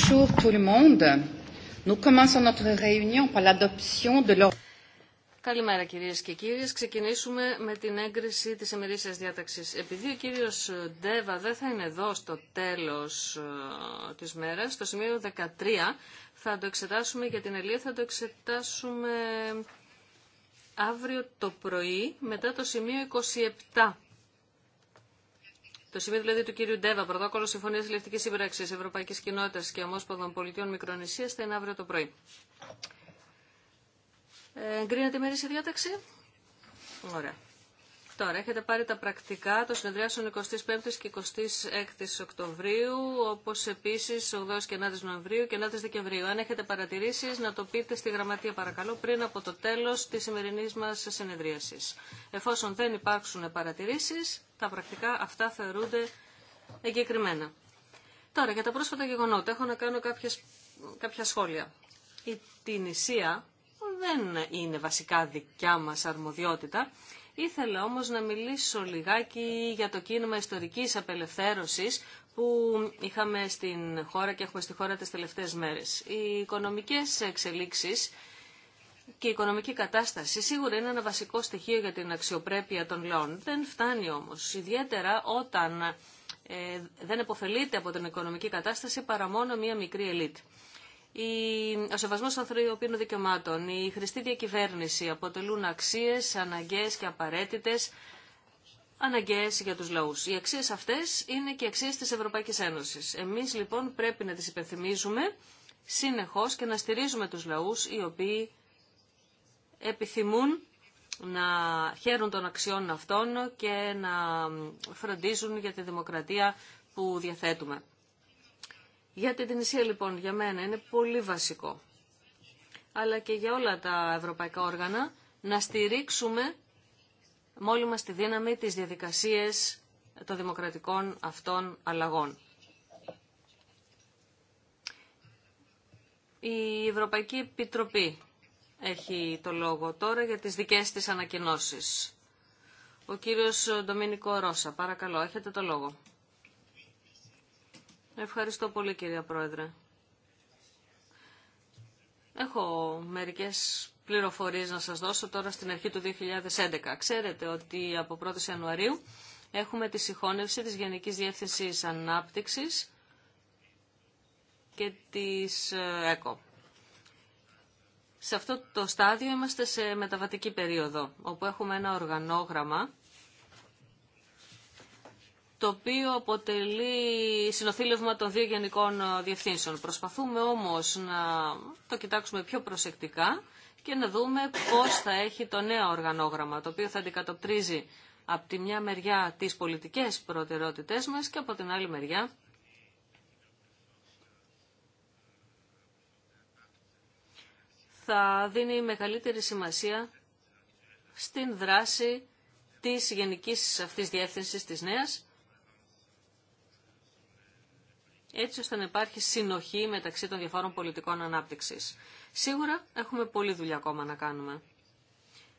Bonjour tout le monde. Nous commençons notre réunion par l'adoption de l'ordre. Καλημέρα κυρίε και κύριοι. Ξεκινήσουμε με την έγκριση τη εμερήσια διάταξη. Επειδή ο κύριο Ντέβα δεν θα είναι εδώ στο τέλο ε, τη μέρα, στο σημείο 13 θα το εξετάσουμε για την Ελία, θα το εξετάσουμε αύριο το πρωί μετά το σημείο 27. Το σημείο δηλαδή του κύριου Ντέβα, πρωτόκολλο Συμφωνία Ελευτική Σύμπραξη Ευρωπαϊκή Κοινότητα και Ομόσπονδων Πολιτειών Μικρονησία, θα είναι αύριο το πρωί. Ε, εγκρίνεται η μέρη σε διάταξη. Ωραία. Τώρα, έχετε πάρει τα πρακτικά των συνεδριάσεων 25ης και 26ης Οκτωβρίου, όπως επίσης 8ης και 9ης Νοεμβρίου και 9ης Δεκεμβρίου. Αν έχετε παρατηρήσεις, να το πείτε στη γραμματεία παρακαλώ πριν από το τέλος της σημερινής μας συνεδρίασης. Εφόσον δεν υπάρξουν παρατηρήσεις, τα πρακτικά αυτά θεωρούνται εγκεκριμένα. Τώρα, για τα πρόσφατα γεγονότα, έχω να κάνω κάποιες, κάποια σχόλια. Η Τινησία δεν είναι βασικά δικιά μας αρμοδιότητα, Ήθελα όμως να μιλήσω λιγάκι για το κίνημα ιστορικής απελευθέρωσης που είχαμε στην χώρα και έχουμε στη χώρα τις τελευταίες μέρες. Οι οικονομικές εξελίξεις και η οικονομική κατάσταση σίγουρα είναι ένα βασικό στοιχείο για την αξιοπρέπεια των λαών. Δεν φτάνει όμως, ιδιαίτερα όταν ε, δεν επωφελείται από την οικονομική κατάσταση παρά μόνο μία μικρή ελίτ ο σεβασμός των ανθρωπίνων δικαιωμάτων, η χρηστή διακυβέρνηση αποτελούν αξίες αναγκαίες και απαραίτητες αναγκαίες για τους λαούς. Οι αξίες αυτές είναι και αξίες της Ευρωπαϊκής Ένωσης. Εμείς λοιπόν πρέπει να τις υπενθυμίζουμε συνεχώς και να στηρίζουμε τους λαούς οι οποίοι επιθυμούν να χαίρουν των αξιών αυτών και να φροντίζουν για τη δημοκρατία που διαθέτουμε. Για την Τινησία λοιπόν για μένα είναι πολύ βασικό, αλλά και για όλα τα ευρωπαϊκά όργανα, να στηρίξουμε με όλη μας τη δύναμη τις διαδικασίες των δημοκρατικών αυτών αλλαγών. Η Ευρωπαϊκή Επιτροπή έχει το λόγο τώρα για τις δικές της ανακοινώσεις. Ο κύριος Ντομίνικο Ρώσα, παρακαλώ, έχετε το λόγο. Ευχαριστώ πολύ κυρία Πρόεδρε. Έχω μερικές πληροφορίες να σας δώσω τώρα στην αρχή του 2011. Ξέρετε ότι από 1η Ιανουαρίου έχουμε τη συγχώνευση της Γενικής Διεύθυνσης Ανάπτυξης και της ε, ΕΚΟ. Σε αυτό το στάδιο είμαστε σε μεταβατική περίοδο, όπου έχουμε ένα οργανόγραμμα το οποίο αποτελεί συνοθήλευμα των δύο γενικών ε, διευθύνσεων. Προσπαθούμε όμως να το κοιτάξουμε πιο προσεκτικά και να δούμε πώς θα έχει το νέο οργανόγραμμα, το οποίο θα αντικατοπτρίζει από τη μια μεριά τις πολιτικές προτεραιότητές μας και από την άλλη μεριά θα δίνει μεγαλύτερη σημασία στην δράση της γενικής αυτής διεύθυνσης της νέας έτσι ώστε να υπάρχει συνοχή μεταξύ των διαφόρων πολιτικών ανάπτυξη. Σίγουρα έχουμε πολλή δουλειά ακόμα να κάνουμε.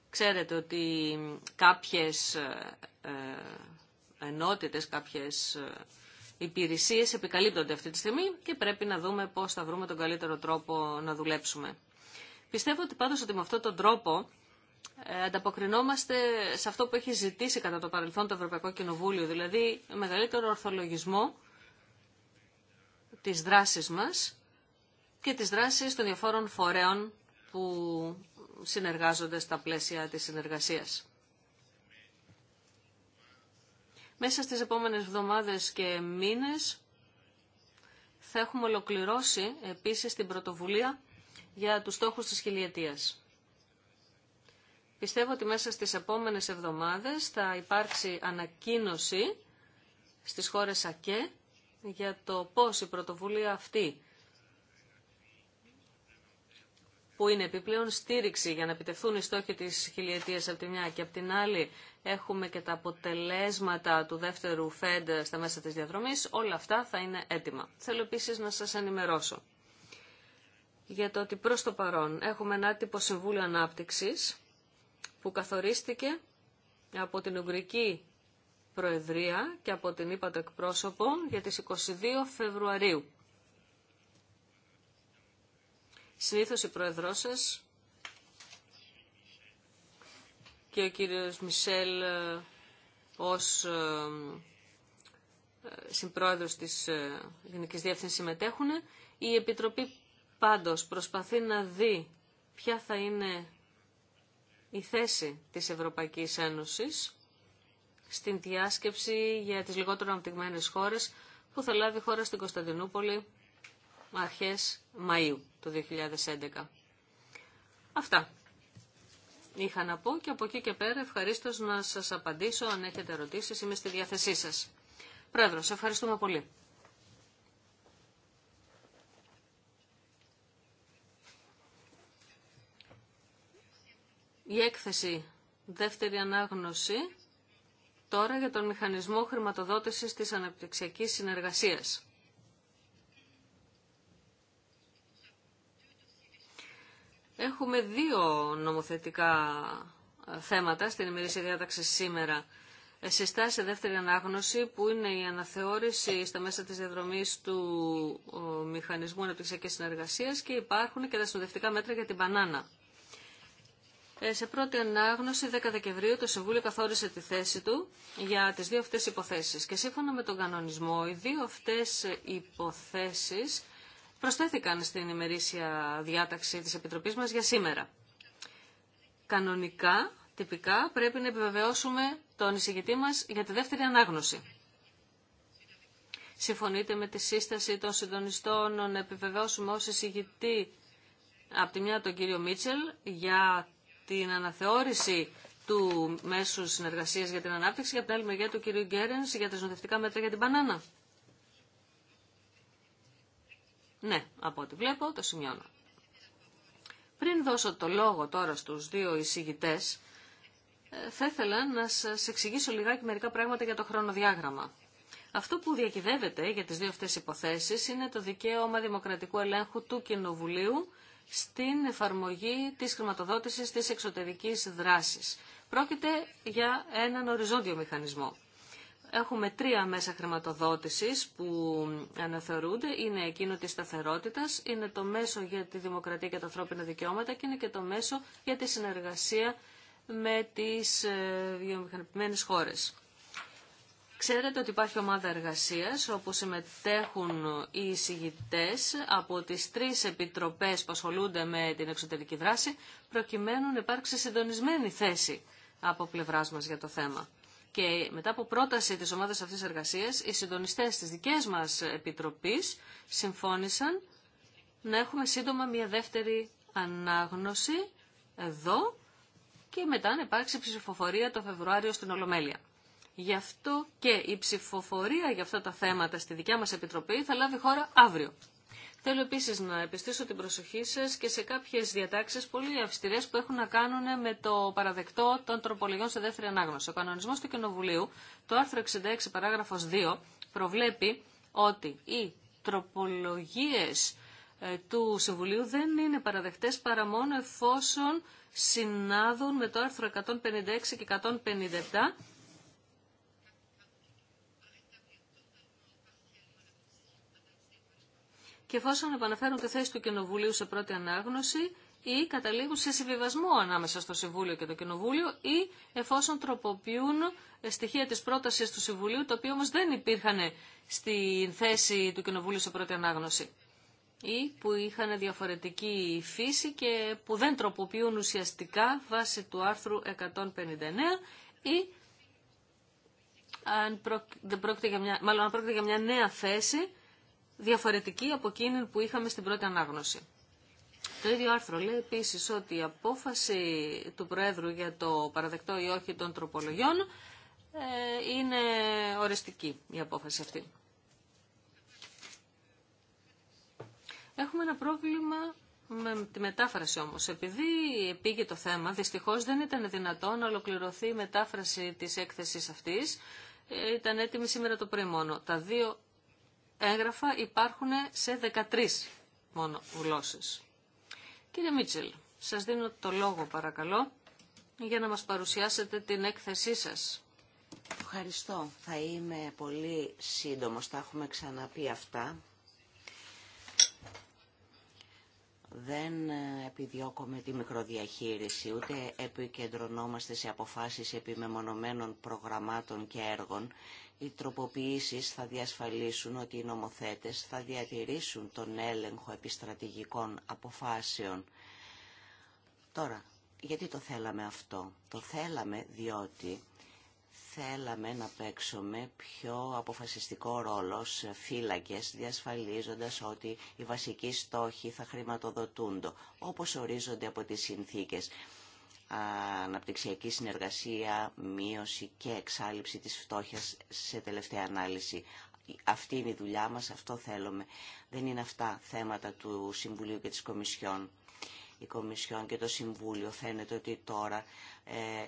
Ξέρετε ότι κάποιες ε, ε, ενότητες, κάποιες ε, υπηρεσίες επικαλύπτονται αυτή τη στιγμή και πρέπει να δούμε πώς θα βρούμε τον καλύτερο τρόπο να δουλέψουμε. Πιστεύω ότι πάντως ότι με αυτόν τον τρόπο ανταποκρινόμαστε σε αυτό που έχει ζητήσει κατά το παρελθόν το Ευρωπαϊκό Κοινοβούλιο, δηλαδή μεγαλύτερο ορθολογισμό τις δράσεις μας και τις δράσεις των διαφόρων φορέων που συνεργάζονται στα πλαίσια της συνεργασίας. Μέσα στις επόμενες εβδομάδες και μήνες θα έχουμε ολοκληρώσει επίσης την πρωτοβουλία για τους στόχους της χιλιετίας. Πιστεύω ότι μέσα στις επόμενες εβδομάδες θα υπάρξει ανακοίνωση στις χώρες ΑΚΕ για το πώς η πρωτοβουλία αυτή που είναι επιπλέον στήριξη για να επιτεθούν οι στόχοι της χιλιετίας από τη μια και από την άλλη έχουμε και τα αποτελέσματα του δεύτερου ΦΕΔ στα μέσα της διαδρομής, όλα αυτά θα είναι έτοιμα. Θέλω επίσης να σας ενημερώσω για το ότι προς το παρόν έχουμε ένα τύπο Συμβούλιο Ανάπτυξης που καθορίστηκε από την Ουγγρική Προεδρία και από την είπατε εκπρόσωπο για τις 22 Φεβρουαρίου. Συνήθως οι Πρόεδρός σας και ο κύριος Μισελ ε, ως ε, ε, συμπρόεδρος της Γενικής Διεύθυνσης συμμετέχουν. Η Επιτροπή πάντως προσπαθεί να δει ποια θα είναι η θέση της Ευρωπαϊκής Ένωσης στην διάσκεψη για τις λιγότερο αναπτυγμένες χώρες που θα λάβει χώρα στην Κωνσταντινούπολη αρχές Μαΐου του 2011. Αυτά είχα να πω και από εκεί και πέρα ευχαρίστως να σας απαντήσω αν έχετε ερωτήσεις, είμαι στη διάθεσή σας. Πρόεδρος, ευχαριστούμε πολύ. Η έκθεση δεύτερη ανάγνωση Τώρα για τον μηχανισμό χρηματοδότησης της αναπτυξιακής συνεργασίας. Έχουμε δύο νομοθετικά ε, θέματα στην ημερήσια διάταξη σήμερα. Ε, συστάσει σε δεύτερη ανάγνωση που είναι η αναθεώρηση στα μέσα της διαδρομής του Μηχανισμού Αναπτυξιακής Συνεργασίας και υπάρχουν και τα συνοδευτικά μέτρα για την μπανάνα. Ε, σε πρώτη ανάγνωση 10 Δεκεμβρίου το Συμβούλιο καθόρισε τη θέση του για τις δύο αυτές υποθέσεις. Και σύμφωνα με τον κανονισμό, οι δύο αυτές υποθέσεις προσθέθηκαν στην ημερήσια διάταξη της Επιτροπής μας για σήμερα. Κανονικά, τυπικά, πρέπει να επιβεβαιώσουμε τον εισηγητή μας για τη δεύτερη ανάγνωση. Συμφωνείτε με τη σύσταση των συντονιστών να επιβεβαιώσουμε ως εισηγητή από τη μια τον κύριο Μίτσελ για την αναθεώρηση του μέσου συνεργασία για την ανάπτυξη για την άλλη μεριά του κ. Γκέρεν για τα νοθευτικά μέτρα για την μπανάνα. Ναι, από ό,τι βλέπω το σημειώνω. Πριν δώσω το λόγο τώρα στους δύο εισηγητέ, ε, θα ήθελα να σας εξηγήσω λιγάκι μερικά πράγματα για το χρονοδιάγραμμα. Αυτό που διακυβεύεται για τις δύο αυτές υποθέσεις είναι το δικαίωμα δημοκρατικού ελέγχου του Κοινοβουλίου στην εφαρμογή της χρηματοδότησης της εξωτερικής δράσης. Πρόκειται για έναν οριζόντιο μηχανισμό. Έχουμε τρία μέσα χρηματοδότησης που αναθεωρούνται. Είναι εκείνο της σταθερότητας, είναι το μέσο για τη δημοκρατία και τα ανθρώπινα δικαιώματα και είναι και το μέσο για τη συνεργασία με τις ε, βιομηχανημένες χώρες. Ξέρετε ότι υπάρχει ομάδα εργασίας όπου συμμετέχουν οι εισηγητές από τις τρεις επιτροπές που ασχολούνται με την εξωτερική δράση προκειμένου να υπάρξει συντονισμένη θέση από πλευράς μας για το θέμα. Και μετά από πρόταση της ομάδας αυτής εργασίας, οι συντονιστές της δικές μας επιτροπής συμφώνησαν να έχουμε σύντομα μια δεύτερη ανάγνωση εδώ και μετά να υπάρξει ψηφοφορία το Φεβρουάριο στην Ολομέλεια. Γι' αυτό και η ψηφοφορία για αυτά τα θέματα στη δικιά μας Επιτροπή θα λάβει χώρα αύριο. Θέλω επίσης να επιστήσω την προσοχή σας και σε κάποιες διατάξεις πολύ αυστηρές που έχουν να κάνουν με το παραδεκτό των τροπολογιών σε δεύτερη ανάγνωση. Ο κανονισμός του Κοινοβουλίου, το άρθρο 66 παράγραφος 2, προβλέπει ότι οι τροπολογίες ε, του Συμβουλίου δεν είναι παραδεκτές παρά μόνο εφόσον συνάδουν με το άρθρο 156 και 157 και εφόσον επαναφέρουν τη θέση του Κοινοβουλίου σε πρώτη ανάγνωση ή καταλήγουν σε συμβιβασμό ανάμεσα στο Συμβούλιο και το Κοινοβούλιο ή εφόσον τροποποιούν στοιχεία της πρότασης του Συμβουλίου, το οποίο όμως δεν υπήρχαν στη θέση του Κοινοβουλίου σε πρώτη ανάγνωση ή που είχαν διαφορετική φύση και που δεν τροποποιούν ουσιαστικά βάσει του άρθρου 159 ή αν πρόκειται αν πρόκειται για μια νέα θέση διαφορετική από εκείνη που είχαμε στην πρώτη ανάγνωση. Το ίδιο άρθρο λέει επίση ότι η απόφαση του Προέδρου για το παραδεκτό ή όχι των τροπολογιών ε, είναι οριστική η απόφαση αυτή. Έχουμε ένα πρόβλημα με τη μετάφραση όμως. Επειδή πήγε το θέμα, δυστυχώς δεν ήταν δυνατό να ολοκληρωθεί η μετάφραση της έκθεσης αυτής. Ε, ήταν έτοιμη σήμερα το πρωί μόνο. Τα δύο έγγραφα υπάρχουν σε 13 μόνο γλώσσες. Κύριε Μίτσελ, σας δίνω το λόγο παρακαλώ για να μας παρουσιάσετε την έκθεσή σας. Ευχαριστώ. Θα είμαι πολύ σύντομος. Τα έχουμε ξαναπεί αυτά. Δεν ε, επιδιώκουμε τη μικροδιαχείριση, ούτε επικεντρωνόμαστε σε αποφάσεις επιμεμονωμένων προγραμμάτων και έργων οι τροποποιήσεις θα διασφαλίσουν ότι οι νομοθέτες θα διατηρήσουν τον έλεγχο επιστρατηγικών αποφάσεων. Τώρα, γιατί το θέλαμε αυτό. Το θέλαμε διότι θέλαμε να παίξουμε πιο αποφασιστικό ρόλο σε φύλακες, διασφαλίζοντας ότι οι βασικοί στόχοι θα χρηματοδοτούνται, όπως ορίζονται από τις συνθήκες αναπτυξιακή συνεργασία, μείωση και εξάλληψη της φτώχειας σε τελευταία ανάλυση. Αυτή είναι η δουλειά μας, αυτό θέλουμε. Δεν είναι αυτά θέματα του Συμβουλίου και της Κομισιόν. Η Κομισιόν και το Συμβούλιο φαίνεται ότι τώρα ε,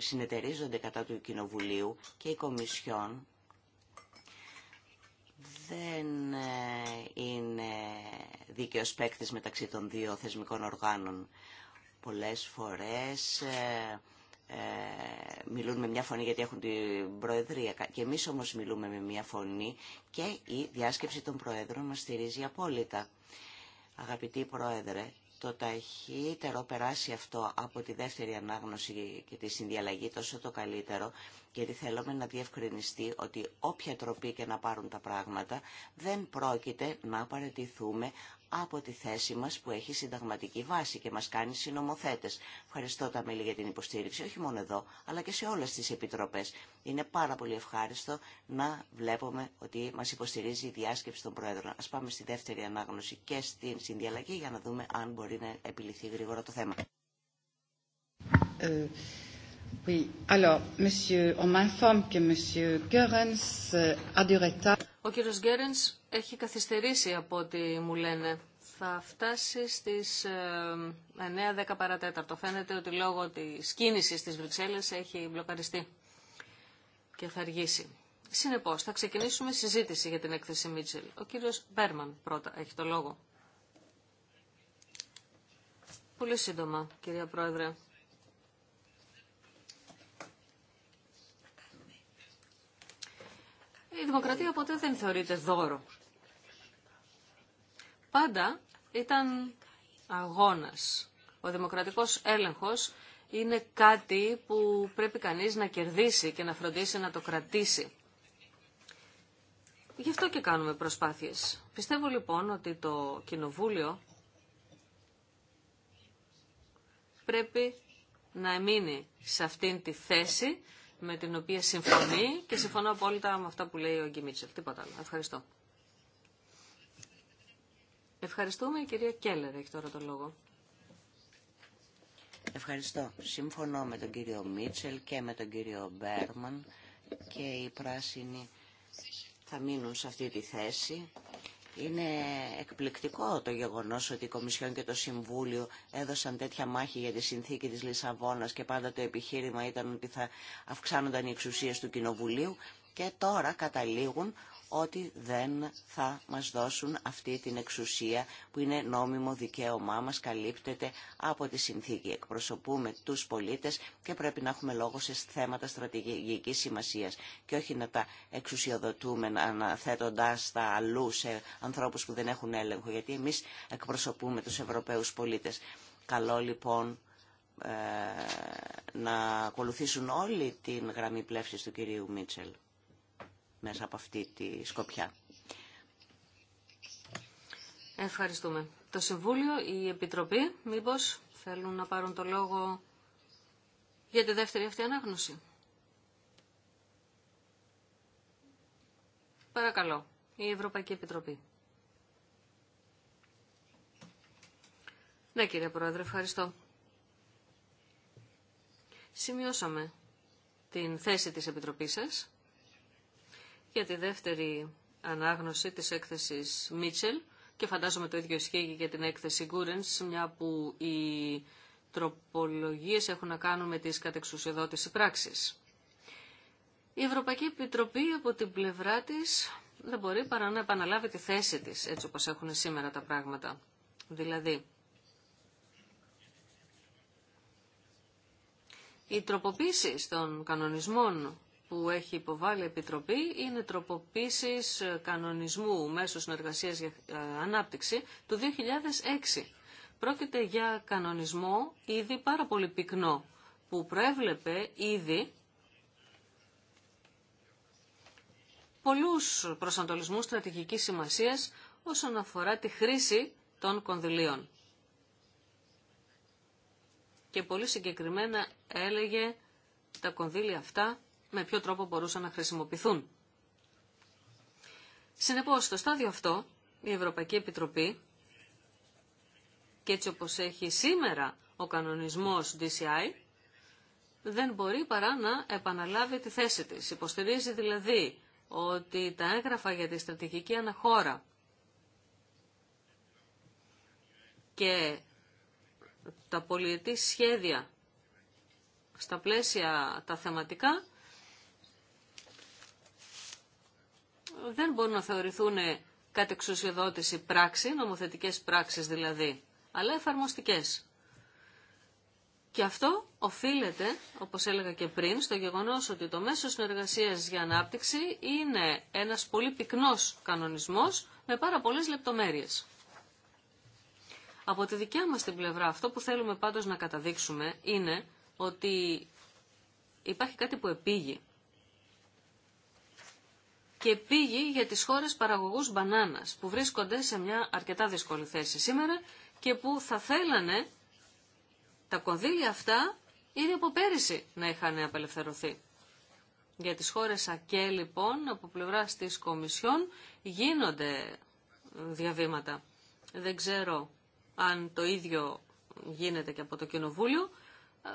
συνεταιρίζονται κατά του Κοινοβουλίου και η Κομισιόν δεν ε, είναι δίκαιος παίκτης μεταξύ των δύο θεσμικών οργάνων. Πολλές φορές ε, ε, μιλούν με μια φωνή γιατί έχουν την Προεδρία. Και εμείς όμως μιλούμε με μια φωνή και η διάσκεψη των Προέδρων μας στηρίζει απόλυτα. Αγαπητή Πρόεδρε, το ταχύτερο περάσει αυτό από τη δεύτερη ανάγνωση και τη συνδιαλλαγή τόσο το καλύτερο, γιατί θέλουμε να διευκρινιστεί ότι όποια τροπή και να πάρουν τα πράγματα δεν πρόκειται να παραιτηθούμε από τη θέση μας που έχει συνταγματική βάση και μας κάνει συνομοθέτες. Ευχαριστώ τα μέλη για την υποστήριξη, όχι μόνο εδώ, αλλά και σε όλες τις επιτροπές. Είναι πάρα πολύ ευχάριστο να βλέπουμε ότι μας υποστηρίζει η διάσκεψη των Πρόεδρων. Ας πάμε στη δεύτερη ανάγνωση και στην συνδιαλλαγή για να δούμε αν μπορεί να επιληθεί γρήγορα το θέμα. Ε, oui. Alors, monsieur, on m'informe que monsieur euh, a du ο κύριος Γκέρενς έχει καθυστερήσει από ό,τι μου λένε. Θα φτάσει στις 9-10 ε, παρατέταρτο. Φαίνεται ότι λόγω της κίνησης της Βρυξέλλες έχει μπλοκαριστεί και θα αργήσει. Συνεπώς, θα ξεκινήσουμε συζήτηση για την έκθεση Μίτσελ. Ο κύριος Μπέρμαν πρώτα έχει το λόγο. Πολύ σύντομα, κυρία Πρόεδρε. η δημοκρατία ποτέ δεν θεωρείται δώρο. Πάντα ήταν αγώνας. Ο δημοκρατικός έλεγχος είναι κάτι που πρέπει κανείς να κερδίσει και να φροντίσει να το κρατήσει. Γι' αυτό και κάνουμε προσπάθειες. Πιστεύω λοιπόν ότι το Κοινοβούλιο πρέπει να μείνει σε αυτήν τη θέση με την οποία συμφωνεί και συμφωνώ απόλυτα με αυτά που λέει ο Γκί Μίτσελ. Τίποτα άλλο. Ευχαριστώ. Ευχαριστούμε. Η κυρία Κέλλερ έχει τώρα το λόγο. Ευχαριστώ. Συμφωνώ με τον κύριο Μίτσελ και με τον κύριο Μπέρμαν και οι πράσινοι θα μείνουν σε αυτή τη θέση είναι εκπληκτικό το γεγονός ότι η Κομισιόν και το Συμβούλιο έδωσαν τέτοια μάχη για τη συνθήκη της Λισαβόνας και πάντα το επιχείρημα ήταν ότι θα αυξάνονταν οι εξουσίες του Κοινοβουλίου και τώρα καταλήγουν ότι δεν θα μας δώσουν αυτή την εξουσία που είναι νόμιμο δικαίωμά μας, καλύπτεται από τη συνθήκη. Εκπροσωπούμε τους πολίτες και πρέπει να έχουμε λόγο σε θέματα στρατηγικής σημασίας και όχι να τα εξουσιοδοτούμε αναθέτοντας τα αλλού σε ανθρώπους που δεν έχουν έλεγχο, γιατί εμείς εκπροσωπούμε τους Ευρωπαίους πολίτες. Καλό λοιπόν ε, να ακολουθήσουν όλοι την γραμμή πλεύσης του κυρίου Μίτσελ μέσα από αυτή τη σκοπιά. Ευχαριστούμε. Το Συμβούλιο, η Επιτροπή, μήπως θέλουν να πάρουν το λόγο για τη δεύτερη αυτή ανάγνωση. Παρακαλώ, η Ευρωπαϊκή Επιτροπή. Ναι, κύριε Πρόεδρε, ευχαριστώ. Σημειώσαμε την θέση της Επιτροπής σας για τη δεύτερη ανάγνωση της έκθεσης Μίτσελ και φαντάζομαι το ίδιο ισχύει για την έκθεση Γκούρενς, μια που οι τροπολογίες έχουν να κάνουν με τις κατεξουσιοδότηση πράξεις. Η Ευρωπαϊκή Επιτροπή από την πλευρά της δεν μπορεί παρά να επαναλάβει τη θέση της, έτσι όπως έχουν σήμερα τα πράγματα. Δηλαδή, οι τροποποίησεις των κανονισμών που έχει υποβάλει η Επιτροπή είναι τροποποίησης κανονισμού μέσω συνεργασίας για ε, ανάπτυξη του 2006. Πρόκειται για κανονισμό ήδη πάρα πολύ πυκνό που προέβλεπε ήδη πολλούς προσανατολισμούς στρατηγικής σημασίας όσον αφορά τη χρήση των κονδυλίων. Και πολύ συγκεκριμένα έλεγε τα κονδύλια αυτά με ποιο τρόπο μπορούσαν να χρησιμοποιηθούν. Συνεπώς, στο στάδιο αυτό, η Ευρωπαϊκή Επιτροπή και έτσι όπως έχει σήμερα ο κανονισμός DCI, δεν μπορεί παρά να επαναλάβει τη θέση της. Υποστηρίζει δηλαδή ότι τα έγγραφα για τη στρατηγική αναχώρα και τα πολιετή σχέδια στα πλαίσια τα θεματικά δεν μπορούν να θεωρηθούν κατ' εξουσιοδότηση πράξη, νομοθετικές πράξεις δηλαδή, αλλά εφαρμοστικές. Και αυτό οφείλεται, όπως έλεγα και πριν, στο γεγονός ότι το μέσο συνεργασίας για ανάπτυξη είναι ένας πολύ πυκνός κανονισμός με πάρα πολλές λεπτομέρειες. Από τη δικιά μας την πλευρά αυτό που θέλουμε πάντως να καταδείξουμε είναι ότι υπάρχει κάτι που επήγει και πήγη για τις χώρες παραγωγούς μπανάνας που βρίσκονται σε μια αρκετά δύσκολη θέση σήμερα και που θα θέλανε τα κονδύλια αυτά ήδη από πέρυσι να είχαν απελευθερωθεί. Για τις χώρες ΑΚΕ λοιπόν από πλευρά της Κομισιόν γίνονται διαβήματα. Δεν ξέρω αν το ίδιο γίνεται και από το Κοινοβούλιο.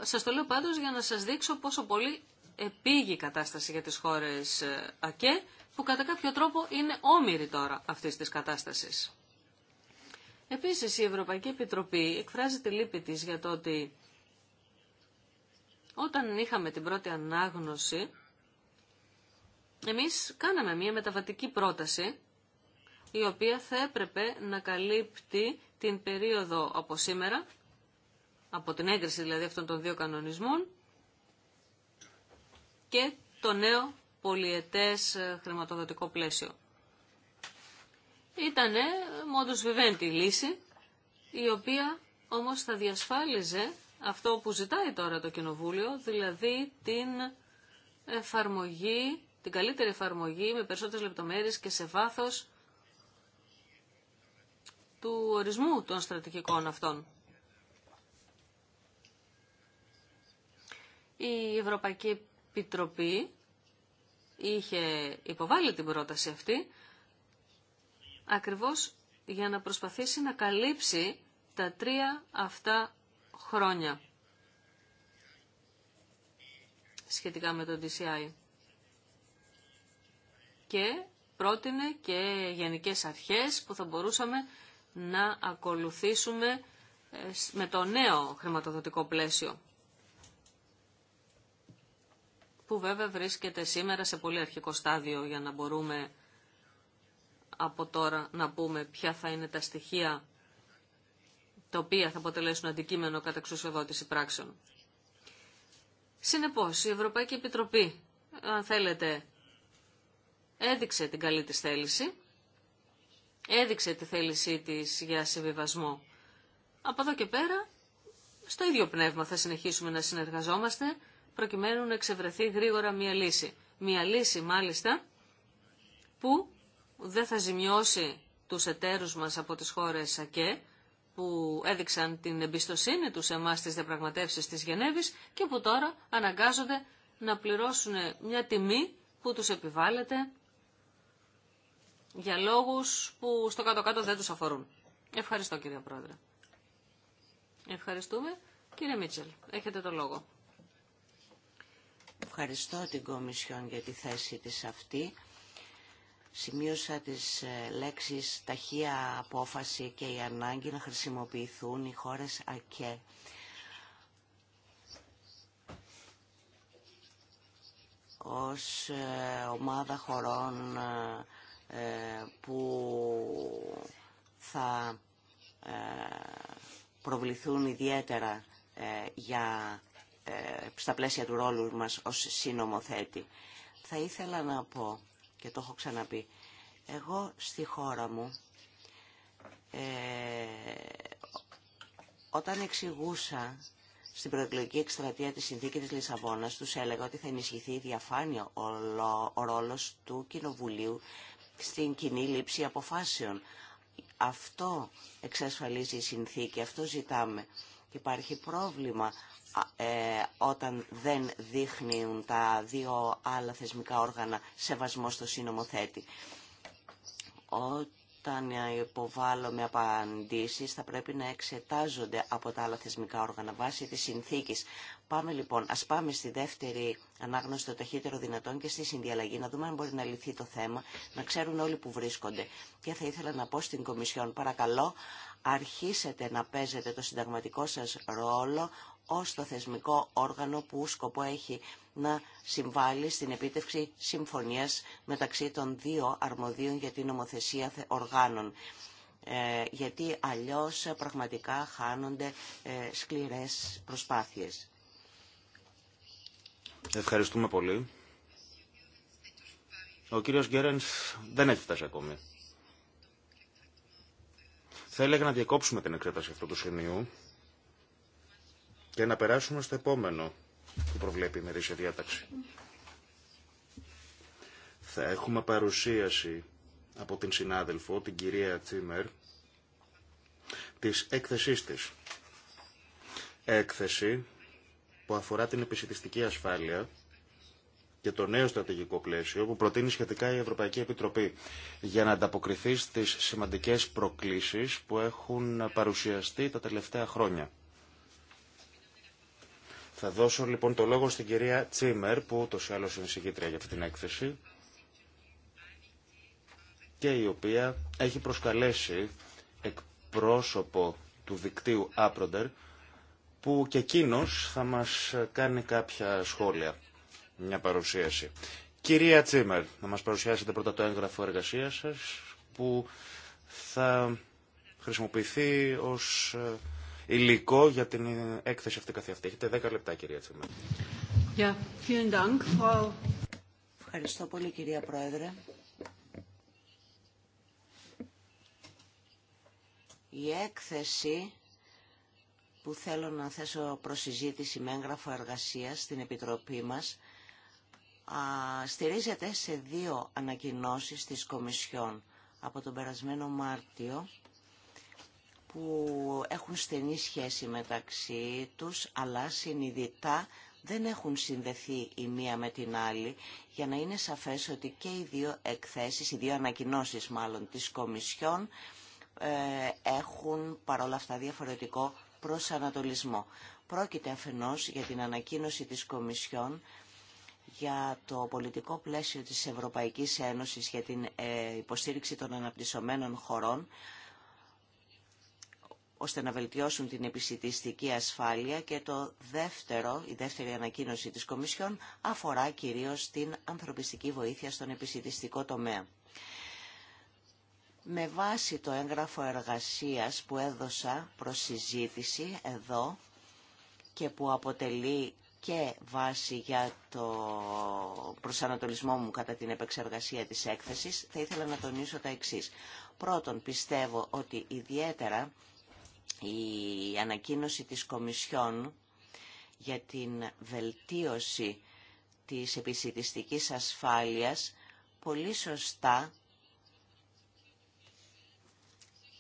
Σας το λέω πάντως για να σας δείξω πόσο πολύ επίγει η κατάσταση για τις χώρες ΑΚΕ που κατά κάποιο τρόπο είναι όμοιροι τώρα αυτής της κατάστασης. Επίσης η Ευρωπαϊκή Επιτροπή εκφράζει τη λύπη της για το ότι όταν είχαμε την πρώτη ανάγνωση εμείς κάναμε μια μεταβατική πρόταση η οποία θα έπρεπε να καλύπτει την περίοδο από σήμερα, από την έγκριση δηλαδή αυτών των δύο κανονισμών και το νέο πολιετές ε, χρηματοδοτικό πλαίσιο. Ήτανε ε, μόντως βιβέντη λύση, η οποία όμως θα διασφάλιζε αυτό που ζητάει τώρα το Κοινοβούλιο, δηλαδή την εφαρμογή, την καλύτερη εφαρμογή με περισσότερες λεπτομέρειες και σε βάθος του ορισμού των στρατηγικών αυτών. Η Ευρωπαϊκή Επιτροπή είχε υποβάλει την πρόταση αυτή ακριβώς για να προσπαθήσει να καλύψει τα τρία αυτά χρόνια σχετικά με το DCI. Και πρότεινε και γενικές αρχές που θα μπορούσαμε να ακολουθήσουμε ε, με το νέο χρηματοδοτικό πλαίσιο που βέβαια βρίσκεται σήμερα σε πολύ αρχικό στάδιο για να μπορούμε από τώρα να πούμε ποια θα είναι τα στοιχεία τα οποία θα αποτελέσουν αντικείμενο κατά εξουσιοδότηση πράξεων. Συνεπώς, η Ευρωπαϊκή Επιτροπή, αν θέλετε, έδειξε την καλή της θέληση, έδειξε τη θέλησή της για συμβιβασμό. Από εδώ και πέρα, στο ίδιο πνεύμα θα συνεχίσουμε να συνεργαζόμαστε προκειμένου να εξευρεθεί γρήγορα μια λύση. Μια λύση μάλιστα που δεν θα ζημιώσει τους εταίρους μας από τις χώρες ΑΚΕ, που έδειξαν την εμπιστοσύνη τους εμάς στις διαπραγματεύσει της Γενέβης και που τώρα αναγκάζονται να πληρώσουν μια τιμή που τους επιβάλλεται για λόγους που στο κάτω-κάτω δεν τους αφορούν. Ευχαριστώ κύριε Πρόεδρε. Ευχαριστούμε. Κύριε Μίτσελ, έχετε το λόγο. Ευχαριστώ την Κομισιόν για τη θέση της αυτή. Σημείωσα τις ε, λέξεις ταχεία απόφαση και η ανάγκη να χρησιμοποιηθούν οι χώρες ΑΚΕ. ως ε, ομάδα χωρών ε, που θα προβληθούν ιδιαίτερα για ε, στα πλαίσια του ρόλου μας ως συνομοθέτη. Θα ήθελα να πω, και το έχω ξαναπεί, εγώ στη χώρα μου, ε, όταν εξηγούσα στην προεκλογική εκστρατεία της συνθήκη της Λισαβόνας, τους έλεγα ότι θα ενισχυθεί η διαφάνεια ο ρόλος του Κοινοβουλίου στην κοινή λήψη αποφάσεων. Αυτό εξασφαλίζει η συνθήκη, αυτό ζητάμε. Και υπάρχει πρόβλημα ε, όταν δεν δείχνουν τα δύο άλλα θεσμικά όργανα σεβασμό στο Σύνομο Θέτη. Όταν με απαντήσεις θα πρέπει να εξετάζονται από τα άλλα θεσμικά όργανα βάσει της συνθήκης. Πάμε λοιπόν, ας πάμε στη δεύτερη ανάγνωση το ταχύτερο δυνατόν και στη συνδιαλλαγή, να δούμε αν μπορεί να λυθεί το θέμα, να ξέρουν όλοι που βρίσκονται. Και θα ήθελα να πω στην Κομισιόν, παρακαλώ, αρχίσετε να παίζετε το συνταγματικό σας ρόλο ως το θεσμικό όργανο που σκοπό έχει να συμβάλλει στην επίτευξη συμφωνίας μεταξύ των δύο αρμοδίων για την νομοθεσία οργάνων. Ε, γιατί αλλιώς πραγματικά χάνονται ε, σκληρές προσπάθειες. Ευχαριστούμε πολύ. Ο κύριος Γκέρενς δεν φτάσει ακόμη. Θα έλεγα να διακόψουμε την εξέταση αυτού του σημείου και να περάσουμε στο επόμενο που προβλέπει η μερίσια διάταξη. Θα έχουμε παρουσίαση από την συνάδελφο, την κυρία Τσίμερ, της έκθεσής της. Έκθεση που αφορά την επισητιστική ασφάλεια και το νέο στρατηγικό πλαίσιο που προτείνει σχετικά η Ευρωπαϊκή Επιτροπή για να ανταποκριθεί στις σημαντικές προκλήσεις που έχουν παρουσιαστεί τα τελευταία χρόνια. Θα δώσω λοιπόν το λόγο στην κυρία Τσίμερ που ή άλλως είναι συγκήτρια για αυτή την έκθεση και η οποία έχει προσκαλέσει εκπρόσωπο του δικτύου Άπροντερ που και εκείνο θα μας κάνει κάποια σχόλια μια παρουσίαση. Κυρία Τσίμερ, να μας παρουσιάσετε πρώτα το έγγραφο εργασίας σας που θα χρησιμοποιηθεί ως ε, υλικό για την έκθεση αυτή καθ' αυτή. Έχετε 10 λεπτά κυρία Τσίμερ. Yeah, vielen Dank, Ευχαριστώ πολύ κυρία Πρόεδρε. Η έκθεση που θέλω να θέσω προσυζήτηση με έγγραφο εργασίας στην Επιτροπή μας στηρίζεται σε δύο ανακοινώσεις της Κομισιόν από τον περασμένο Μάρτιο που έχουν στενή σχέση μεταξύ τους αλλά συνειδητά δεν έχουν συνδεθεί η μία με την άλλη για να είναι σαφές ότι και οι δύο εκθέσεις, οι δύο ανακοινώσεις μάλλον της Κομισιόν ε, έχουν παρόλα αυτά διαφορετικό προσανατολισμό. Πρόκειται αφενός για την ανακοίνωση της Κομισιόν για το πολιτικό πλαίσιο της Ευρωπαϊκής Ένωσης για την ε, υποστήριξη των αναπτυσσομένων χωρών ώστε να βελτιώσουν την επισητιστική ασφάλεια και το δεύτερο, η δεύτερη ανακοίνωση της Κομισιόν αφορά κυρίως την ανθρωπιστική βοήθεια στον επισητιστικό τομέα. Με βάση το έγγραφο εργασίας που έδωσα προς συζήτηση εδώ και που αποτελεί και βάση για το προσανατολισμό μου κατά την επεξεργασία της έκθεσης, θα ήθελα να τονίσω τα εξής. Πρώτον, πιστεύω ότι ιδιαίτερα η ανακοίνωση της Κομισιόν για την βελτίωση της επισητιστικής ασφάλειας πολύ σωστά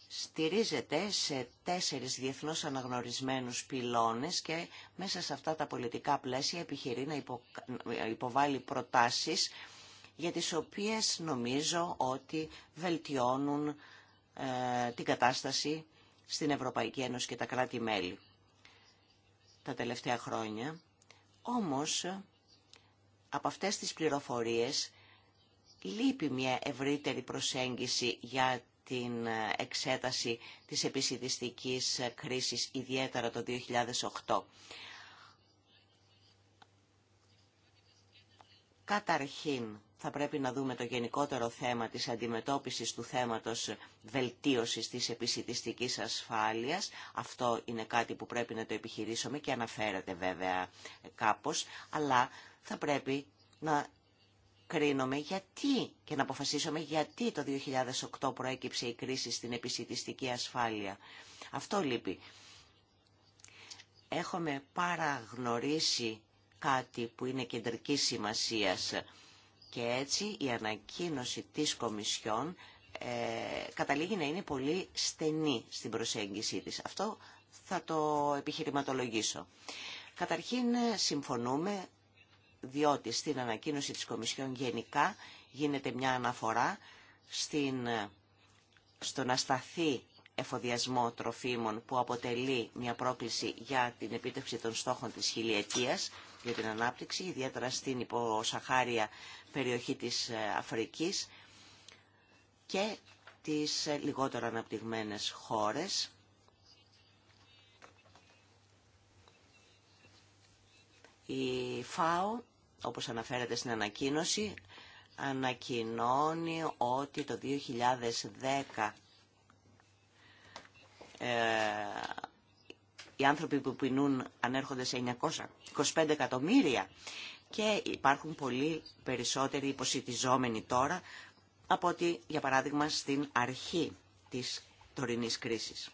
στηρίζεται σε τέσσερις διεθνώς αναγνωρισμένους πυλώνες και μέσα σε αυτά τα πολιτικά πλαίσια επιχειρεί να υποβάλει προτάσεις για τις οποίες νομίζω ότι βελτιώνουν ε, την κατάσταση στην Ευρωπαϊκή Ένωση και τα κράτη-μέλη τα τελευταία χρόνια. Όμως, από αυτές τις πληροφορίες λείπει μια ευρύτερη προσέγγιση για την εξέταση της επισυδιστικής κρίσης, ιδιαίτερα το 2008. Καταρχήν, θα πρέπει να δούμε το γενικότερο θέμα της αντιμετώπισης του θέματος βελτίωσης της επισητιστικής ασφάλειας. Αυτό είναι κάτι που πρέπει να το επιχειρήσουμε και αναφέρεται βέβαια κάπως, αλλά θα πρέπει να Κρίνομαι γιατί και να αποφασίσουμε γιατί το 2008 προέκυψε η κρίση στην επισητιστική ασφάλεια. Αυτό λείπει. Έχουμε παραγνωρίσει κάτι που είναι κεντρική σημασίας και έτσι η ανακοίνωση της Κομισιόν ε, καταλήγει να είναι πολύ στενή στην προσέγγιση της. Αυτό θα το επιχειρηματολογήσω. Καταρχήν ε, συμφωνούμε διότι στην ανακοίνωση της Κομισιόν γενικά γίνεται μια αναφορά στην, στον ασταθή εφοδιασμό τροφίμων που αποτελεί μια πρόκληση για την επίτευξη των στόχων της χιλιετίας για την ανάπτυξη, ιδιαίτερα στην υποσαχάρια περιοχή της ε, Αφρικής και τις ε, λιγότερο αναπτυγμένες χώρες. Η ΦΑΟ όπως αναφέρεται στην ανακοίνωση, ανακοινώνει ότι το 2010 ε, οι άνθρωποι που πεινούν ανέρχονται σε 925 εκατομμύρια και υπάρχουν πολύ περισσότεροι υποσυτιζόμενοι τώρα από ότι, για παράδειγμα, στην αρχή της τωρινής κρίσης.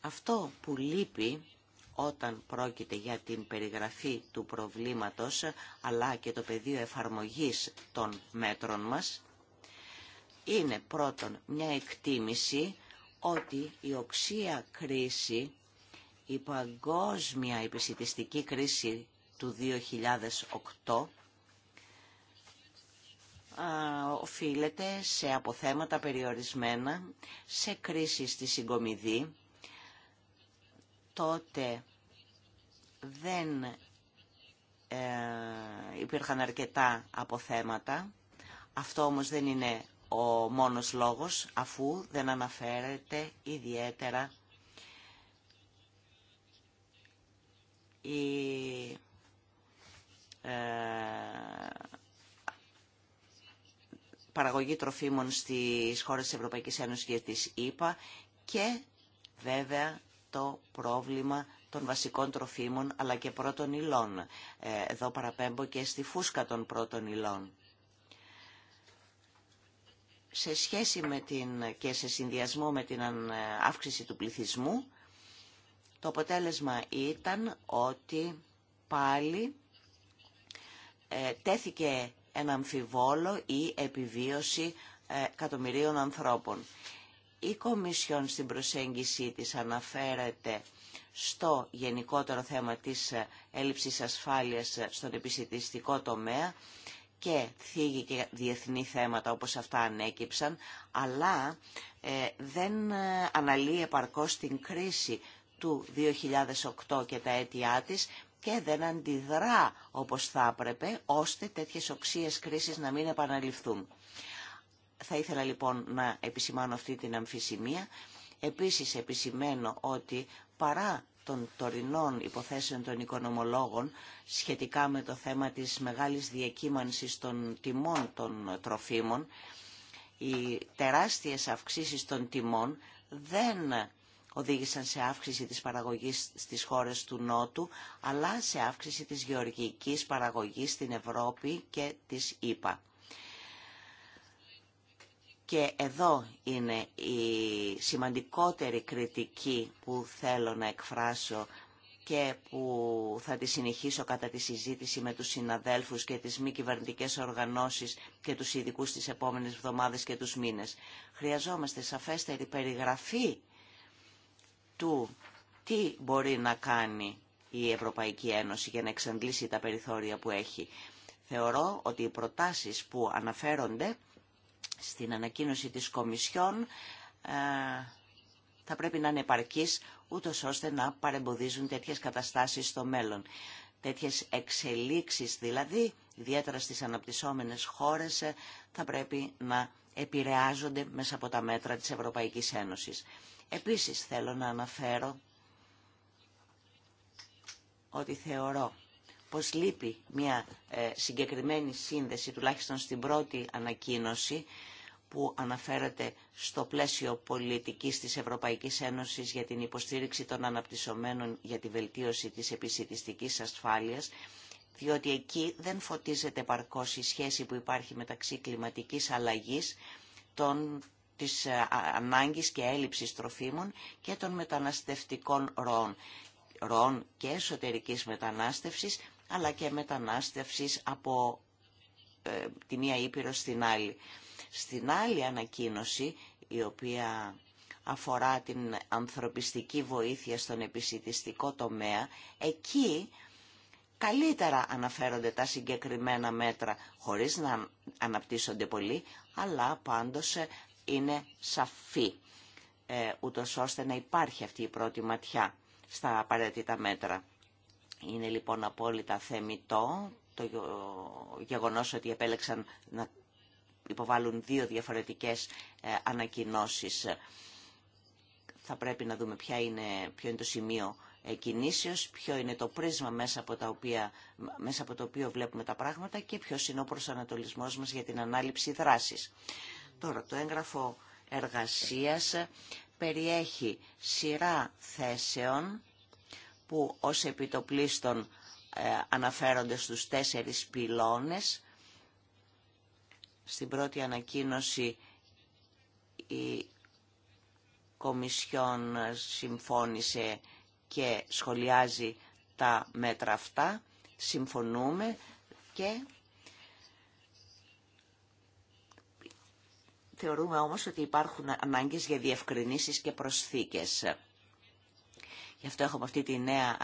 Αυτό που λείπει όταν πρόκειται για την περιγραφή του προβλήματος αλλά και το πεδίο εφαρμογής των μέτρων μας είναι πρώτον μια εκτίμηση ότι η οξία κρίση, η παγκόσμια επισητιστική κρίση του 2008 οφείλεται σε αποθέματα περιορισμένα, σε κρίση στη συγκομιδή, τότε δεν ε, υπήρχαν αρκετά αποθέματα. Αυτό όμως δεν είναι ο μόνος λόγος, αφού δεν αναφέρεται ιδιαίτερα η ε, παραγωγή τροφίμων στις χώρες της Ευρωπαϊκής Ένωσης και της ΕΠΑ και βέβαια το πρόβλημα των βασικών τροφίμων αλλά και πρώτων υλών. Ε, εδώ παραπέμπω και στη φούσκα των πρώτων υλών. Σε σχέση με την, και σε συνδυασμό με την ε, αύξηση του πληθυσμού, το αποτέλεσμα ήταν ότι πάλι ε, τέθηκε ένα αμφιβόλο η επιβίωση εκατομμυρίων ανθρώπων. Η Κομισιόν στην προσέγγιση της αναφέρεται στο γενικότερο θέμα της έλλειψης ασφάλειας στον επισητιστικό τομέα και θίγει και διεθνή θέματα όπως αυτά ανέκυψαν, αλλά ε, δεν ε, αναλύει επαρκώς την κρίση του 2008 και τα αίτια της και δεν αντιδρά όπως θα έπρεπε, ώστε τέτοιες οξύες κρίσεις να μην επαναληφθούν. Θα ήθελα λοιπόν να επισημάνω αυτή την αμφισημία. Επίσης επισημαίνω ότι παρά των τωρινών υποθέσεων των οικονομολόγων σχετικά με το θέμα της μεγάλης διακύμανσης των τιμών των τροφίμων, οι τεράστιες αυξήσεις των τιμών δεν οδήγησαν σε αύξηση της παραγωγής στις χώρες του Νότου, αλλά σε αύξηση της γεωργικής παραγωγής στην Ευρώπη και της ΗΠΑ. Και εδώ είναι η σημαντικότερη κριτική που θέλω να εκφράσω και που θα τη συνεχίσω κατά τη συζήτηση με τους συναδέλφους και τις μη κυβερνητικέ οργανώσεις και τους ειδικού τις επόμενες εβδομάδες και τους μήνες. Χρειαζόμαστε σαφέστερη περιγραφή του τι μπορεί να κάνει η Ευρωπαϊκή Ένωση για να εξαντλήσει τα περιθώρια που έχει. Θεωρώ ότι οι προτάσεις που αναφέρονται στην ανακοίνωση της Κομισιόν ε, θα πρέπει να είναι επαρκής, ούτως ώστε να παρεμποδίζουν τέτοιες καταστάσεις στο μέλλον. Τέτοιες εξελίξεις δηλαδή, ιδιαίτερα στις αναπτυσσόμενες χώρες, ε, θα πρέπει να επηρεάζονται μέσα από τα μέτρα της Ευρωπαϊκής Ένωσης. Επίσης θέλω να αναφέρω ότι θεωρώ πως λείπει μια ε, συγκεκριμένη σύνδεση, τουλάχιστον στην πρώτη ανακοίνωση, που αναφέρεται στο πλαίσιο πολιτικής της Ευρωπαϊκής Ένωσης για την υποστήριξη των αναπτυσσομένων για τη βελτίωση της επισητιστικής ασφάλειας, διότι εκεί δεν φωτίζεται παρκώς η σχέση που υπάρχει μεταξύ κλιματικής αλλαγής, των, της ε, ανάγκης και έλλειψης τροφίμων και των μεταναστευτικών ροών, ροών και εσωτερικής μετανάστευσης αλλά και μετανάστευσης από ε, τη μία Ήπειρο στην άλλη. Στην άλλη ανακοίνωση, η οποία αφορά την ανθρωπιστική βοήθεια στον επισητιστικό τομέα, εκεί καλύτερα αναφέρονται τα συγκεκριμένα μέτρα, χωρίς να αναπτύσσονται πολύ, αλλά πάντως ε, είναι σαφή, ε, ούτως ώστε να υπάρχει αυτή η πρώτη ματιά στα απαραίτητα μέτρα. Είναι λοιπόν απόλυτα θεμητό το γεγονός ότι επέλεξαν να υποβάλουν δύο διαφορετικές ε, ανακοινώσεις. Θα πρέπει να δούμε ποια είναι, ποιο είναι το σημείο κινήσεως, ποιο είναι το πρίσμα μέσα από, τα οποία, μέσα από το οποίο βλέπουμε τα πράγματα και ποιος είναι ο προσανατολισμός μας για την ανάληψη δράσης. Τώρα, το έγγραφο εργασίας περιέχει σειρά θέσεων που ως επιτοπλίστων ε, αναφέρονται στους τέσσερις πυλώνες. Στην πρώτη ανακοίνωση η Κομισιόν συμφώνησε και σχολιάζει τα μέτρα αυτά. Συμφωνούμε και θεωρούμε όμως ότι υπάρχουν ανάγκες για διευκρινήσεις και προσθήκες. Γι' αυτό έχουμε αυτή τη νέα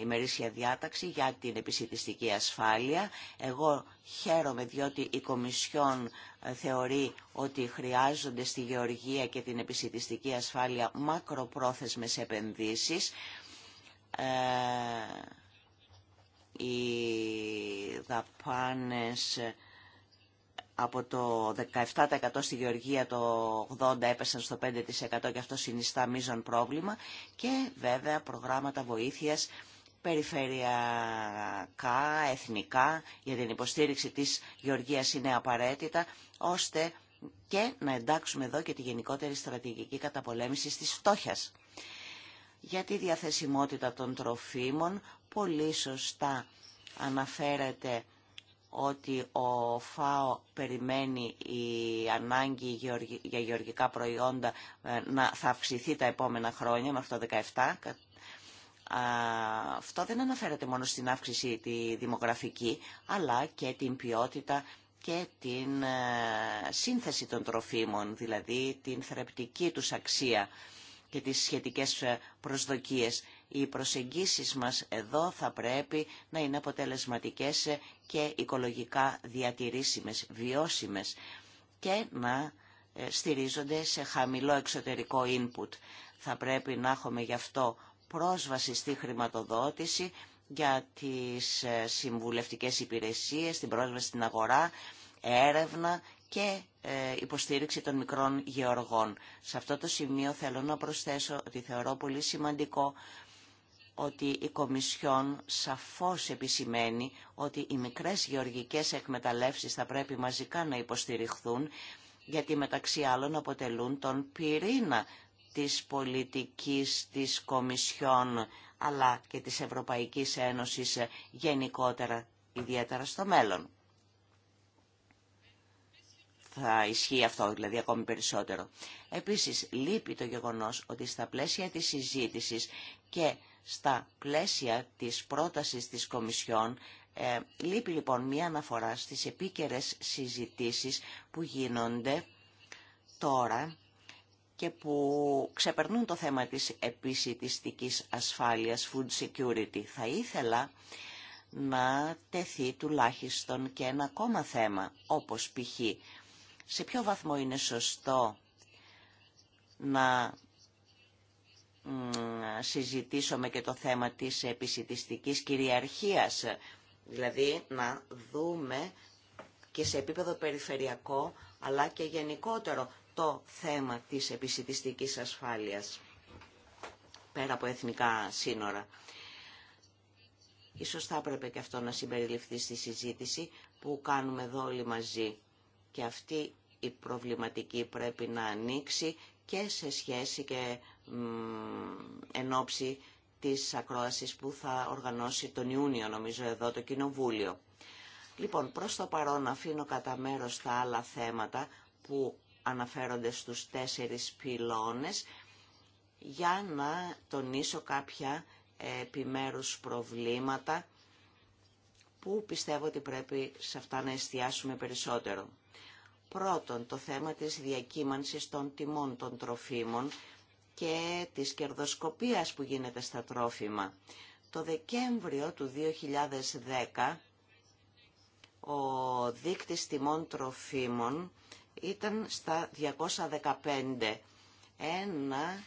ημερήσια διάταξη για την επισητιστική ασφάλεια. Εγώ χαίρομαι διότι η Κομισιόν θεωρεί ότι χρειάζονται στη γεωργία και την επισητιστική ασφάλεια μακροπρόθεσμες επενδύσεις. Ε, οι δαπάνες από το 17% στη Γεωργία το 80% έπεσαν στο 5% και αυτό συνιστά μείζον πρόβλημα και βέβαια προγράμματα βοήθειας περιφερειακά, εθνικά για την υποστήριξη της Γεωργίας είναι απαραίτητα ώστε και να εντάξουμε εδώ και τη γενικότερη στρατηγική καταπολέμηση της φτώχειας. Για τη διαθεσιμότητα των τροφίμων πολύ σωστά αναφέρεται ότι ο ΦΑΟ περιμένει η ανάγκη για γεωργικά προϊόντα ε, να θα αυξηθεί τα επόμενα χρόνια μέχρι το 2017. Αυτό δεν αναφέρεται μόνο στην αύξηση τη δημογραφική, αλλά και την ποιότητα και την ε, σύνθεση των τροφίμων, δηλαδή την θρεπτική τους αξία και τις σχετικές ε, προσδοκίες. Οι προσεγγίσεις μας εδώ θα πρέπει να είναι αποτελεσματικές και οικολογικά διατηρήσιμες, βιώσιμες και να ε, στηρίζονται σε χαμηλό εξωτερικό input. Θα πρέπει να έχουμε γι' αυτό πρόσβαση στη χρηματοδότηση για τις ε, συμβουλευτικές υπηρεσίες, την πρόσβαση στην αγορά, έρευνα και ε, υποστήριξη των μικρών γεωργών. Σε αυτό το σημείο θέλω να προσθέσω ότι θεωρώ πολύ σημαντικό ότι η Κομισιόν σαφώς επισημαίνει ότι οι μικρές γεωργικές εκμεταλλεύσεις θα πρέπει μαζικά να υποστηριχθούν, γιατί μεταξύ άλλων αποτελούν τον πυρήνα της πολιτικής της Κομισιόν, αλλά και της Ευρωπαϊκής Ένωσης γενικότερα, ιδιαίτερα στο μέλλον. Θα ισχύει αυτό, δηλαδή, ακόμη περισσότερο. Επίσης, λείπει το γεγονός ότι στα πλαίσια της συζήτησης και στα πλαίσια της πρότασης της Κομισιόν ε, λείπει λοιπόν μία αναφορά στις επίκαιρες συζητήσεις που γίνονται τώρα και που ξεπερνούν το θέμα της επισητιστικής ασφάλειας, food security. Θα ήθελα να τεθεί τουλάχιστον και ένα ακόμα θέμα, όπως π.χ. σε ποιο βαθμό είναι σωστό να συζητήσουμε και το θέμα της επισητιστικής κυριαρχίας. Δηλαδή να δούμε και σε επίπεδο περιφερειακό αλλά και γενικότερο το θέμα της επισητιστικής ασφάλειας πέρα από εθνικά σύνορα. Ίσως θα έπρεπε και αυτό να συμπεριληφθεί στη συζήτηση που κάνουμε εδώ όλοι μαζί. Και αυτή η προβληματική πρέπει να ανοίξει και σε σχέση και εν ώψη της ακρόασης που θα οργανώσει τον Ιούνιο νομίζω εδώ το Κοινοβούλιο. Λοιπόν, προς το παρόν αφήνω κατά μέρος τα άλλα θέματα που αναφέρονται στους τέσσερις πυλώνες για να τονίσω κάποια επιμέρους προβλήματα που πιστεύω ότι πρέπει σε αυτά να εστιάσουμε περισσότερο. Πρώτον, το θέμα της διακύμανσης των τιμών των τροφίμων και της κερδοσκοπίας που γίνεται στα τρόφιμα. Το Δεκέμβριο του 2010, ο δείκτης τιμών τροφίμων ήταν στα 215, ένα,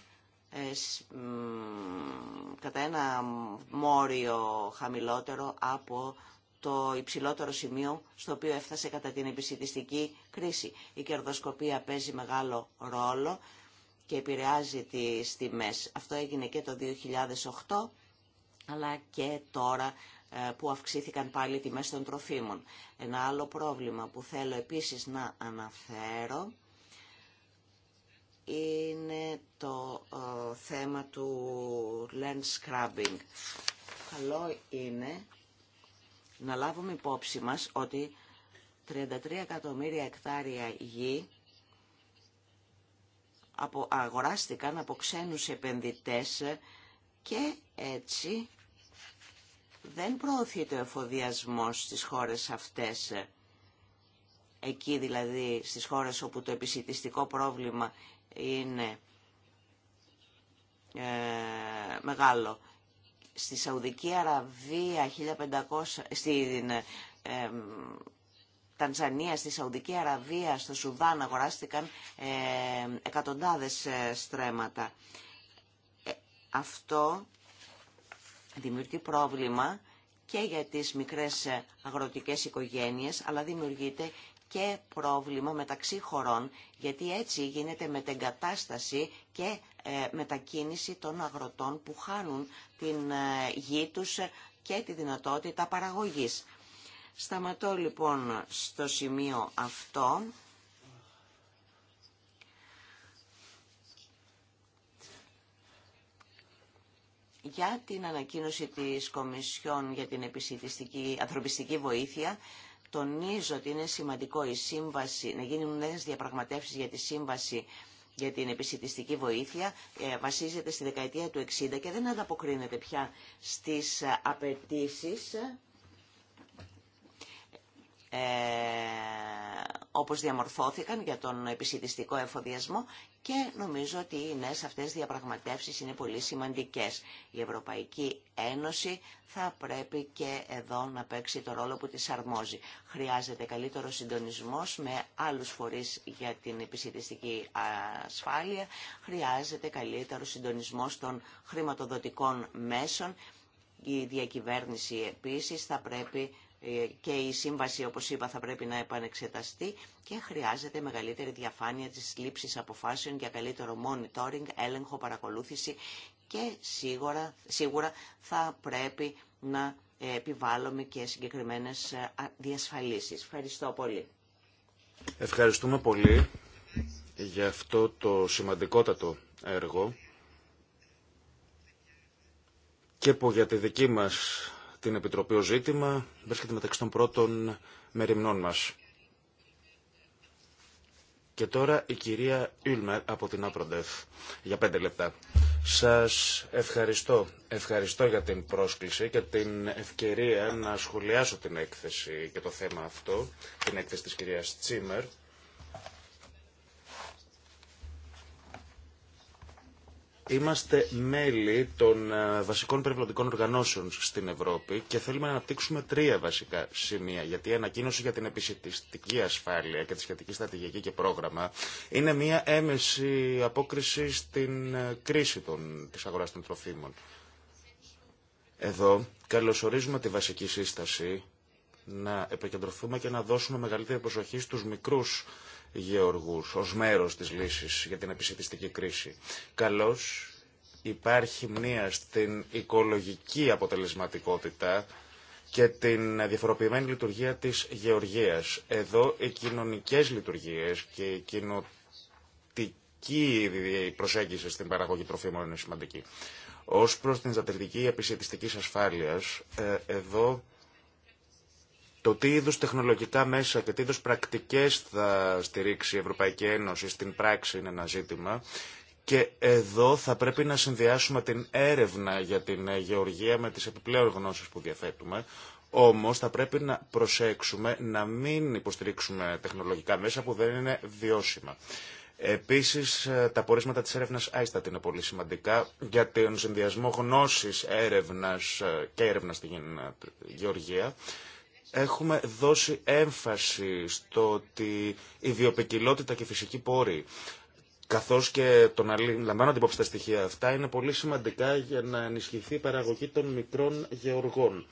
κατά ένα μόριο χαμηλότερο από το υψηλότερο σημείο στο οποίο έφτασε κατά την επισητιστική κρίση. Η κερδοσκοπία παίζει μεγάλο ρόλο και επηρεάζει τις τιμές. Αυτό έγινε και το 2008 αλλά και τώρα ε, που αυξήθηκαν πάλι οι τιμές των τροφίμων. Ένα άλλο πρόβλημα που θέλω επίσης να αναφέρω είναι το ε, θέμα του land scrubbing. Καλό είναι να λάβουμε υπόψη μας ότι 33 εκατομμύρια εκτάρια γη απο, αγοράστηκαν από ξένους επενδυτές και έτσι δεν προωθείται ο εφοδιασμός στις χώρες αυτές. Εκεί δηλαδή στις χώρες όπου το επισητιστικό πρόβλημα είναι ε, μεγάλο στη Σαουδική Αραβία 1500, στην ε, Τανζανία, στη Σαουδική Αραβία, στο Σουδάν αγοράστηκαν ε, εκατοντάδες στρέμματα. Ε, αυτό δημιουργεί πρόβλημα και για τις μικρές ε, αγροτικές οικογένειες, αλλά δημιουργείται και πρόβλημα μεταξύ χωρών, γιατί έτσι γίνεται μετεγκατάσταση και ε, μετακίνηση των αγροτών που χάνουν την ε, γη τους και τη δυνατότητα παραγωγής. Σταματώ λοιπόν στο σημείο αυτό. για την ανακοίνωση της Κομισιόν για την ανθρωπιστική βοήθεια. Τονίζω ότι είναι σημαντικό η σύμβαση, να γίνουν νέες διαπραγματεύσεις για τη σύμβαση για την επισητιστική βοήθεια ε, βασίζεται στη δεκαετία του 60 και δεν ανταποκρίνεται πια στις ε, απαιτήσει ε, όπως διαμορφώθηκαν για τον επισητιστικό εφοδιασμό και νομίζω ότι οι νέες αυτές διαπραγματεύσεις είναι πολύ σημαντικές. Η Ευρωπαϊκή Ένωση θα πρέπει και εδώ να παίξει το ρόλο που της αρμόζει. Χρειάζεται καλύτερο συντονισμός με άλλους φορείς για την επισητιστική ασφάλεια, χρειάζεται καλύτερο συντονισμός των χρηματοδοτικών μέσων, η διακυβέρνηση επίσης θα πρέπει και η σύμβαση, όπως είπα, θα πρέπει να επανεξεταστεί και χρειάζεται μεγαλύτερη διαφάνεια της λήψης αποφάσεων για καλύτερο monitoring, έλεγχο, παρακολούθηση και σίγουρα, σίγουρα θα πρέπει να επιβάλλουμε και συγκεκριμένες ε, διασφαλίσεις. Ευχαριστώ πολύ. Ευχαριστούμε πολύ για αυτό το σημαντικότατο έργο και που για τη δική μας την Επιτροπή ως ζήτημα βρίσκεται μεταξύ των πρώτων μεριμνών μας. Και τώρα η κυρία Ιλμερ από την Άπροντεφ για πέντε λεπτά. Σας ευχαριστώ. Ευχαριστώ για την πρόσκληση και την ευκαιρία να σχολιάσω την έκθεση και το θέμα αυτό, την έκθεση της κυρίας Τσίμερ. Είμαστε μέλη των ε, βασικών περιβαλλοντικών οργανώσεων στην Ευρώπη και θέλουμε να αναπτύξουμε τρία βασικά σημεία. Γιατί η ανακοίνωση για την επισητιστική ασφάλεια και τη σχετική στρατηγική και πρόγραμμα είναι μια έμεση απόκριση στην ε, κρίση των, της αγοράς των τροφίμων. Εδώ καλωσορίζουμε τη βασική σύσταση να επικεντρωθούμε και να δώσουμε μεγαλύτερη προσοχή στους μικρούς γεωργούς ως μέρος της λύσης για την επισητιστική κρίση. Καλώς υπάρχει μνήμα στην οικολογική αποτελεσματικότητα και την διαφοροποιημένη λειτουργία της γεωργίας. Εδώ οι κοινωνικές λειτουργίες και η κοινοτική προσέγγιση στην παραγωγή τροφίμων είναι σημαντική. Ως προς την στρατηγική επισητιστική ασφάλεια, ε, εδώ το τι είδου τεχνολογικά μέσα και τι είδους πρακτικές θα στηρίξει η Ευρωπαϊκή Ένωση στην πράξη είναι ένα ζήτημα. Και εδώ θα πρέπει να συνδυάσουμε την έρευνα για την ε, γεωργία με τις επιπλέον γνώσεις που διαθέτουμε. Όμως θα πρέπει να προσέξουμε να μην υποστηρίξουμε τεχνολογικά μέσα που δεν είναι βιώσιμα. Επίσης, ε, τα πορίσματα της έρευνας Άιστατ είναι πολύ σημαντικά για τον συνδυασμό γνώσης έρευνας ε, και έρευνας στην γεωργία έχουμε δώσει έμφαση στο ότι η βιοπικιλότητα και η φυσική πόρη, καθώς και το να την υπόψη τα στοιχεία αυτά είναι πολύ σημαντικά για να ενισχυθεί η παραγωγή των μικρών γεωργών.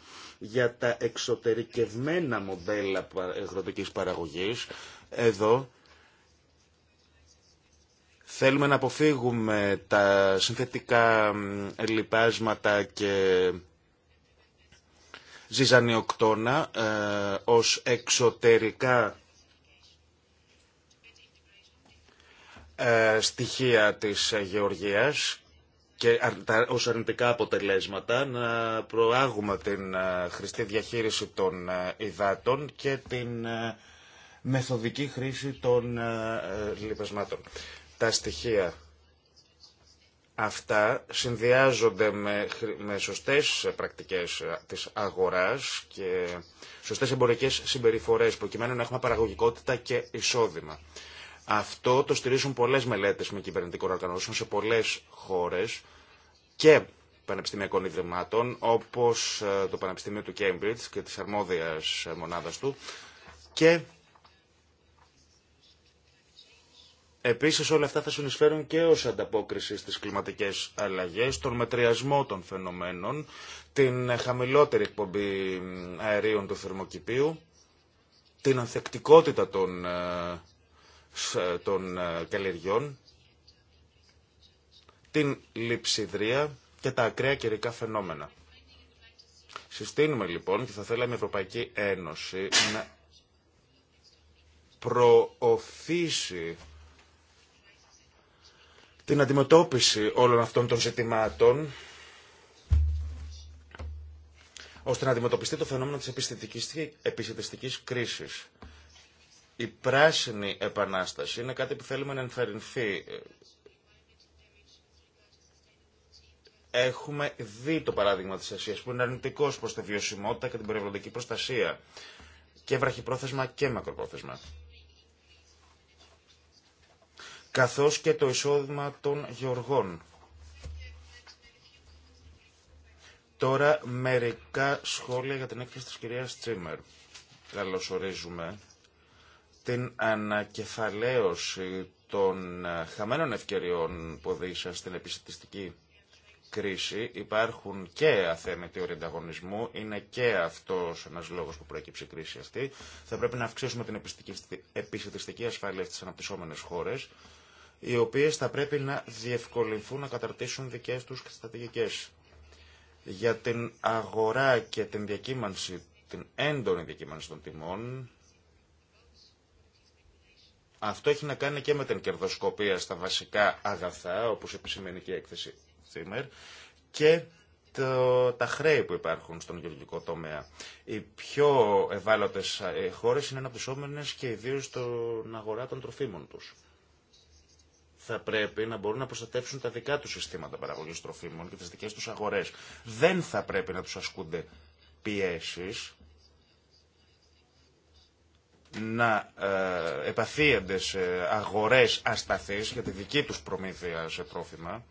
Για τα εξωτερικευμένα μοντέλα αγροτική παραγωγής, εδώ θέλουμε να αποφύγουμε τα συνθετικά λοιπάσματα και ζυζανιοκτώνα ε, ως εξωτερικά ε, στοιχεία της ε, γεωργίας και ως αρνητικά αποτελέσματα να προάγουμε την χρηστή διαχείριση των υδάτων και την μεθοδική χρήση των λιπασμάτων. Τα στοιχεία Αυτά συνδυάζονται με, με σωστές πρακτικές ε, της αγοράς και σωστές εμπορικές συμπεριφορές, προκειμένου να έχουμε παραγωγικότητα και εισόδημα. Αυτό το στηρίζουν πολλές μελέτες με κυβερνητικό οργανώσεων σε πολλές χώρες και πανεπιστημιακών ιδρυμάτων, όπως ε, το Πανεπιστημίο του Cambridge και της αρμόδιας ε, μονάδας του, και Επίσης όλα αυτά θα συνεισφέρουν και ως ανταπόκριση στις κλιματικές αλλαγές, τον μετριασμό των φαινομένων, την χαμηλότερη εκπομπή αερίων του θερμοκηπίου, την ανθεκτικότητα των, ε, ε, των ε, καλλιεργιών, την λειψιδρία και τα ακραία καιρικά φαινόμενα. Συστήνουμε λοιπόν και θα θέλαμε η Ευρωπαϊκή Ένωση να προωθήσει την αντιμετώπιση όλων αυτών των ζητημάτων ώστε να αντιμετωπιστεί το φαινόμενο της επιστημιστικής κρίσης. Η πράσινη επανάσταση είναι κάτι που θέλουμε να ενθαρρυνθεί. Έχουμε δει το παράδειγμα της Ασίας που είναι αρνητικός προς τη βιωσιμότητα και την περιβαλλοντική προστασία και βραχυπρόθεσμα και μακροπρόθεσμα καθώς και το εισόδημα των γεωργών. Τώρα μερικά σχόλια για την έκθεση της κυρίας Τσίμερ. Καλωσορίζουμε την ανακεφαλαίωση των χαμένων ευκαιριών που οδήγησαν στην επιστημιστική κρίση. Υπάρχουν και αθέμετοι όροι ανταγωνισμού. Είναι και αυτός ένας λόγος που προέκυψε η κρίση αυτή. Θα πρέπει να αυξήσουμε την επιστημιστική ασφάλεια στις αναπτυσσόμενες χώρες οι οποίες θα πρέπει να διευκολυνθούν να καταρτήσουν δικέ τους στρατηγικές. Για την αγορά και την διακύμανση, την έντονη διακύμανση των τιμών, αυτό έχει να κάνει και με την κερδοσκοπία στα βασικά αγαθά, όπως επισημαίνει και η έκθεση Θήμερ, και τα χρέη που υπάρχουν στον γεωργικό τομέα. Οι πιο ευάλωτες ε, χώρες είναι αναπτυσσόμενες και ιδίως στον αγορά των τροφίμων τους θα πρέπει να μπορούν να προστατεύσουν τα δικά του συστήματα παραγωγή τροφίμων και τι δικέ του αγορέ. Δεν θα πρέπει να του ασκούνται πιέσει να ε, επαφίενται σε αγορές ασταθείς για τη δική τους προμήθεια σε τρόφιμα,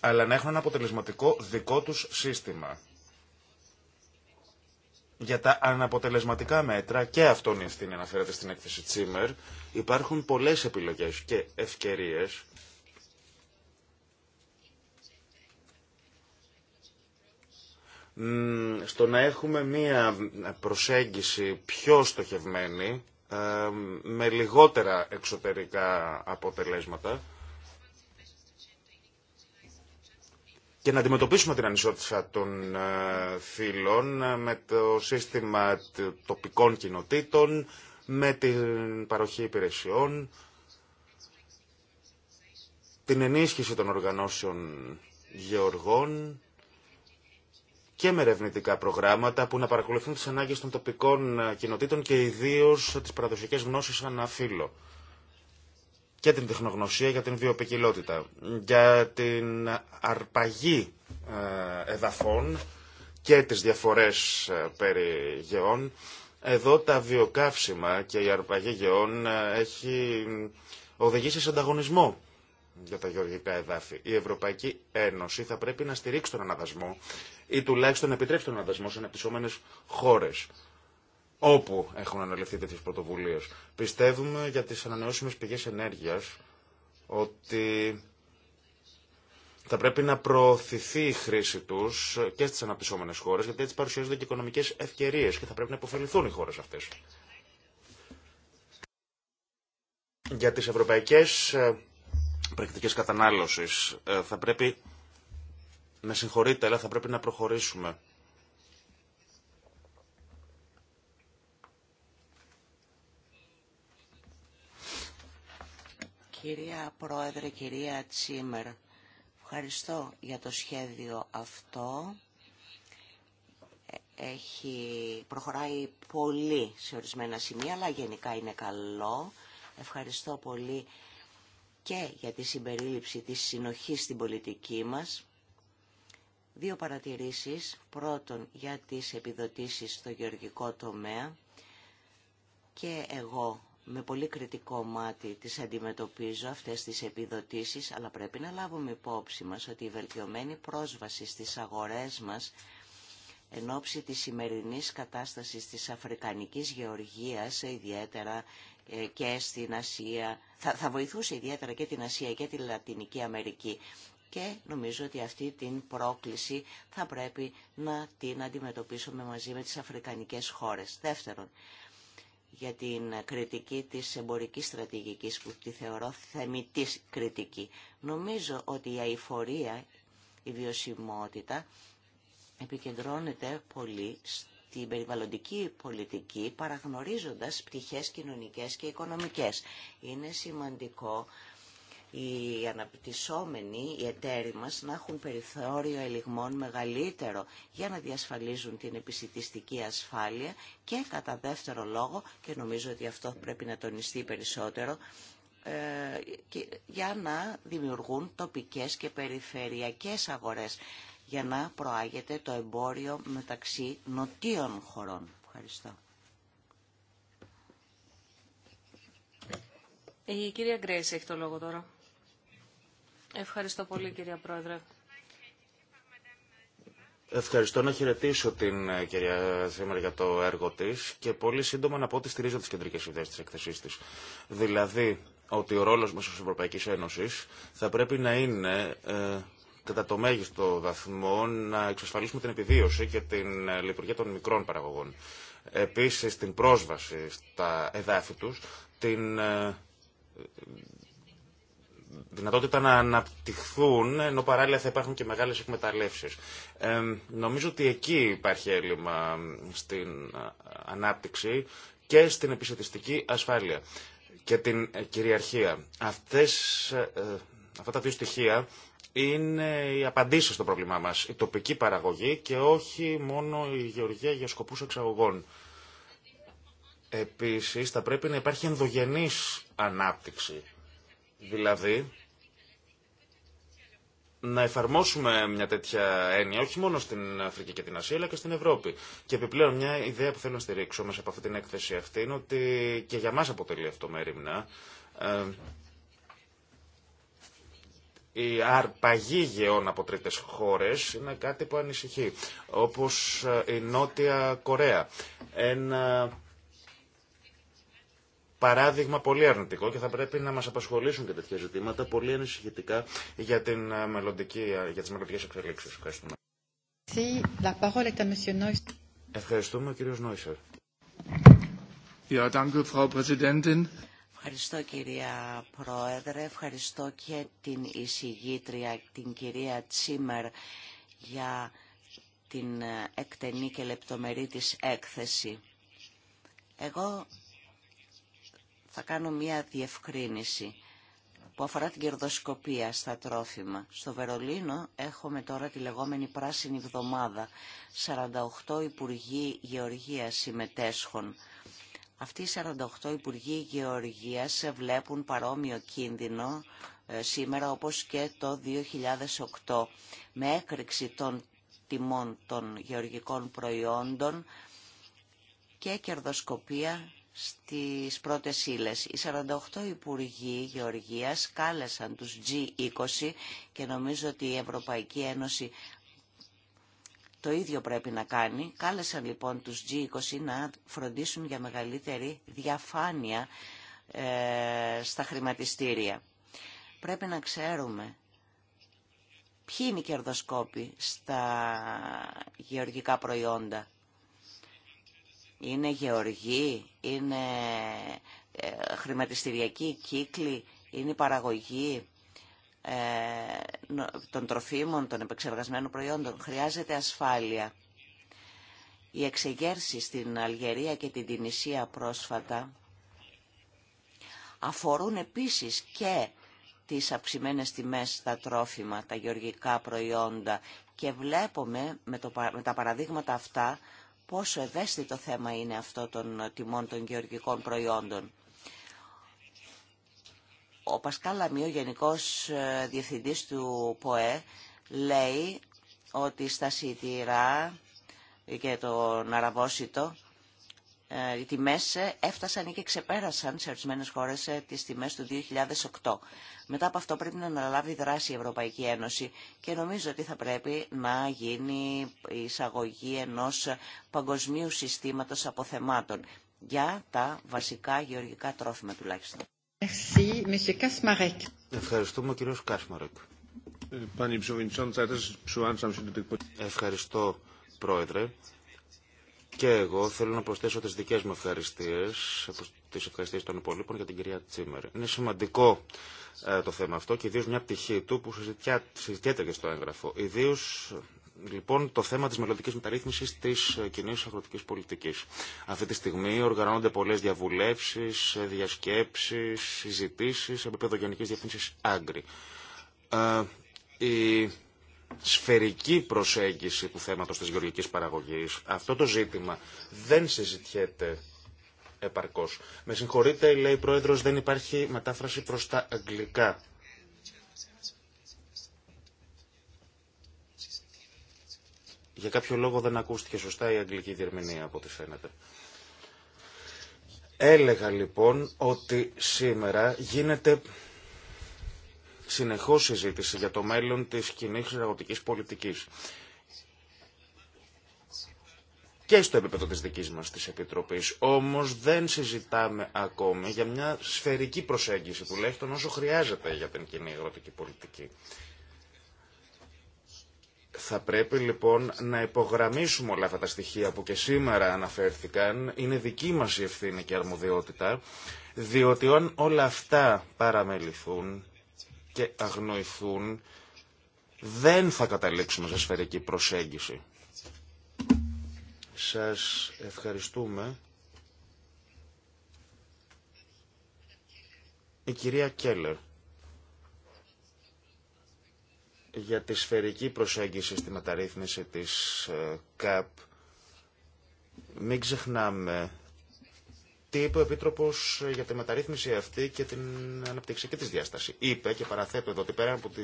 αλλά να έχουν ένα αποτελεσματικό δικό τους σύστημα. Για τα αναποτελεσματικά μέτρα, και αυτόν η ευθύνη αναφέρεται στην έκθεση Τσίμερ, Υπάρχουν πολλές επιλογές και ευκαιρίες στο να έχουμε μία προσέγγιση πιο στοχευμένη, ε, με λιγότερα εξωτερικά αποτελέσματα και να αντιμετωπίσουμε την ανισότητα των ε, φύλων ε, με το σύστημα τοπικών κοινοτήτων, με την παροχή υπηρεσιών, την ενίσχυση των οργανώσεων γεωργών και με ερευνητικά προγράμματα που να παρακολουθούν τις ανάγκες των τοπικών κοινοτήτων και ιδίως τις παραδοσιακές γνώσεις αναφύλλω και την τεχνογνωσία για την βιοπικιλότητα, για την αρπαγή ε, εδαφών και τις διαφορές ε, περί γεών, εδώ τα βιοκαύσιμα και η αρπαγή γεών ε, έχει οδηγήσει σε ανταγωνισμό για τα γεωργικά εδάφη. Η Ευρωπαϊκή Ένωση θα πρέπει να στηρίξει τον αναδασμό ή τουλάχιστον επιτρέψει τον αναδασμό σε αναπτυσσόμενε χώρε όπου έχουν αναλυθεί τέτοιε πρωτοβουλίε. Πιστεύουμε για τι ανανεώσιμε πηγέ ενέργεια ότι θα πρέπει να προωθηθεί η χρήση του και στι αναπτυσσόμενε χώρε, γιατί έτσι παρουσιάζονται και οικονομικέ ευκαιρίε και θα πρέπει να υποφεληθούν οι χώρε αυτέ. Για τι ευρωπαϊκέ ε, πρακτικέ κατανάλωση ε, θα πρέπει. να συγχωρείτε, αλλά θα πρέπει να προχωρήσουμε. Κυρία Πρόεδρε, κυρία Τσίμερ, ευχαριστώ για το σχέδιο αυτό. Ε, έχει, προχωράει πολύ σε ορισμένα σημεία, αλλά γενικά είναι καλό. Ευχαριστώ πολύ και για τη συμπερίληψη της συνοχής στην πολιτική μας. Δύο παρατηρήσεις. Πρώτον, για τις επιδοτήσεις στο γεωργικό τομέα. Και εγώ με πολύ κριτικό μάτι τις αντιμετωπίζω αυτές τις επιδοτήσεις, αλλά πρέπει να λάβουμε υπόψη μας ότι η βελτιωμένη πρόσβαση στις αγορές μας εν ώψη της σημερινής κατάστασης της Αφρικανικής Γεωργίας ιδιαίτερα ε, και στην Ασία, θα, θα βοηθούσε ιδιαίτερα και την Ασία και τη Λατινική Αμερική και νομίζω ότι αυτή την πρόκληση θα πρέπει να την αντιμετωπίσουμε μαζί με τις αφρικανικές χώρες. Δεύτερον, για την κριτική της εμπορικής στρατηγικής που τη θεωρώ θεμητή κριτική. Νομίζω ότι η αηφορία, η βιωσιμότητα επικεντρώνεται πολύ στην περιβαλλοντική πολιτική παραγνωρίζοντας πτυχές κοινωνικές και οικονομικές. Είναι σημαντικό οι αναπτυσσόμενοι, οι εταίροι μας, να έχουν περιθώριο ελιγμών μεγαλύτερο για να διασφαλίζουν την επισητιστική ασφάλεια και κατά δεύτερο λόγο, και νομίζω ότι αυτό πρέπει να τονιστεί περισσότερο, ε, για να δημιουργούν τοπικές και περιφερειακές αγορές για να προάγεται το εμπόριο μεταξύ νοτίων χωρών. Ευχαριστώ. Η κυρία Γκρέση έχει το λόγο τώρα. Ευχαριστώ πολύ κυρία Πρόεδρε. Ευχαριστώ να χαιρετήσω την ε, κυρία Σίμερ για το έργο τη και πολύ σύντομα να πω ότι στηρίζω τι κεντρικέ ιδέε τη εκθεσή τη. Δηλαδή ότι ο ρόλο μα ω Ευρωπαϊκή Ένωση θα πρέπει να είναι ε, κατά το μέγιστο βαθμό να εξασφαλίσουμε την επιβίωση και την ε, λειτουργία των μικρών παραγωγών. Επίση την πρόσβαση στα εδάφη του, την δυνατότητα να αναπτυχθούν, ενώ παράλληλα θα υπάρχουν και μεγάλες εκμεταλλεύσεις. Ε, νομίζω ότι εκεί υπάρχει έλλειμμα στην ανάπτυξη και στην επισητιστική ασφάλεια και την ε, κυριαρχία. Αυτές, ε, αυτά τα δύο στοιχεία είναι οι απαντήσεις στο πρόβλημά μας. Η τοπική παραγωγή και όχι μόνο η γεωργία για σκοπούς εξαγωγών. Επίσης θα πρέπει να υπάρχει ενδογενής ανάπτυξη Δηλαδή, να εφαρμόσουμε μια τέτοια έννοια όχι μόνο στην Αφρική και την Ασία αλλά και στην Ευρώπη. Και επιπλέον μια ιδέα που θέλω να στηρίξω μέσα από αυτή την έκθεση αυτή είναι ότι και για μας αποτελεί αυτό μέρημνα ε, η αρπαγή γεών από τρίτε χώρε είναι κάτι που ανησυχεί. Όπω ε, η Νότια Κορέα. Ένα παράδειγμα πολύ αρνητικό και θα πρέπει να μας απασχολήσουν και τέτοια ζητήματα πολύ ανησυχητικά για, την ε, μελλοντική, ε, για τις μελλοντικές εξελίξεις. Ευχαριστούμε. Ευχαριστούμε, ο κύριος Νόισερ. Ja, danke, Frau Präsidentin. Ευχαριστώ κυρία Πρόεδρε, ευχαριστώ και την εισηγήτρια, την κυρία Τσίμερ για την ε, εκτενή και λεπτομερή της έκθεση. Εγώ θα κάνω μια διευκρίνηση που αφορά την κερδοσκοπία στα τρόφιμα. Στο Βερολίνο έχουμε τώρα τη λεγόμενη πράσινη εβδομάδα. 48 Υπουργοί Γεωργίας συμμετέσχουν. Αυτοί οι 48 Υπουργοί Γεωργίας βλέπουν παρόμοιο κίνδυνο ε, σήμερα όπως και το 2008 με έκρηξη των τιμών των γεωργικών προϊόντων και κερδοσκοπία στις πρώτες ύλε. Οι 48 Υπουργοί Γεωργίας κάλεσαν τους G20 και νομίζω ότι η Ευρωπαϊκή Ένωση το ίδιο πρέπει να κάνει. Κάλεσαν λοιπόν τους G20 να φροντίσουν για μεγαλύτερη διαφάνεια ε, στα χρηματιστήρια. Πρέπει να ξέρουμε ποιοι είναι οι κερδοσκόποι στα γεωργικά προϊόντα είναι γεωργοί, είναι ε, χρηματιστηριακοί κύκλοι, είναι η παραγωγή ε, των τροφίμων, των επεξεργασμένων προϊόντων. Χρειάζεται ασφάλεια. Η εξεγέρσεις στην Αλγερία και την Τινησία πρόσφατα αφορούν επίσης και τις αυξημένε τιμές στα τρόφιμα, τα γεωργικά προϊόντα και βλέπουμε με, με τα παραδείγματα αυτά πόσο ευαίσθητο θέμα είναι αυτό των τιμών των γεωργικών προϊόντων. Ο Πασκάλ Λαμίου, Γενικός ε, Διευθυντής του ΠΟΕ, λέει ότι στα σιτηρά και τον αραβόσιτο ε, οι τιμές ε, έφτασαν και ξεπέρασαν σε ορισμένες χώρες ε, τις τιμές του 2008. Μετά από αυτό πρέπει να αναλάβει δράση η Ευρωπαϊκή Ένωση και νομίζω ότι θα πρέπει να γίνει η εισαγωγή ενός παγκοσμίου συστήματος αποθεμάτων για τα βασικά γεωργικά τρόφιμα τουλάχιστον. Ευχαριστούμε κύριο Κάσμαρεκ. Ευχαριστώ πρόεδρε. Και εγώ θέλω να προσθέσω τι δικέ μου ευχαριστίε, τι ευχαριστίε των υπολείπων για την κυρία Τσίμερ. Είναι σημαντικό ε, το θέμα αυτό και ιδίω μια πτυχή του που συζητιέται και στο έγγραφο. Ιδίω λοιπόν το θέμα τη μελλοντική μεταρρύθμιση τη ε, κοινή αγροτική πολιτική. Αυτή τη στιγμή οργανώνονται πολλέ διαβουλεύσεις, ε, διασκέψει, συζητήσει σε επίπεδο Γενική Διευθύνση Άγκρη. η σφαιρική προσέγγιση του θέματος της γεωργικής παραγωγής, αυτό το ζήτημα δεν συζητιέται επαρκώς. Με συγχωρείτε, λέει η Πρόεδρος, δεν υπάρχει μετάφραση προς τα αγγλικά. Για κάποιο λόγο δεν ακούστηκε σωστά η αγγλική διερμηνία από ό,τι φαίνεται. Έλεγα λοιπόν ότι σήμερα γίνεται Συνεχώ συζήτηση για το μέλλον τη κοινή αγροτικής πολιτική. Και στο επίπεδο τη δική μα τη επιτροπή. Όμω δεν συζητάμε ακόμη για μια σφαιρική προσέγγιση τουλάχιστον όσο χρειάζεται για την κοινή αγροτική πολιτική. Θα πρέπει λοιπόν να υπογραμμίσουμε όλα αυτά τα στοιχεία που και σήμερα αναφέρθηκαν. Είναι δική μας η ευθύνη και αρμοδιότητα, διότι αν όλα αυτά παραμεληθούν, και αγνοηθούν, δεν θα καταλήξουμε σε σφαιρική προσέγγιση. Σας ευχαριστούμε. Η κυρία Κέλλερ για τη σφαιρική προσέγγιση στη μεταρρύθμιση της ε, ΚΑΠ μην ξεχνάμε τι είπε ο Επίτροπο για τη μεταρρύθμιση αυτή και την αναπτυξιακή τη διάσταση. Είπε και παραθέτω εδώ ότι πέρα από τι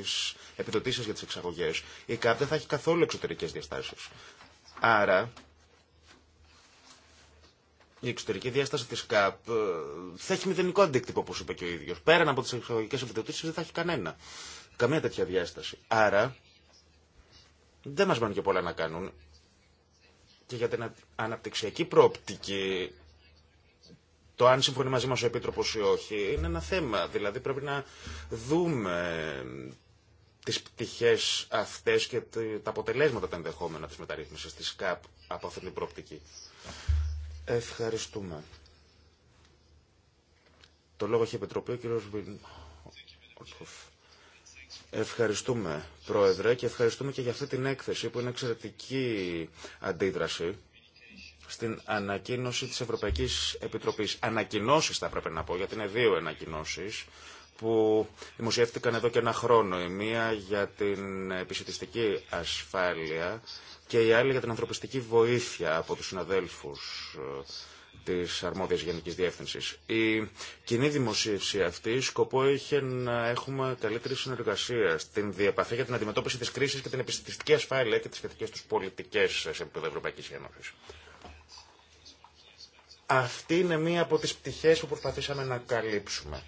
επιδοτήσει για τι εξαγωγέ, η ΚΑΠ δεν θα έχει καθόλου εξωτερικέ διαστάσει. Άρα, η εξωτερική διάσταση τη ΚΑΠ ε, θα έχει μηδενικό αντίκτυπο, όπω είπε και ο ίδιο. Πέραν από τι εξαγωγικέ επιδοτήσει δεν θα έχει κανένα. Καμία τέτοια διάσταση. Άρα, δεν μα μένουν και πολλά να κάνουν. Και για την αναπτυξιακή προοπτική το αν συμφωνεί μαζί μα ο Επίτροπο ή όχι είναι ένα θέμα. Δηλαδή πρέπει να δούμε τι πτυχέ αυτέ και τα αποτελέσματα τα ενδεχόμενα τη μεταρρύθμιση τη ΚΑΠ από αυτή την προοπτική. Ευχαριστούμε. Το λόγο έχει η Επιτροπή ο κύριος Βιν... Ευχαριστούμε, Πρόεδρε, και ευχαριστούμε και για αυτή την έκθεση που είναι εξαιρετική αντίδραση στην ανακοίνωση της Ευρωπαϊκής Επιτροπής. Ανακοινώσεις θα έπρεπε να πω, γιατί είναι δύο ανακοινώσεις που δημοσιεύτηκαν εδώ και ένα χρόνο. Η μία για την επισητιστική ασφάλεια και η άλλη για την ανθρωπιστική βοήθεια από τους συναδέλφους ε, της αρμόδιας γενικής διεύθυνσης. Η κοινή δημοσίευση αυτή σκοπό είχε να έχουμε καλύτερη συνεργασία στην διαπαθή για την αντιμετώπιση της κρίσης και την επιστημιστική ασφάλεια και τις σχετικές τους πολιτικές σε επίπεδο Ευρωπαϊκής Ένωσης. Αυτή είναι μία από τις πτυχές που προσπαθήσαμε να καλύψουμε.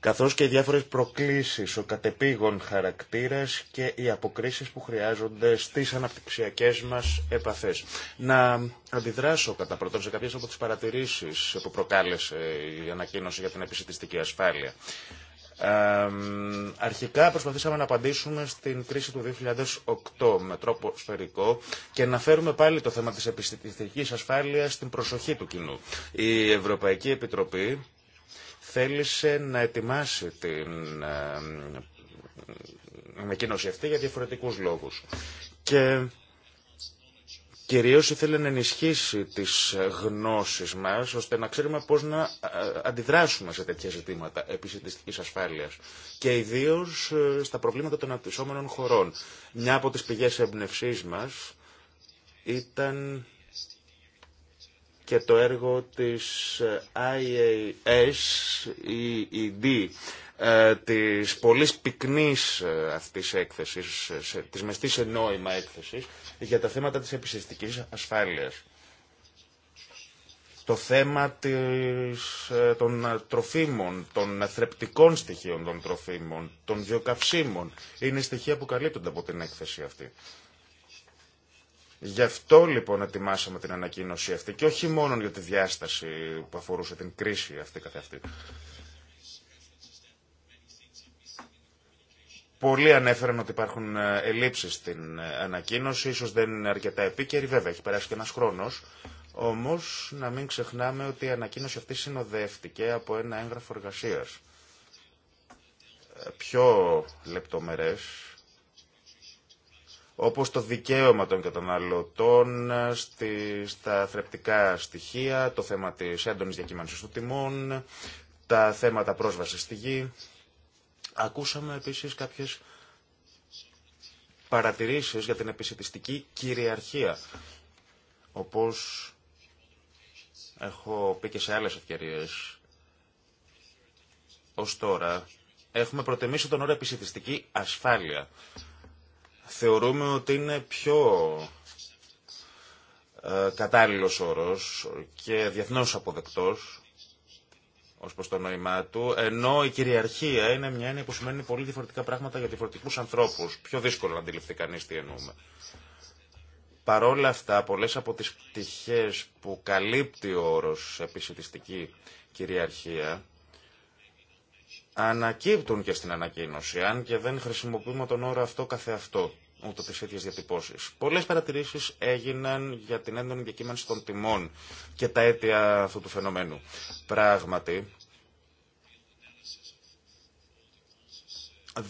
Καθώς και οι διάφορες προκλήσεις, ο κατεπήγων χαρακτήρας και οι αποκρίσεις που χρειάζονται στις αναπτυξιακές μας επαφές. Να αντιδράσω κατά πρώτον σε κάποιες από τις παρατηρήσεις που προκάλεσε η ανακοίνωση για την επισητιστική ασφάλεια αρχικά προσπαθήσαμε να απαντήσουμε στην κρίση του 2008 με τρόπο σφαιρικό και να φέρουμε πάλι το θέμα της επιστημιστικής ασφάλειας στην προσοχή του κοινού. Η Ευρωπαϊκή Επιτροπή θέλησε να ετοιμάσει την ανακοίνωση αυτή για διαφορετικούς λόγους. Και Κυρίως ήθελε να ενισχύσει τις γνώσεις μας, ώστε να ξέρουμε πώς να ε, αντιδράσουμε σε τέτοια ζητήματα επισητιστικής ασφάλειας και ιδίως ε, στα προβλήματα των αναπτυσσόμενων χωρών. Μια από τις πηγές εμπνευσής μας ήταν και το έργο της ε, IAS, ID. E e ε, της πολύ πυκνής ε, αυτής έκθεσης, ε, της μεστής ενόημα έκθεσης, για τα θέματα της επιστημιστικής ασφάλειας. Το θέμα της, των τροφίμων, των θρεπτικών στοιχείων των τροφίμων, των βιοκαυσίμων, είναι στοιχεία που καλύπτονται από την έκθεση αυτή. Γι' αυτό λοιπόν ετοιμάσαμε την ανακοίνωση αυτή και όχι μόνο για τη διάσταση που αφορούσε την κρίση αυτή καθ' αυτή. Πολλοί ανέφεραν ότι υπάρχουν ε, ελλείψεις στην ε, ανακοίνωση, ίσως δεν είναι αρκετά επίκαιρη, βέβαια έχει περάσει και ένας χρόνος. Όμως να μην ξεχνάμε ότι η ανακοίνωση αυτή συνοδεύτηκε από ένα έγγραφο εργασία. Ε, πιο λεπτομερές, όπως το δικαίωμα των καταναλωτών στη, στα θρεπτικά στοιχεία, το θέμα της έντονης διακύμανσης του τιμών, τα θέματα πρόσβασης στη γη, Ακούσαμε επίσης κάποιες παρατηρήσεις για την επισητιστική κυριαρχία. Όπως έχω πει και σε άλλες ευκαιρίες, ως τώρα έχουμε προτιμήσει τον όρο επισητιστική ασφάλεια. Θεωρούμε ότι είναι πιο ε, κατάλληλος όρος και διεθνώς αποδεκτός Ω προ το νόημά του, ενώ η κυριαρχία είναι μια έννοια που σημαίνει πολύ διαφορετικά πράγματα για διαφορετικούς ανθρώπους. Πιο δύσκολο να αντιληφθεί κανεί τι εννοούμε. Παρόλα αυτά, πολλές από τις πτυχές που καλύπτει ο όρος επισητιστική κυριαρχία ανακύπτουν και στην ανακοίνωση, αν και δεν χρησιμοποιούμε τον όρο αυτό καθεαυτό ούτε τι ίδιε διατυπώσει. Πολλέ παρατηρήσει έγιναν για την έντονη διακύμανση των τιμών και τα αίτια αυτού του φαινομένου. Πράγματι,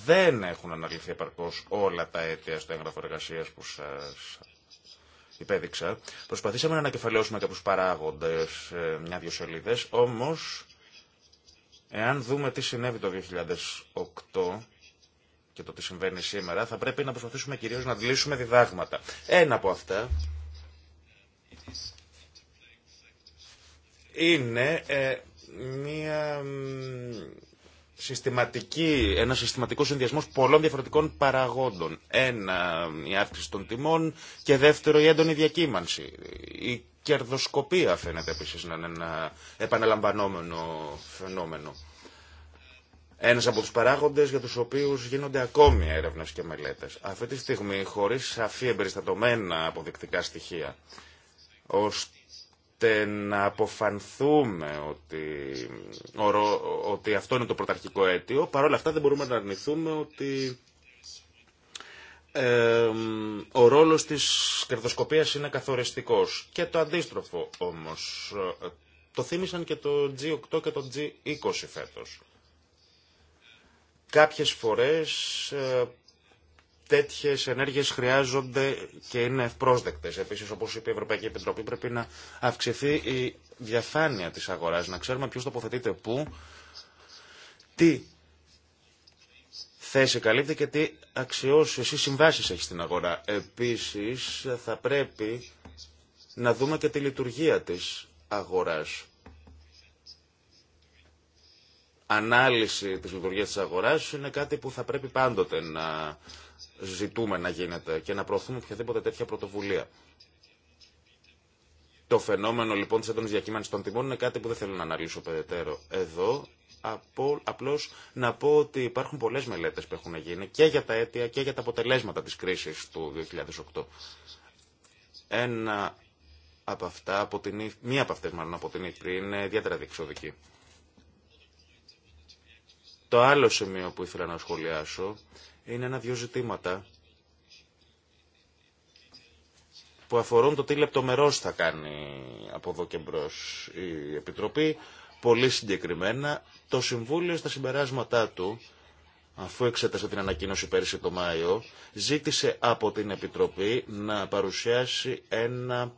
δεν έχουν αναλυθεί επαρκώ όλα τα αίτια στο έγγραφο εργασία που σα υπέδειξα. Προσπαθήσαμε να ανακεφαλαιώσουμε κάποιου παράγοντε ε, μια-δυο σελίδε, όμω, εάν δούμε τι συνέβη το 2008, και το τι συμβαίνει σήμερα, θα πρέπει να προσπαθήσουμε κυρίως να αντλήσουμε διδάγματα. Ένα από αυτά είναι ε, μια συστηματική, ένα συστηματικό συνδυασμό πολλών διαφορετικών παραγόντων. Ένα, η αύξηση των τιμών και δεύτερο, η έντονη διακύμανση. Η κερδοσκοπία φαίνεται επίσης να είναι ένα επαναλαμβανόμενο φαινόμενο. Ένα από του παράγοντε για του οποίου γίνονται ακόμη έρευνε και μελέτε. Αυτή τη στιγμή, χωρί σαφή εμπεριστατωμένα αποδεικτικά στοιχεία, ώστε να αποφανθούμε ότι, ότι αυτό είναι το πρωταρχικό αίτιο, παρόλα αυτά δεν μπορούμε να αρνηθούμε ότι ε, ο ρόλος της κερδοσκοπίας είναι καθοριστικός. Και το αντίστροφο όμως. Ε, το θύμισαν και το G8 και το G20 φέτος. Κάποιες φορές ε, τέτοιες ενέργειες χρειάζονται και είναι ευπρόσδεκτες. Επίσης, όπως είπε η Ευρωπαϊκή Επιτροπή, πρέπει να αυξηθεί η διαφάνεια της αγοράς, να ξέρουμε ποιος τοποθετείται πού, τι θέση καλύπτει και τι αξιώσεις ή συμβάσεις έχει στην αγορά. Επίσης, θα πρέπει να δούμε και τη λειτουργία της αγοράς ανάλυση της λειτουργίας της αγοράς είναι κάτι που θα πρέπει πάντοτε να ζητούμε να γίνεται και να προωθούμε οποιαδήποτε τέτοια πρωτοβουλία. Το φαινόμενο λοιπόν της έντονης διακύμανσης των τιμών είναι κάτι που δεν θέλω να αναλύσω περαιτέρω εδώ. Απλώς να πω ότι υπάρχουν πολλές μελέτες που έχουν γίνει και για τα αίτια και για τα αποτελέσματα της κρίσης του 2008. Ένα από αυτά, από την, μία από αυτές μάλλον από την Ήπρη, είναι ιδιαίτερα διεξοδική. Το άλλο σημείο που ήθελα να σχολιάσω είναι ένα-δυο ζητήματα που αφορούν το τι λεπτομερώς θα κάνει από εδώ και μπρος η Επιτροπή. Πολύ συγκεκριμένα, το Συμβούλιο στα συμπεράσματά του, αφού εξέτασε την ανακοίνωση πέρυσι το Μάιο, ζήτησε από την Επιτροπή να παρουσιάσει ένα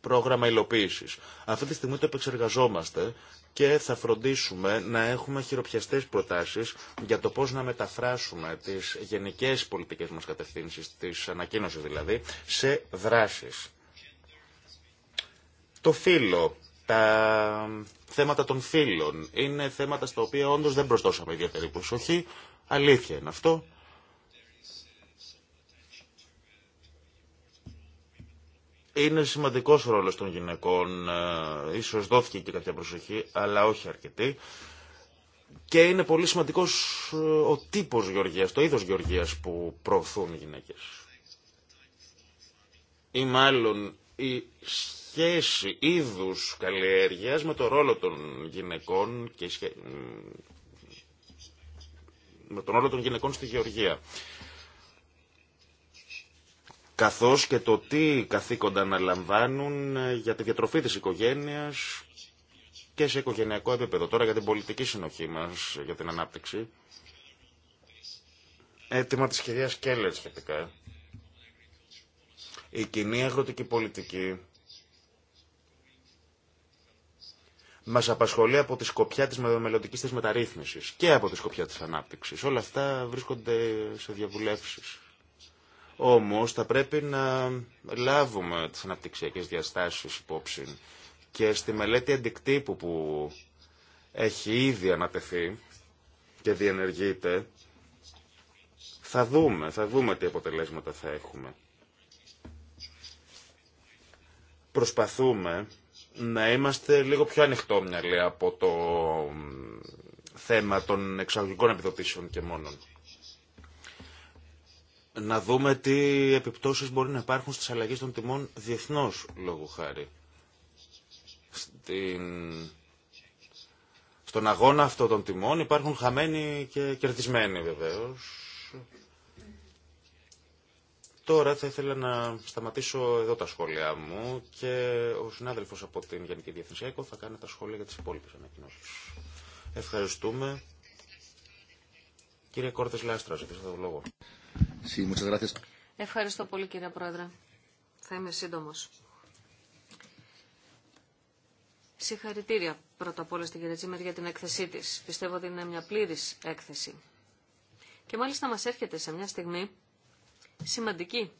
πρόγραμμα υλοποίησης. Αυτή τη στιγμή το επεξεργαζόμαστε και θα φροντίσουμε να έχουμε χειροπιαστές προτάσεις για το πώς να μεταφράσουμε τις γενικές πολιτικές μας κατευθύνσεις, τις ανακοίνωσες δηλαδή, σε δράσεις. Το φύλλο, τα θέματα των φύλων είναι θέματα στα οποία όντως δεν προσδώσαμε ιδιαίτερη προσοχή, αλήθεια είναι αυτό. Είναι σημαντικός ο ρόλος των γυναικών, ε, ίσως δόθηκε και κάποια προσοχή, αλλά όχι αρκετή. Και είναι πολύ σημαντικός ε, ο τύπος γεωργίας, το είδος γεωργίας που προωθούν οι γυναίκες. Ή μάλλον η σχέση είδους καλλιέργειας με το ρόλο των γυναικών και με τον ρόλο των γυναικών στη γεωργία καθώς και το τι καθήκοντα λαμβάνουν ε, για τη διατροφή της οικογένειας και σε οικογενειακό επίπεδο. Τώρα για την πολιτική συνοχή μας, για την ανάπτυξη. Έτοιμα της κυρίας Κέλλερ σχετικά. Η κοινή αγροτική πολιτική μας απασχολεί από τη σκοπιά της μελλοντικής της μεταρρύθμισης και από τη σκοπιά της ανάπτυξης. Όλα αυτά βρίσκονται σε διαβουλεύσεις. Όμως θα πρέπει να λάβουμε τις αναπτυξιακές διαστάσεις υπόψη και στη μελέτη αντικτύπου που έχει ήδη ανατεθεί και διενεργείται θα δούμε, θα δούμε τι αποτελέσματα θα έχουμε. Προσπαθούμε να είμαστε λίγο πιο ανοιχτόμυαλοι από το θέμα των εξαγωγικών επιδοτήσεων και μόνον να δούμε τι επιπτώσεις μπορεί να υπάρχουν στις αλλαγές των τιμών διεθνώς λόγου χάρη. Στον αγώνα αυτών των τιμών υπάρχουν χαμένοι και κερδισμένοι βεβαίως. Τώρα θα ήθελα να σταματήσω εδώ τα σχόλιά μου και ο συνάδελφος από την Γενική Διεθνή ΕΚΟ θα κάνει τα σχόλια για τις υπόλοιπες ανακοινώσεις. Ευχαριστούμε. Κύριε Κόρτες Λάστρα, ζητήστε το λόγο. Ευχαριστώ πολύ κύριε Πρόεδρε. Θα είμαι σύντομο. Συγχαρητήρια πρώτα απ' όλα στην κυρία Τσίμερ για την έκθεσή τη. Πιστεύω ότι είναι μια πλήρης έκθεση. Και μάλιστα μας έρχεται σε μια στιγμή σημαντική.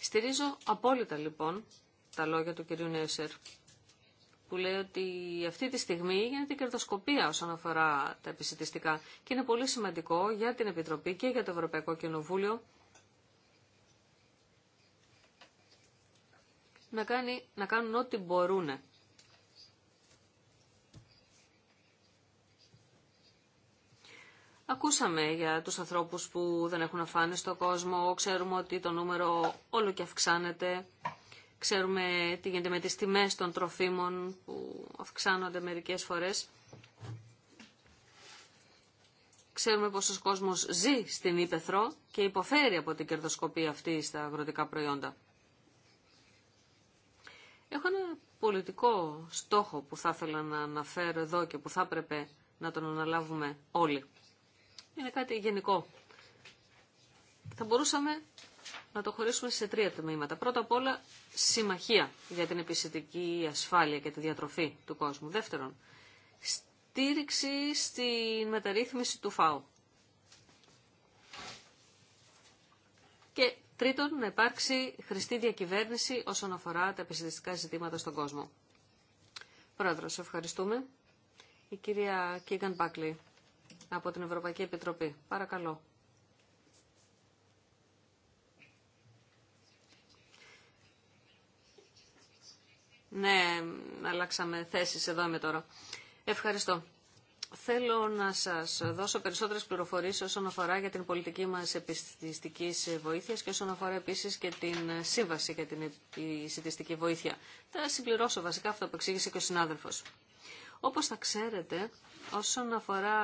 Στηρίζω απόλυτα λοιπόν τα λόγια του κυρίου Νέσερ που λέει ότι αυτή τη στιγμή γίνεται κερδοσκοπία όσον αφορά τα επισητιστικά και είναι πολύ σημαντικό για την Επιτροπή και για το Ευρωπαϊκό Κοινοβούλιο να, κάνει, να κάνουν ό,τι μπορούν. Ακούσαμε για τους ανθρώπους που δεν έχουν αφάνει στον κόσμο, ξέρουμε ότι το νούμερο όλο και αυξάνεται Ξέρουμε τι γίνεται με τις τιμές των τροφίμων που αυξάνονται μερικές φορές. Ξέρουμε ο κόσμος ζει στην Ήπεθρο και υποφέρει από την κερδοσκοπία αυτή στα αγροτικά προϊόντα. Έχω ένα πολιτικό στόχο που θα ήθελα να αναφέρω εδώ και που θα έπρεπε να τον αναλάβουμε όλοι. Είναι κάτι γενικό. Θα μπορούσαμε να το χωρίσουμε σε τρία τμήματα. Πρώτα απ' όλα, συμμαχία για την επιστημική ασφάλεια και τη διατροφή του κόσμου. Δεύτερον, στήριξη στη μεταρρύθμιση του ΦΑΟ. Και τρίτον, να υπάρξει χρηστή διακυβέρνηση όσον αφορά τα επιστημιστικά ζητήματα στον κόσμο. Πρόεδρος, ευχαριστούμε. Η κυρία Κίγκαν πάκλι από την Ευρωπαϊκή Επιτροπή. Παρακαλώ. Ναι, αλλάξαμε θέσεις εδώ είμαι τώρα. Ευχαριστώ. Θέλω να σας δώσω περισσότερες πληροφορίες όσον αφορά για την πολιτική μας επιστηστικής βοήθειας και όσον αφορά επίσης και την σύμβαση για την επιστηστική βοήθεια. Θα συμπληρώσω βασικά αυτό που εξήγησε και ο συνάδελφος. Όπως θα ξέρετε, όσον αφορά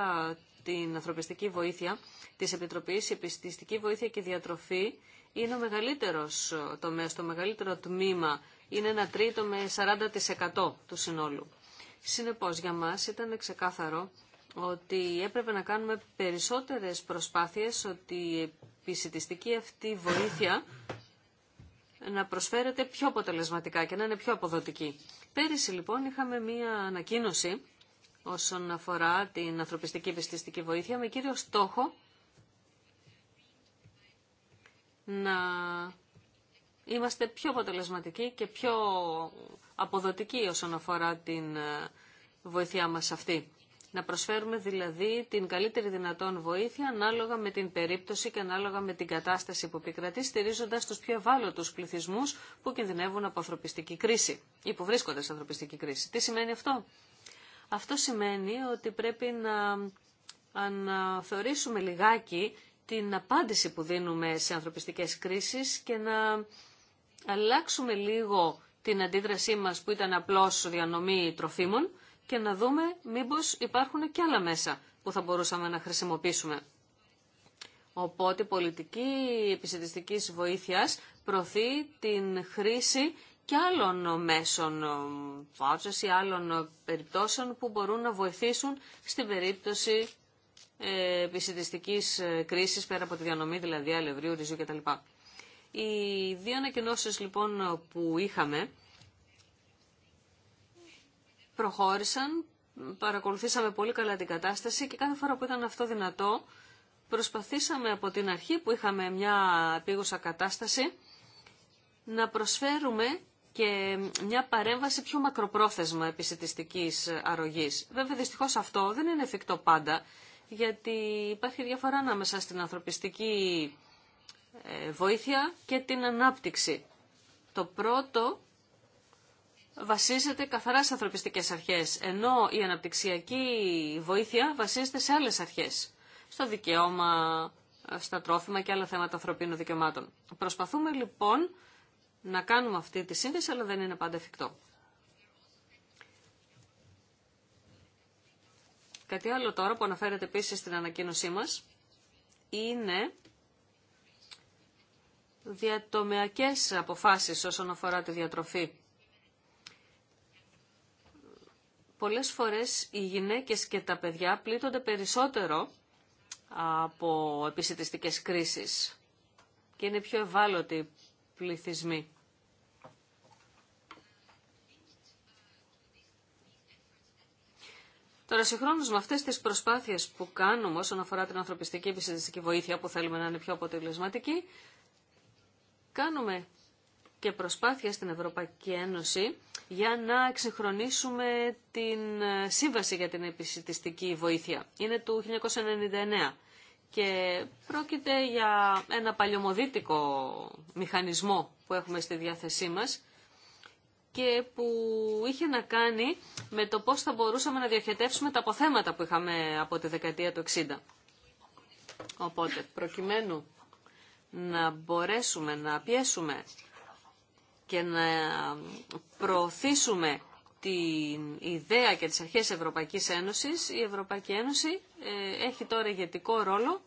την ανθρωπιστική βοήθεια της Επιτροπής, η επιστηστική βοήθεια και η διατροφή είναι ο μεγαλύτερος τομέας, το μεγαλύτερο τμήμα είναι ένα τρίτο με 40% του συνόλου. Συνεπώς για μας ήταν ξεκάθαρο ότι έπρεπε να κάνουμε περισσότερες προσπάθειες ότι η επισητιστική αυτή βοήθεια να προσφέρεται πιο αποτελεσματικά και να είναι πιο αποδοτική. Πέρυσι λοιπόν είχαμε μία ανακοίνωση όσον αφορά την ανθρωπιστική επιστηστική βοήθεια με κύριο στόχο να είμαστε πιο αποτελεσματικοί και πιο αποδοτικοί όσον αφορά την ε, βοήθειά μας αυτή. Να προσφέρουμε δηλαδή την καλύτερη δυνατόν βοήθεια ανάλογα με την περίπτωση και ανάλογα με την κατάσταση που επικρατεί, στηρίζοντα του πιο ευάλωτου πληθυσμού που κινδυνεύουν από ανθρωπιστική κρίση ή που βρίσκονται σε ανθρωπιστική κρίση. Τι σημαίνει αυτό, Αυτό σημαίνει ότι πρέπει να αναθεωρήσουμε λιγάκι την απάντηση που δίνουμε σε ανθρωπιστικές κρίσεις και να αλλάξουμε λίγο την αντίδρασή μας που ήταν απλώς διανομή τροφίμων και να δούμε μήπως υπάρχουν και άλλα μέσα που θα μπορούσαμε να χρησιμοποιήσουμε. Οπότε πολιτική επισητιστικής βοήθειας προωθεί την χρήση και άλλων μέσων βάτσας ε, ή άλλων περιπτώσεων που μπορούν να βοηθήσουν στην περίπτωση ε, επισητιστικής ε, κρίσης πέρα από τη διανομή δηλαδή αλευρίου, ριζού κτλ. Οι δύο ανακοινώσει λοιπόν που είχαμε προχώρησαν, παρακολουθήσαμε πολύ καλά την κατάσταση και κάθε φορά που ήταν αυτό δυνατό προσπαθήσαμε από την αρχή που είχαμε μια επίγουσα κατάσταση να προσφέρουμε και μια παρέμβαση πιο μακροπρόθεσμα επισητιστικής αρρωγής. Βέβαια δυστυχώς αυτό δεν είναι εφικτό πάντα γιατί υπάρχει διαφορά ανάμεσα στην ανθρωπιστική ε, βοήθεια και την ανάπτυξη. Το πρώτο βασίζεται καθαρά σε ανθρωπιστικές αρχές, ενώ η αναπτυξιακή βοήθεια βασίζεται σε άλλες αρχές, στο δικαίωμα, ε, στα τρόφιμα και άλλα θέματα ανθρωπίνων δικαιωμάτων. Προσπαθούμε λοιπόν να κάνουμε αυτή τη σύνδεση, αλλά δεν είναι πάντα εφικτό. Κάτι άλλο τώρα που αναφέρεται επίσης στην ανακοίνωσή μας είναι διατομειακές αποφάσεις όσον αφορά τη διατροφή. Πολλές φορές οι γυναίκες και τα παιδιά πλήττονται περισσότερο από επισητιστικές κρίσεις και είναι πιο ευάλωτοι πληθυσμοί. Τώρα, συγχρόνω με αυτές τις προσπάθειες που κάνουμε όσον αφορά την ανθρωπιστική επισητιστική βοήθεια που θέλουμε να είναι πιο αποτελεσματική, Κάνουμε και προσπάθεια στην Ευρωπαϊκή Ένωση για να εξυγχρονίσουμε την ε, σύμβαση για την επισητιστική βοήθεια. Είναι του 1999 και πρόκειται για ένα παλιωμοδίτικο μηχανισμό που έχουμε στη διάθεσή μας και που είχε να κάνει με το πώς θα μπορούσαμε να διοχετεύσουμε τα αποθέματα που είχαμε από τη δεκαετία του 60. Οπότε, προκειμένου να μπορέσουμε να πιέσουμε και να προωθήσουμε την ιδέα και τις αρχές Ευρωπαϊκής Ένωσης, η Ευρωπαϊκή Ένωση ε, έχει τώρα ηγετικό ρόλο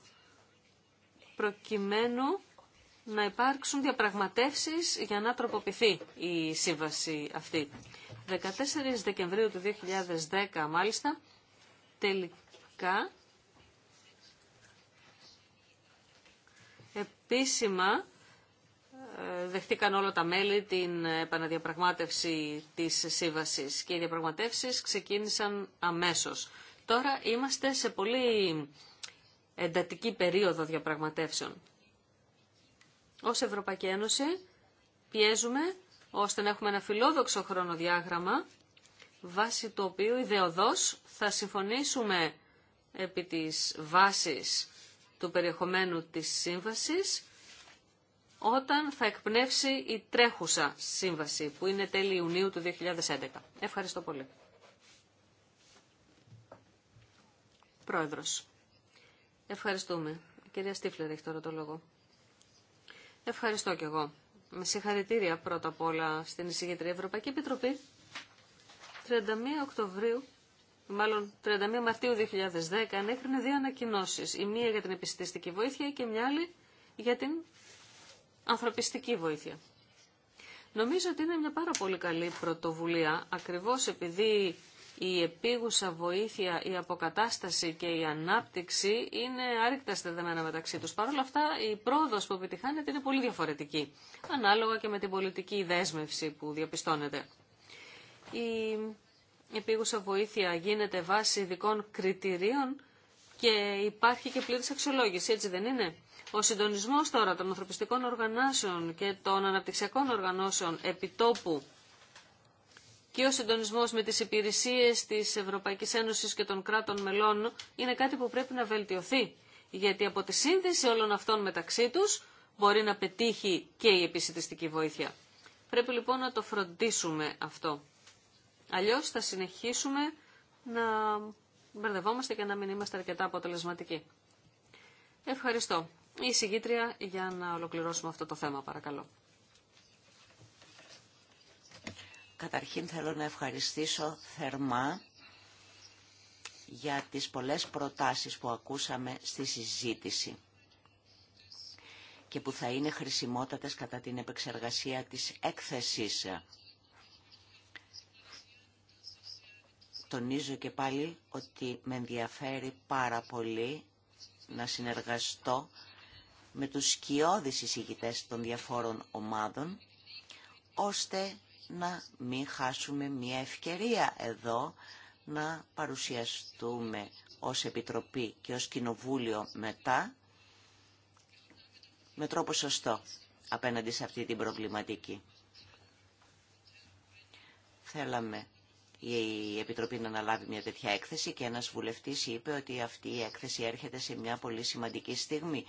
προκειμένου να υπάρξουν διαπραγματεύσεις για να τροποποιηθεί η σύμβαση αυτή. 14 Δεκεμβρίου του 2010 μάλιστα τελικά Επίσημα ε, δεχτήκαν όλα τα μέλη την επαναδιαπραγμάτευση της σύμβασης και οι διαπραγματεύσεις ξεκίνησαν αμέσως. Τώρα είμαστε σε πολύ εντατική περίοδο διαπραγματεύσεων. Ως Ευρωπαϊκή Ένωση πιέζουμε ώστε να έχουμε ένα φιλόδοξο χρονοδιάγραμμα βάσει το οποίου ιδεοδός θα συμφωνήσουμε επί της βάσης του περιεχομένου της σύμβασης όταν θα εκπνεύσει η τρέχουσα σύμβαση που είναι τέλη Ιουνίου του 2011. Ευχαριστώ πολύ. Πρόεδρος. Ευχαριστούμε. Κυρία Στίφλερ έχει τώρα το λόγο. Ευχαριστώ κι εγώ. Με συγχαρητήρια πρώτα απ' όλα στην εισηγήτρια Ευρωπαϊκή Επιτροπή. 31 Οκτωβρίου μάλλον 31 Μαρτίου 2010, ανέκρινε δύο ανακοινώσεις. Η μία για την επιστημιστική βοήθεια και μια άλλη για την ανθρωπιστική βοήθεια. Νομίζω ότι είναι μια πάρα πολύ καλή πρωτοβουλία, ακριβώς επειδή η επίγουσα βοήθεια, η αποκατάσταση και η ανάπτυξη είναι άρρηκτα στεδεμένα μεταξύ τους. Παρ' όλα αυτά, η πρόοδος που επιτυχάνεται είναι πολύ διαφορετική, ανάλογα και με την πολιτική δέσμευση που διαπιστώνεται. Η η επίγουσα βοήθεια γίνεται βάσει ειδικών κριτηρίων και υπάρχει και πλήρης αξιολόγηση, έτσι δεν είναι. Ο συντονισμός τώρα των ανθρωπιστικών οργανώσεων και των αναπτυξιακών οργανώσεων επιτόπου και ο συντονισμός με τις υπηρεσίες της Ευρωπαϊκής Ένωσης και των κράτων μελών είναι κάτι που πρέπει να βελτιωθεί. Γιατί από τη σύνδεση όλων αυτών μεταξύ τους μπορεί να πετύχει και η επισητιστική βοήθεια. Πρέπει λοιπόν να το φροντίσουμε αυτό. Αλλιώς θα συνεχίσουμε να μπερδευόμαστε και να μην είμαστε αρκετά αποτελεσματικοί. Ευχαριστώ. Η συγκήτρια για να ολοκληρώσουμε αυτό το θέμα, παρακαλώ. Καταρχήν θέλω να ευχαριστήσω θερμά για τις πολλές προτάσεις που ακούσαμε στη συζήτηση και που θα είναι χρησιμότατες κατά την επεξεργασία της έκθεσης Τονίζω και πάλι ότι με ενδιαφέρει πάρα πολύ να συνεργαστώ με τους σκιώδεις εισηγητές των διαφόρων ομάδων, ώστε να μην χάσουμε μια ευκαιρία εδώ να παρουσιαστούμε ως Επιτροπή και ως Κοινοβούλιο μετά με τρόπο σωστό απέναντι σε αυτή την προβληματική. Θέλαμε η Επιτροπή να αναλάβει μια τέτοια έκθεση και ένας βουλευτής είπε ότι αυτή η έκθεση έρχεται σε μια πολύ σημαντική στιγμή.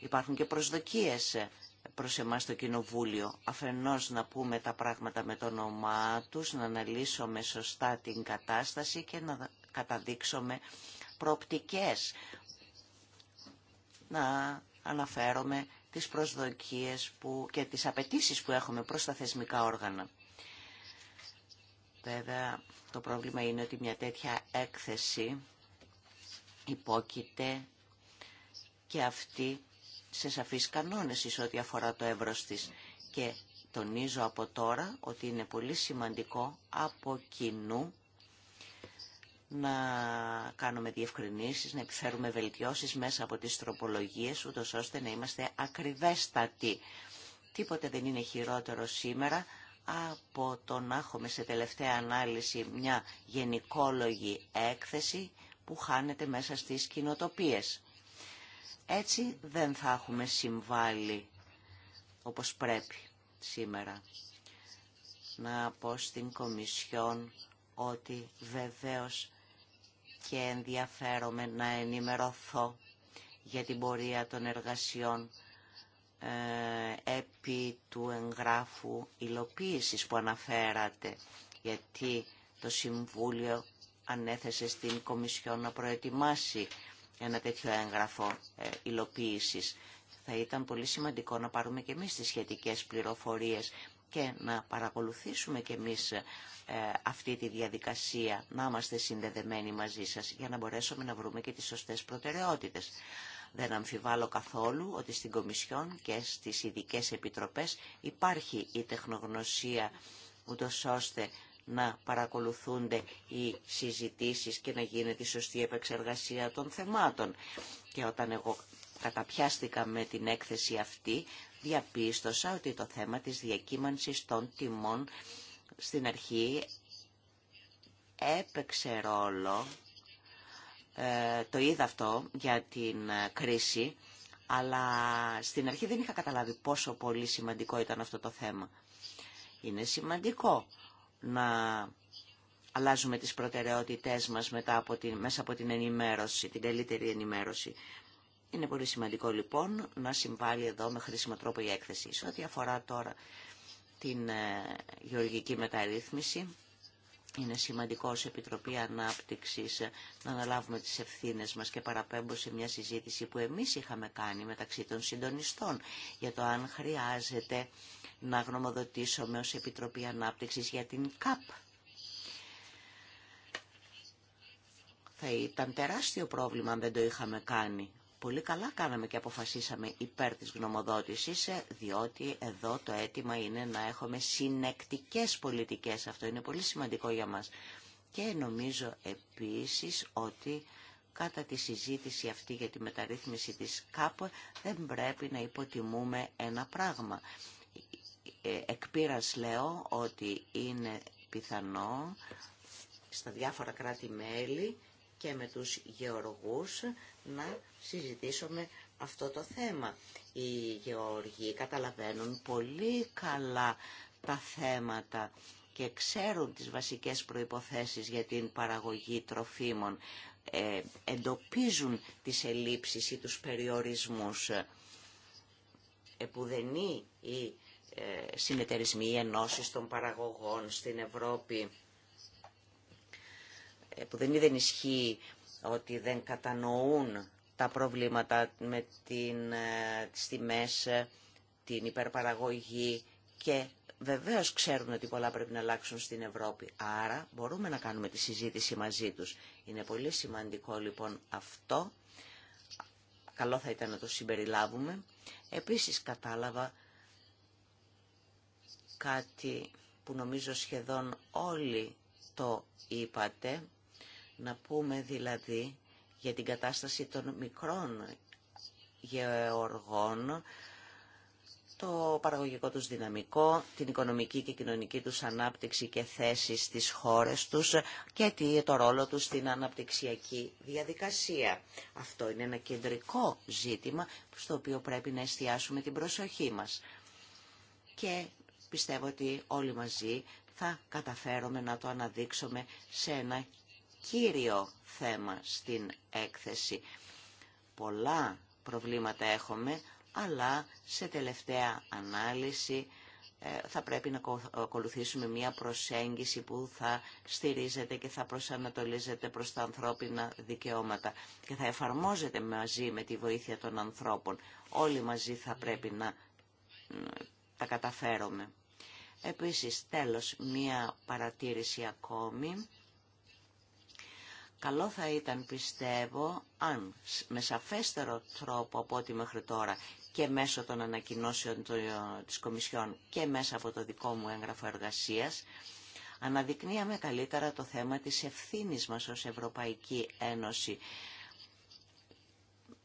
Υπάρχουν και προσδοκίες προς εμάς το Κοινοβούλιο. Αφενός να πούμε τα πράγματα με το όνομά τους, να αναλύσουμε σωστά την κατάσταση και να καταδείξουμε προοπτικές. Να αναφέρομαι τις προσδοκίες που, και τις απαιτήσεις που έχουμε προς τα θεσμικά όργανα. Βέβαια, το πρόβλημα είναι ότι μια τέτοια έκθεση υπόκειται και αυτή σε σαφείς κανόνες εις ό,τι αφορά το εύρος της. Και τονίζω από τώρα ότι είναι πολύ σημαντικό από κοινού να κάνουμε διευκρινήσεις, να επιφέρουμε βελτιώσεις μέσα από τις τροπολογίες, ούτως ώστε να είμαστε ακριβέστατοι. Τίποτε δεν είναι χειρότερο σήμερα από το να έχουμε σε τελευταία ανάλυση μια γενικόλογη έκθεση που χάνεται μέσα στις κοινοτοπίες. Έτσι δεν θα έχουμε συμβάλει όπως πρέπει σήμερα. Να πω στην Κομισιόν ότι βεβαίως και ενδιαφέρομαι να ενημερωθώ για την πορεία των εργασιών ε, επί του εγγράφου υλοποίησης που αναφέρατε, γιατί το Συμβούλιο ανέθεσε στην Κομισιόν να προετοιμάσει ένα τέτοιο έγγραφο ε, υλοποίησης. Θα ήταν πολύ σημαντικό να πάρουμε και εμείς τις σχετικές πληροφορίες και να παρακολουθήσουμε και εμείς ε, αυτή τη διαδικασία, να είμαστε συνδεδεμένοι μαζί σας για να μπορέσουμε να βρούμε και τις σωστές προτεραιότητες. Δεν αμφιβάλλω καθόλου ότι στην Κομισιόν και στις ειδικέ επιτροπές υπάρχει η τεχνογνωσία ούτω ώστε να παρακολουθούνται οι συζητήσεις και να γίνεται η σωστή επεξεργασία των θεμάτων. Και όταν εγώ καταπιάστηκα με την έκθεση αυτή, διαπίστωσα ότι το θέμα της διακύμανσης των τιμών στην αρχή έπαιξε ρόλο ε, το είδα αυτό για την ε, κρίση, αλλά στην αρχή δεν είχα καταλάβει πόσο πολύ σημαντικό ήταν αυτό το θέμα. Είναι σημαντικό να αλλάζουμε τις προτεραιότητές μας μετά μέσα από την ενημέρωση, την καλύτερη ενημέρωση. Είναι πολύ σημαντικό λοιπόν να συμβάλλει εδώ με χρήσιμο τρόπο η έκθεση. Σε ό,τι αφορά τώρα την ε, γεωργική μεταρρύθμιση, είναι σημαντικό ως Επιτροπή Ανάπτυξης να αναλάβουμε τις ευθύνες μας και παραπέμπω σε μια συζήτηση που εμείς είχαμε κάνει μεταξύ των συντονιστών για το αν χρειάζεται να γνωμοδοτήσουμε ως Επιτροπή Ανάπτυξης για την ΚΑΠ. Θα ήταν τεράστιο πρόβλημα αν δεν το είχαμε κάνει Πολύ καλά κάναμε και αποφασίσαμε υπέρ της γνωμοδότησης, ε, διότι εδώ το αίτημα είναι να έχουμε συνεκτικές πολιτικές. Αυτό είναι πολύ σημαντικό για μας. Και νομίζω επίσης ότι κατά τη συζήτηση αυτή για τη μεταρρύθμιση της ΚΑΠ δεν πρέπει να υποτιμούμε ένα πράγμα. Ε, Εκπήρας λέω ότι είναι πιθανό στα διάφορα κράτη-μέλη και με τους γεωργούς να συζητήσουμε αυτό το θέμα. Οι γεωργοί καταλαβαίνουν πολύ καλά τα θέματα και ξέρουν τις βασικές προϋποθέσεις για την παραγωγή τροφίμων, ε, εντοπίζουν τις ελλείψεις ή τους περιορισμούς ε, επουδενή οι ε, συνεταιρισμοί, οι ενώσεις των παραγωγών στην Ευρώπη ε, που δεν είδε ισχύει ότι δεν κατανοούν τα προβλήματα με την, ε, τις τιμές, ε, την υπερπαραγωγή και βεβαίως ξέρουν ότι πολλά πρέπει να αλλάξουν στην Ευρώπη. Άρα μπορούμε να κάνουμε τη συζήτηση μαζί τους. Είναι πολύ σημαντικό λοιπόν αυτό. Καλό θα ήταν να το συμπεριλάβουμε. Επίσης κατάλαβα κάτι που νομίζω σχεδόν όλοι το είπατε να πούμε δηλαδή για την κατάσταση των μικρών γεωργών, το παραγωγικό τους δυναμικό, την οικονομική και κοινωνική τους ανάπτυξη και θέση στις χώρες τους και το ρόλο τους στην αναπτυξιακή διαδικασία. Αυτό είναι ένα κεντρικό ζήτημα στο οποίο πρέπει να εστιάσουμε την προσοχή μας. Και πιστεύω ότι όλοι μαζί θα καταφέρουμε να το αναδείξουμε σε ένα κύριο θέμα στην έκθεση. Πολλά προβλήματα έχουμε, αλλά σε τελευταία ανάλυση ε, θα πρέπει να ακολουθήσουμε μια προσέγγιση που θα στηρίζεται και θα προσανατολίζεται προς τα ανθρώπινα δικαιώματα και θα εφαρμόζεται μαζί με τη βοήθεια των ανθρώπων. Όλοι μαζί θα πρέπει να τα καταφέρουμε. Επίσης, τέλος, μια παρατήρηση ακόμη Καλό θα ήταν, πιστεύω, αν με σαφέστερο τρόπο από ό,τι μέχρι τώρα και μέσω των ανακοινώσεων ε, της Κομισιόν και μέσα από το δικό μου έγγραφο εργασίας, αναδεικνύαμε καλύτερα το θέμα της ευθύνης μας ως Ευρωπαϊκή Ένωση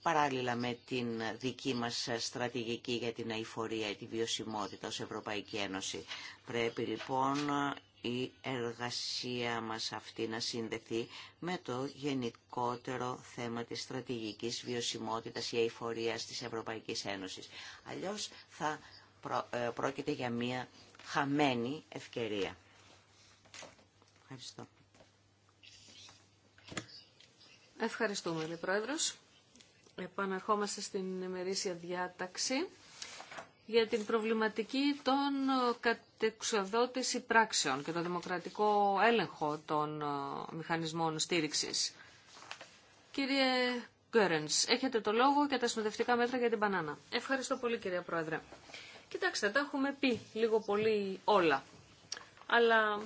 παράλληλα με την δική μας στρατηγική για την αηφορία και τη βιωσιμότητα ως Ευρωπαϊκή Ένωση. Πρέπει λοιπόν η εργασία μας αυτή να συνδεθεί με το γενικότερο θέμα της στρατηγικής βιωσιμότητας ή αηφορίας της Ευρωπαϊκής Ένωσης. Αλλιώς θα ε, πρόκειται για μια χαμένη ευκαιρία. Ευχαριστώ. Ευχαριστούμε, Πρόεδρος. Επαναρχόμαστε στην ημερήσια διάταξη για την προβληματική των ε, κατεξοδότηση πράξεων και το δημοκρατικό έλεγχο των ε, μηχανισμών στήριξης. Κύριε Γκέρενς, έχετε το λόγο για τα συνοδευτικά μέτρα για την μπανάνα. Ευχαριστώ πολύ κυρία Πρόεδρε. Κοιτάξτε, τα έχουμε πει λίγο πολύ όλα. Αλλά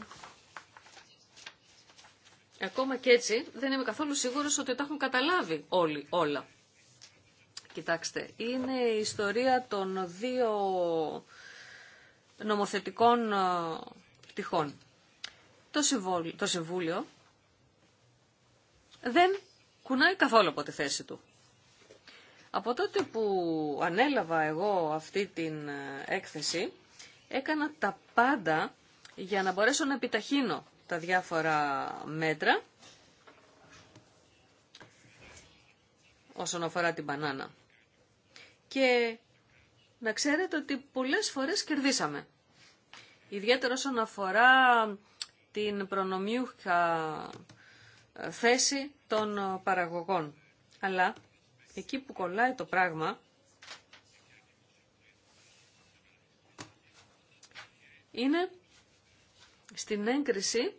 ακόμα και έτσι δεν είμαι καθόλου σίγουρος ότι τα έχουν καταλάβει όλοι όλα. Κοιτάξτε, είναι η ιστορία των δύο νομοθετικών ε, πτυχών. Το Συμβούλιο δεν κουνάει καθόλου από τη θέση του. Από τότε που ανέλαβα εγώ αυτή την ε, έκθεση, έκανα τα πάντα για να μπορέσω να επιταχύνω τα διάφορα μέτρα όσον αφορά την μπανάνα και να ξέρετε ότι πολλές φορές κερδίσαμε. Ιδιαίτερα όσον αφορά την προνομιούχα ε, θέση των ε, παραγωγών. Αλλά εκεί που κολλάει το πράγμα είναι στην έγκριση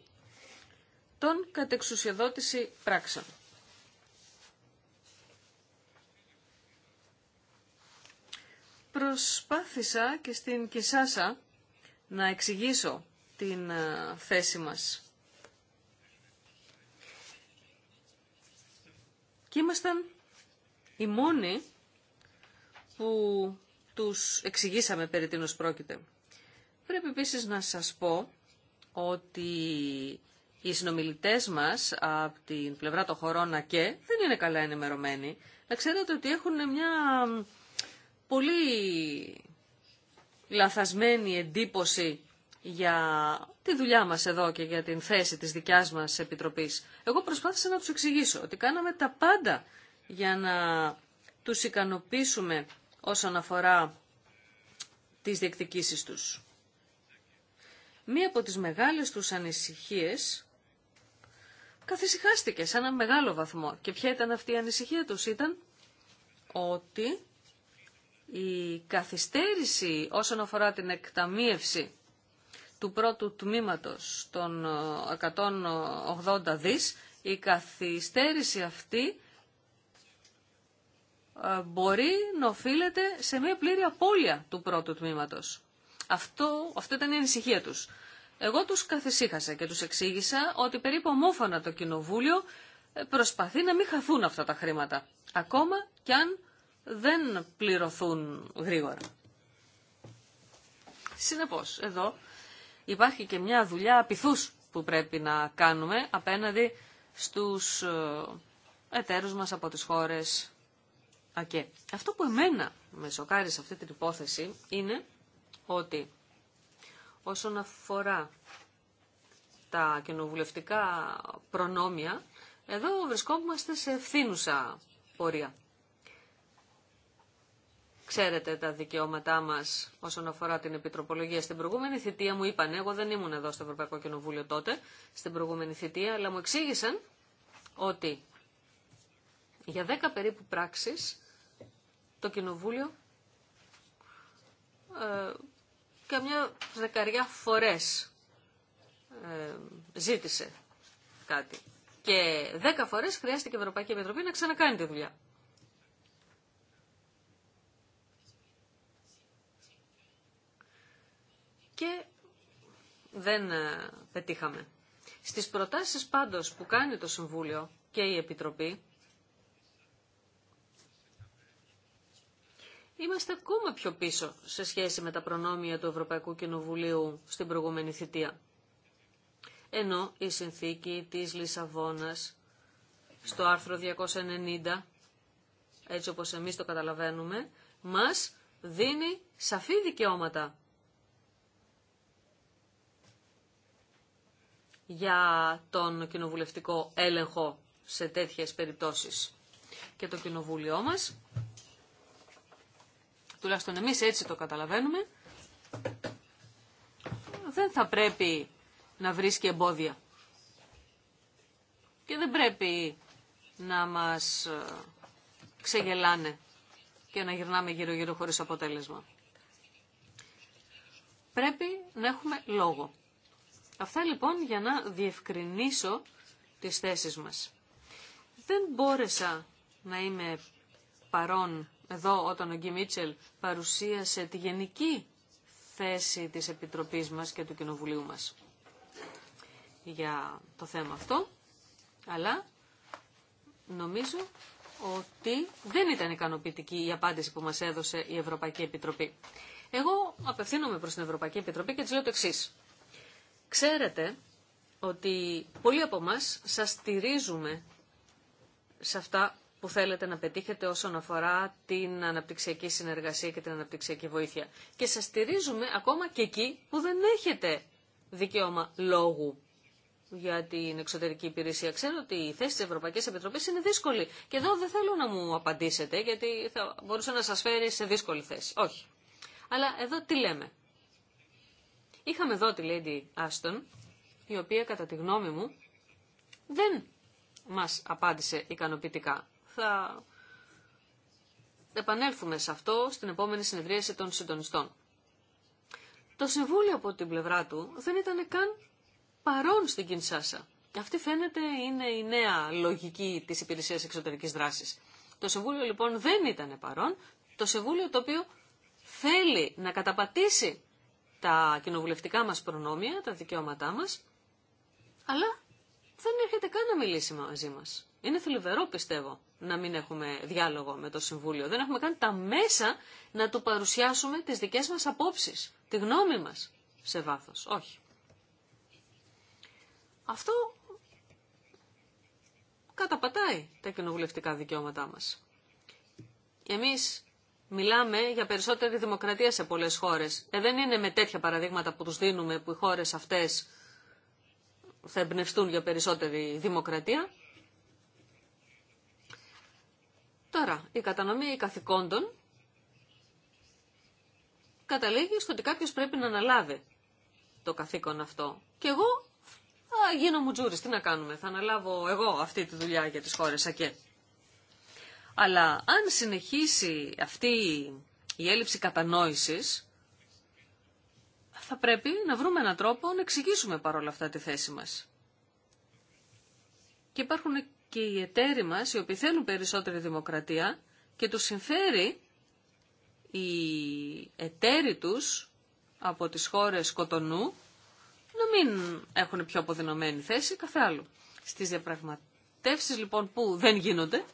των κατεξουσιοδότηση πράξεων. Προσπάθησα και στην Κισάσα να εξηγήσω την ε, θέση μας. Και ήμασταν οι μόνοι που τους εξηγήσαμε περί τίνος πρόκειται. Πρέπει επίσης να σας πω ότι οι συνομιλητές μας από την πλευρά των χωρών και δεν είναι καλά ενημερωμένοι. Να ξέρετε ότι έχουν μια πολύ λαθασμένη εντύπωση για τη δουλειά μας εδώ και για την θέση της δικιάς μας Επιτροπής. Εγώ προσπάθησα να τους εξηγήσω ότι κάναμε τα πάντα για να τους ικανοποιήσουμε όσον αφορά τις διεκδικήσεις τους. Μία από τις μεγάλες τους ανησυχίες καθησυχάστηκε σε ένα μεγάλο βαθμό. Και ποια ήταν αυτή η ανησυχία τους ήταν ότι η καθυστέρηση όσον αφορά την εκταμίευση του πρώτου τμήματος των 180 ε, δις, η καθυστέρηση αυτή ε, μπορεί να οφείλεται σε μια πλήρη απώλεια του πρώτου τμήματος. Αυτό, αυτή ήταν η ανησυχία τους. Εγώ τους καθησύχασα και τους εξήγησα ότι περίπου ομόφωνα το Κοινοβούλιο ε, προσπαθεί να μην χαθούν αυτά τα χρήματα. Ακόμα κι αν δεν πληρωθούν γρήγορα. Συνεπώς, εδώ υπάρχει και μια δουλειά απειθούς που πρέπει να κάνουμε απέναντι στους ε, εταίρους μας από τις χώρες ΑΚΕ. Αυτό που εμένα με σοκάρει σε αυτή την υπόθεση είναι ότι όσον αφορά τα κοινοβουλευτικά προνόμια, εδώ βρισκόμαστε σε ευθύνουσα πορεία. Ξέρετε τα δικαιώματά μα όσον αφορά την επιτροπολογία. Στην προηγούμενη θητεία μου είπαν, εγώ δεν ήμουν εδώ στο Ευρωπαϊκό Κοινοβούλιο τότε, στην προηγούμενη θητεία, αλλά μου εξήγησαν ότι για 10 περίπου πράξεις το Κοινοβούλιο ε, καμιά δεκαριά φορές ε, ζήτησε κάτι. Και 10 φορές χρειάστηκε η Ευρωπαϊκή Επιτροπή να ξανακάνει τη δουλειά. και δεν ε, πετύχαμε. Στις προτάσεις πάντως που κάνει το Συμβούλιο και η Επιτροπή, είμαστε ακόμα πιο πίσω σε σχέση με τα προνόμια του Ευρωπαϊκού Κοινοβουλίου στην προηγούμενη θητεία. Ενώ η συνθήκη της Λισαβόνας στο άρθρο 290, έτσι όπως εμείς το καταλαβαίνουμε, μας δίνει σαφή δικαιώματα για τον κοινοβουλευτικό έλεγχο σε τέτοιες περιπτώσεις. Και το κοινοβούλιο μας, τουλάχιστον εμείς έτσι το καταλαβαίνουμε, δεν θα πρέπει να βρίσκει εμπόδια. Και δεν πρέπει να μας ε, ξεγελάνε και να γυρνάμε γύρω-γύρω χωρίς αποτέλεσμα. Πρέπει να έχουμε λόγο. Αυτά λοιπόν για να διευκρινίσω τις θέσεις μας. Δεν μπόρεσα να είμαι παρόν εδώ όταν ο Γκί Μίτσελ παρουσίασε τη γενική θέση της Επιτροπής μας και του Κοινοβουλίου μας για το θέμα αυτό, αλλά νομίζω ότι δεν ήταν ικανοποιητική η απάντηση που μας έδωσε η Ευρωπαϊκή Επιτροπή. Εγώ απευθύνομαι προς την Ευρωπαϊκή Επιτροπή και της λέω το εξής. Ξέρετε ότι πολλοί από εμά σας στηρίζουμε σε αυτά που θέλετε να πετύχετε όσον αφορά την αναπτυξιακή συνεργασία και την αναπτυξιακή βοήθεια. Και σας στηρίζουμε ακόμα και εκεί που δεν έχετε δικαίωμα λόγου για την εξωτερική υπηρεσία. Ξέρω ότι η θέση της Ευρωπαϊκής Επιτροπής είναι δύσκολη. Και εδώ δεν θέλω να μου απαντήσετε, γιατί θα μπορούσε να σας φέρει σε δύσκολη θέση. Όχι. Αλλά εδώ τι λέμε. Είχαμε εδώ τη Lady Άστον, η οποία κατά τη γνώμη μου δεν μας απάντησε ικανοποιητικά. Θα επανέλθουμε σε αυτό στην επόμενη συνεδρίαση των συντονιστών. Το Συμβούλιο από την πλευρά του δεν ήταν καν παρόν στην Κινσάσα. Αυτή φαίνεται είναι η νέα λογική της υπηρεσίας εξωτερικής δράσης. Το Συμβούλιο λοιπόν δεν ήταν παρόν, το Συμβούλιο το οποίο θέλει να καταπατήσει τα κοινοβουλευτικά μας προνόμια, τα δικαιώματά μας, αλλά δεν έρχεται καν να μιλήσει μαζί μας. Είναι θλιβερό πιστεύω να μην έχουμε διάλογο με το Συμβούλιο. Δεν έχουμε καν τα μέσα να του παρουσιάσουμε τις δικές μας απόψεις, τη γνώμη μας σε βάθος. Όχι. Αυτό καταπατάει τα κοινοβουλευτικά δικαιώματά μας. Εμείς Μιλάμε για περισσότερη δημοκρατία σε πολλές χώρες. Ε, δεν είναι με τέτοια παραδείγματα που τους δίνουμε που οι χώρες αυτές θα εμπνευστούν για περισσότερη δημοκρατία. Τώρα, η κατανομή καθηκόντων καταλήγει στο ότι κάποιος πρέπει να αναλάβει το καθήκον αυτό. Και εγώ θα γίνω μουτζούρι. Τι να κάνουμε, θα αναλάβω εγώ αυτή τη δουλειά για τις χώρες ΑΚΕ. Αλλά αν συνεχίσει αυτή η έλλειψη κατανόησης, θα πρέπει να βρούμε έναν τρόπο να εξηγήσουμε παρόλα αυτά τη θέση μας. Και υπάρχουν και οι εταίροι μας οι οποίοι θέλουν περισσότερη δημοκρατία και τους συμφέρει οι εταίροι τους από τις χώρες Κοτονού να μην έχουν πιο αποδεινωμένη θέση καθ' άλλου. Στις διαπραγματεύσεις λοιπόν που δεν γίνονται,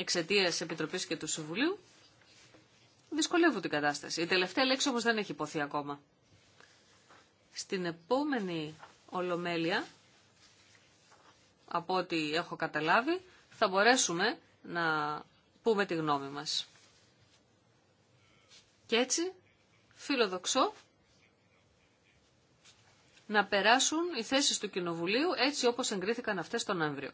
εξαιτία Επιτροπής και του Συμβουλίου, δυσκολεύουν την κατάσταση. Η τελευταία λέξη όμω δεν έχει υποθεί ακόμα. Στην επόμενη Ολομέλεια, από ό,τι έχω καταλάβει, θα μπορέσουμε να πούμε τη γνώμη μας. Και έτσι φιλοδοξώ να περάσουν οι θέσεις του Κοινοβουλίου έτσι όπως εγκρίθηκαν αυτές τον Νοέμβριο.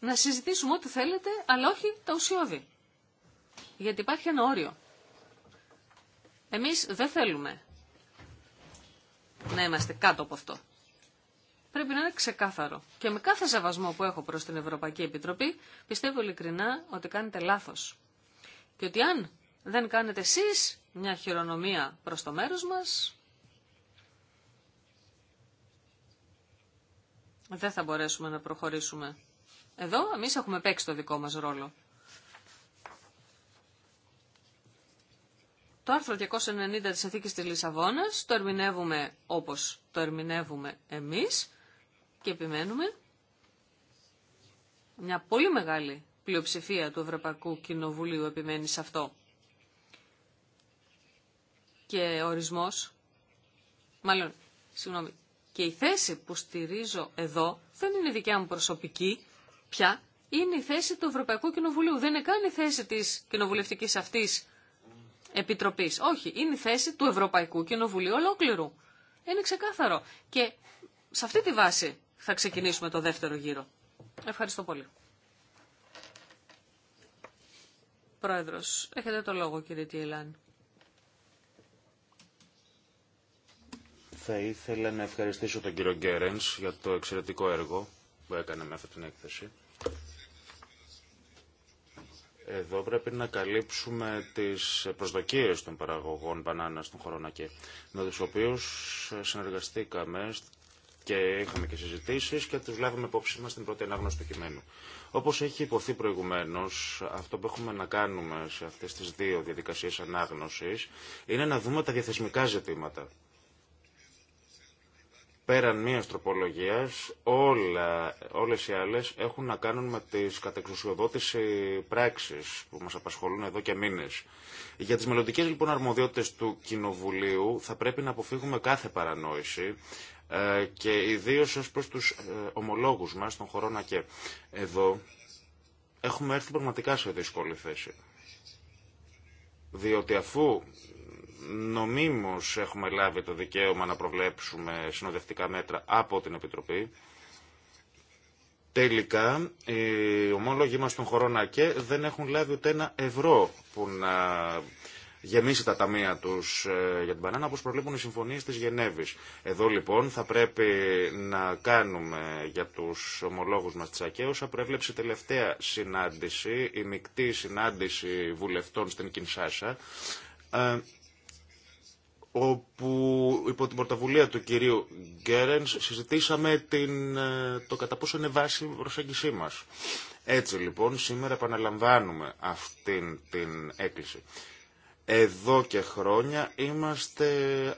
να συζητήσουμε ό,τι θέλετε, αλλά όχι τα ουσιώδη. Γιατί υπάρχει ένα όριο. Εμείς δεν θέλουμε να είμαστε κάτω από αυτό. Πρέπει να είναι ξεκάθαρο. Και με κάθε σεβασμό που έχω προς την Ευρωπαϊκή Επιτροπή, πιστεύω ειλικρινά ότι κάνετε λάθος. Και ότι αν δεν κάνετε εσείς μια χειρονομία προς το μέρος μας, δεν θα μπορέσουμε να προχωρήσουμε. Εδώ εμείς έχουμε παίξει το δικό μας ρόλο. Το άρθρο 290 της Αθήκης της Λισαβόνας το ερμηνεύουμε όπως το ερμηνεύουμε εμείς και επιμένουμε μια πολύ μεγάλη πλειοψηφία του Ευρωπαϊκού Κοινοβουλίου επιμένει σε αυτό. Και ορισμός, μάλλον, συγγνώμη, και η θέση που στηρίζω εδώ δεν είναι δικιά μου προσωπική, πια είναι η θέση του Ευρωπαϊκού Κοινοβουλίου. Δεν είναι καν η θέση της κοινοβουλευτική αυτής επιτροπής. Όχι, είναι η θέση του Ευρωπαϊκού Κοινοβουλίου ολόκληρου. Είναι ξεκάθαρο. Και σε αυτή τη βάση θα ξεκινήσουμε το δεύτερο γύρο. Ευχαριστώ πολύ. Πρόεδρος, έχετε το λόγο κύριε Τιελάν. Θα ήθελα να ευχαριστήσω τον κύριο Γκέρενς για το εξαιρετικό έργο που έκανε με αυτή την έκθεση. Εδώ πρέπει να καλύψουμε τις προσδοκίες των παραγωγών μπανάνας των χωρών με τους οποίους συνεργαστήκαμε και είχαμε και συζητήσεις και τους λάβαμε υπόψη μας στην πρώτη ανάγνωση του κειμένου. Όπως έχει υποθεί προηγουμένως, αυτό που έχουμε να κάνουμε σε αυτές τις δύο διαδικασίες ανάγνωσης είναι να δούμε τα διαθεσμικά ζητήματα πέραν μίας τροπολογίας, όλα, όλες οι άλλες έχουν να κάνουν με τις κατεξουσιοδότηση πράξεις που μας απασχολούν εδώ και μήνες. Για τις μελλοντικές λοιπόν αρμοδιότητες του Κοινοβουλίου θα πρέπει να αποφύγουμε κάθε παρανόηση ε, και ιδίως ως προς τους ε, ομολόγους μας των χωρών και. Εδώ έχουμε έρθει πραγματικά σε δύσκολη θέση. Διότι αφού νομίμως έχουμε λάβει το δικαίωμα να προβλέψουμε συνοδευτικά μέτρα από την Επιτροπή. Τελικά, οι ομόλογοι μας των χωρών ΑΚΕ δεν έχουν λάβει ούτε ένα ευρώ που να γεμίσει τα ταμεία τους ε, για την μπανάνα, όπως προβλέπουν οι συμφωνίες της Γενέβης. Εδώ λοιπόν θα πρέπει να κάνουμε για τους ομολόγους μας της ΑΚΕ, όσα προέβλεψε η τελευταία συνάντηση, η μεικτή συνάντηση βουλευτών στην Κινσάσα, ε, όπου υπό την πρωταβουλία του κυρίου Γκέρενς συζητήσαμε την, ε, το κατά πόσο είναι βάση η προσέγγισή μας. Έτσι λοιπόν σήμερα επαναλαμβάνουμε αυτήν την έκκληση. Εδώ και χρόνια είμαστε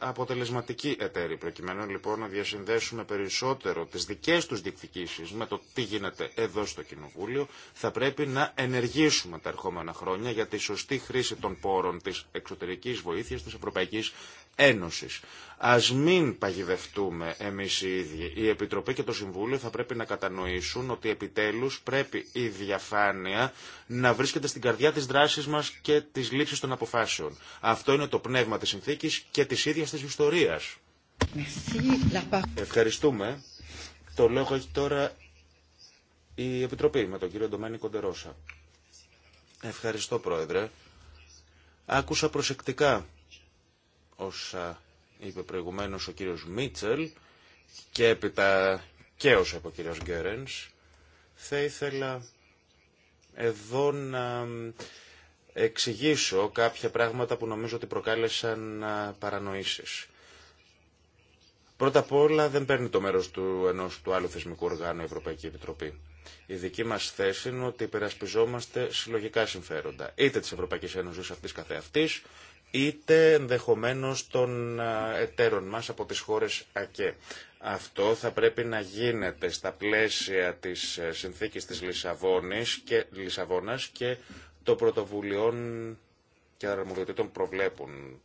αποτελεσματικοί εταίροι, προκειμένου λοιπόν να διασυνδέσουμε περισσότερο τις δικές τους διεκδικήσεις με το τι γίνεται εδώ στο Κοινοβούλιο. Θα πρέπει να ενεργήσουμε τα ερχόμενα χρόνια για τη σωστή χρήση των πόρων της εξωτερικής βοήθειας της Ευρωπαϊκής Ένωσης. Ας μην παγιδευτούμε εμείς οι ίδιοι. Η Επιτροπή και το Συμβούλιο θα πρέπει να κατανοήσουν ότι επιτέλους πρέπει η διαφάνεια να βρίσκεται στην καρδιά της δράσης μας και της λήψης των αποφάσεων αυτό είναι το πνεύμα της συνθήκης και της ίδιας της ιστορίας. Ευχαριστούμε. Το λόγο έχει τώρα η Επιτροπή με τον κύριο Ντομένη Κοντερόσα. Ευχαριστώ Πρόεδρε. Άκουσα προσεκτικά όσα είπε προηγουμένως ο κύριος Μίτσελ και έπειτα και όσα είπε ο κύριος Γκέρενς. Θα ήθελα εδώ να εξηγήσω κάποια πράγματα που νομίζω ότι προκάλεσαν παρανοήσεις. Πρώτα απ' όλα δεν παίρνει το μέρος του ενός του άλλου θεσμικού οργάνου η Ευρωπαϊκή Επιτροπή. Η δική μας θέση είναι ότι υπερασπιζόμαστε συλλογικά συμφέροντα, είτε της Ευρωπαϊκής Ένωσης αυτής καθεαυτής, είτε ενδεχομένω των εταίρων μας από τις χώρες ΑΚΕ. Αυτό θα πρέπει να γίνεται στα πλαίσια της ε, συνθήκης της Λισαβόνης και, Λισαβόνας και των πρωτοβουλειών και αρμοδιοτήτων προβλέπουν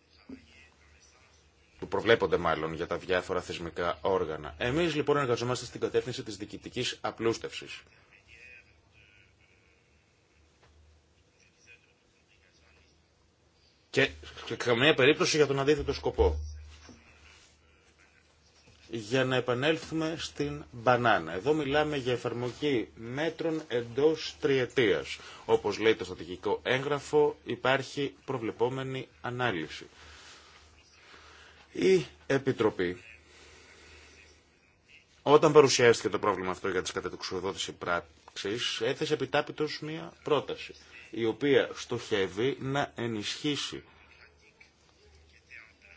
που προβλέπονται μάλλον για τα διάφορα θεσμικά όργανα. Εμείς λοιπόν εργαζόμαστε στην κατεύθυνση της διοικητικής απλούστευσης. Και σε καμία περίπτωση για τον αντίθετο σκοπό για να επανέλθουμε στην μπανάνα. Εδώ μιλάμε για εφαρμογή μέτρων εντός τριετίας. Όπως λέει το στατικικό έγγραφο υπάρχει προβλεπόμενη ανάλυση. Η Επιτροπή όταν παρουσιάστηκε το πρόβλημα αυτό για τις κατατοξιοδότηση πράξης, έθεσε επιτάπητος μία πρόταση, η οποία στοχεύει να ενισχύσει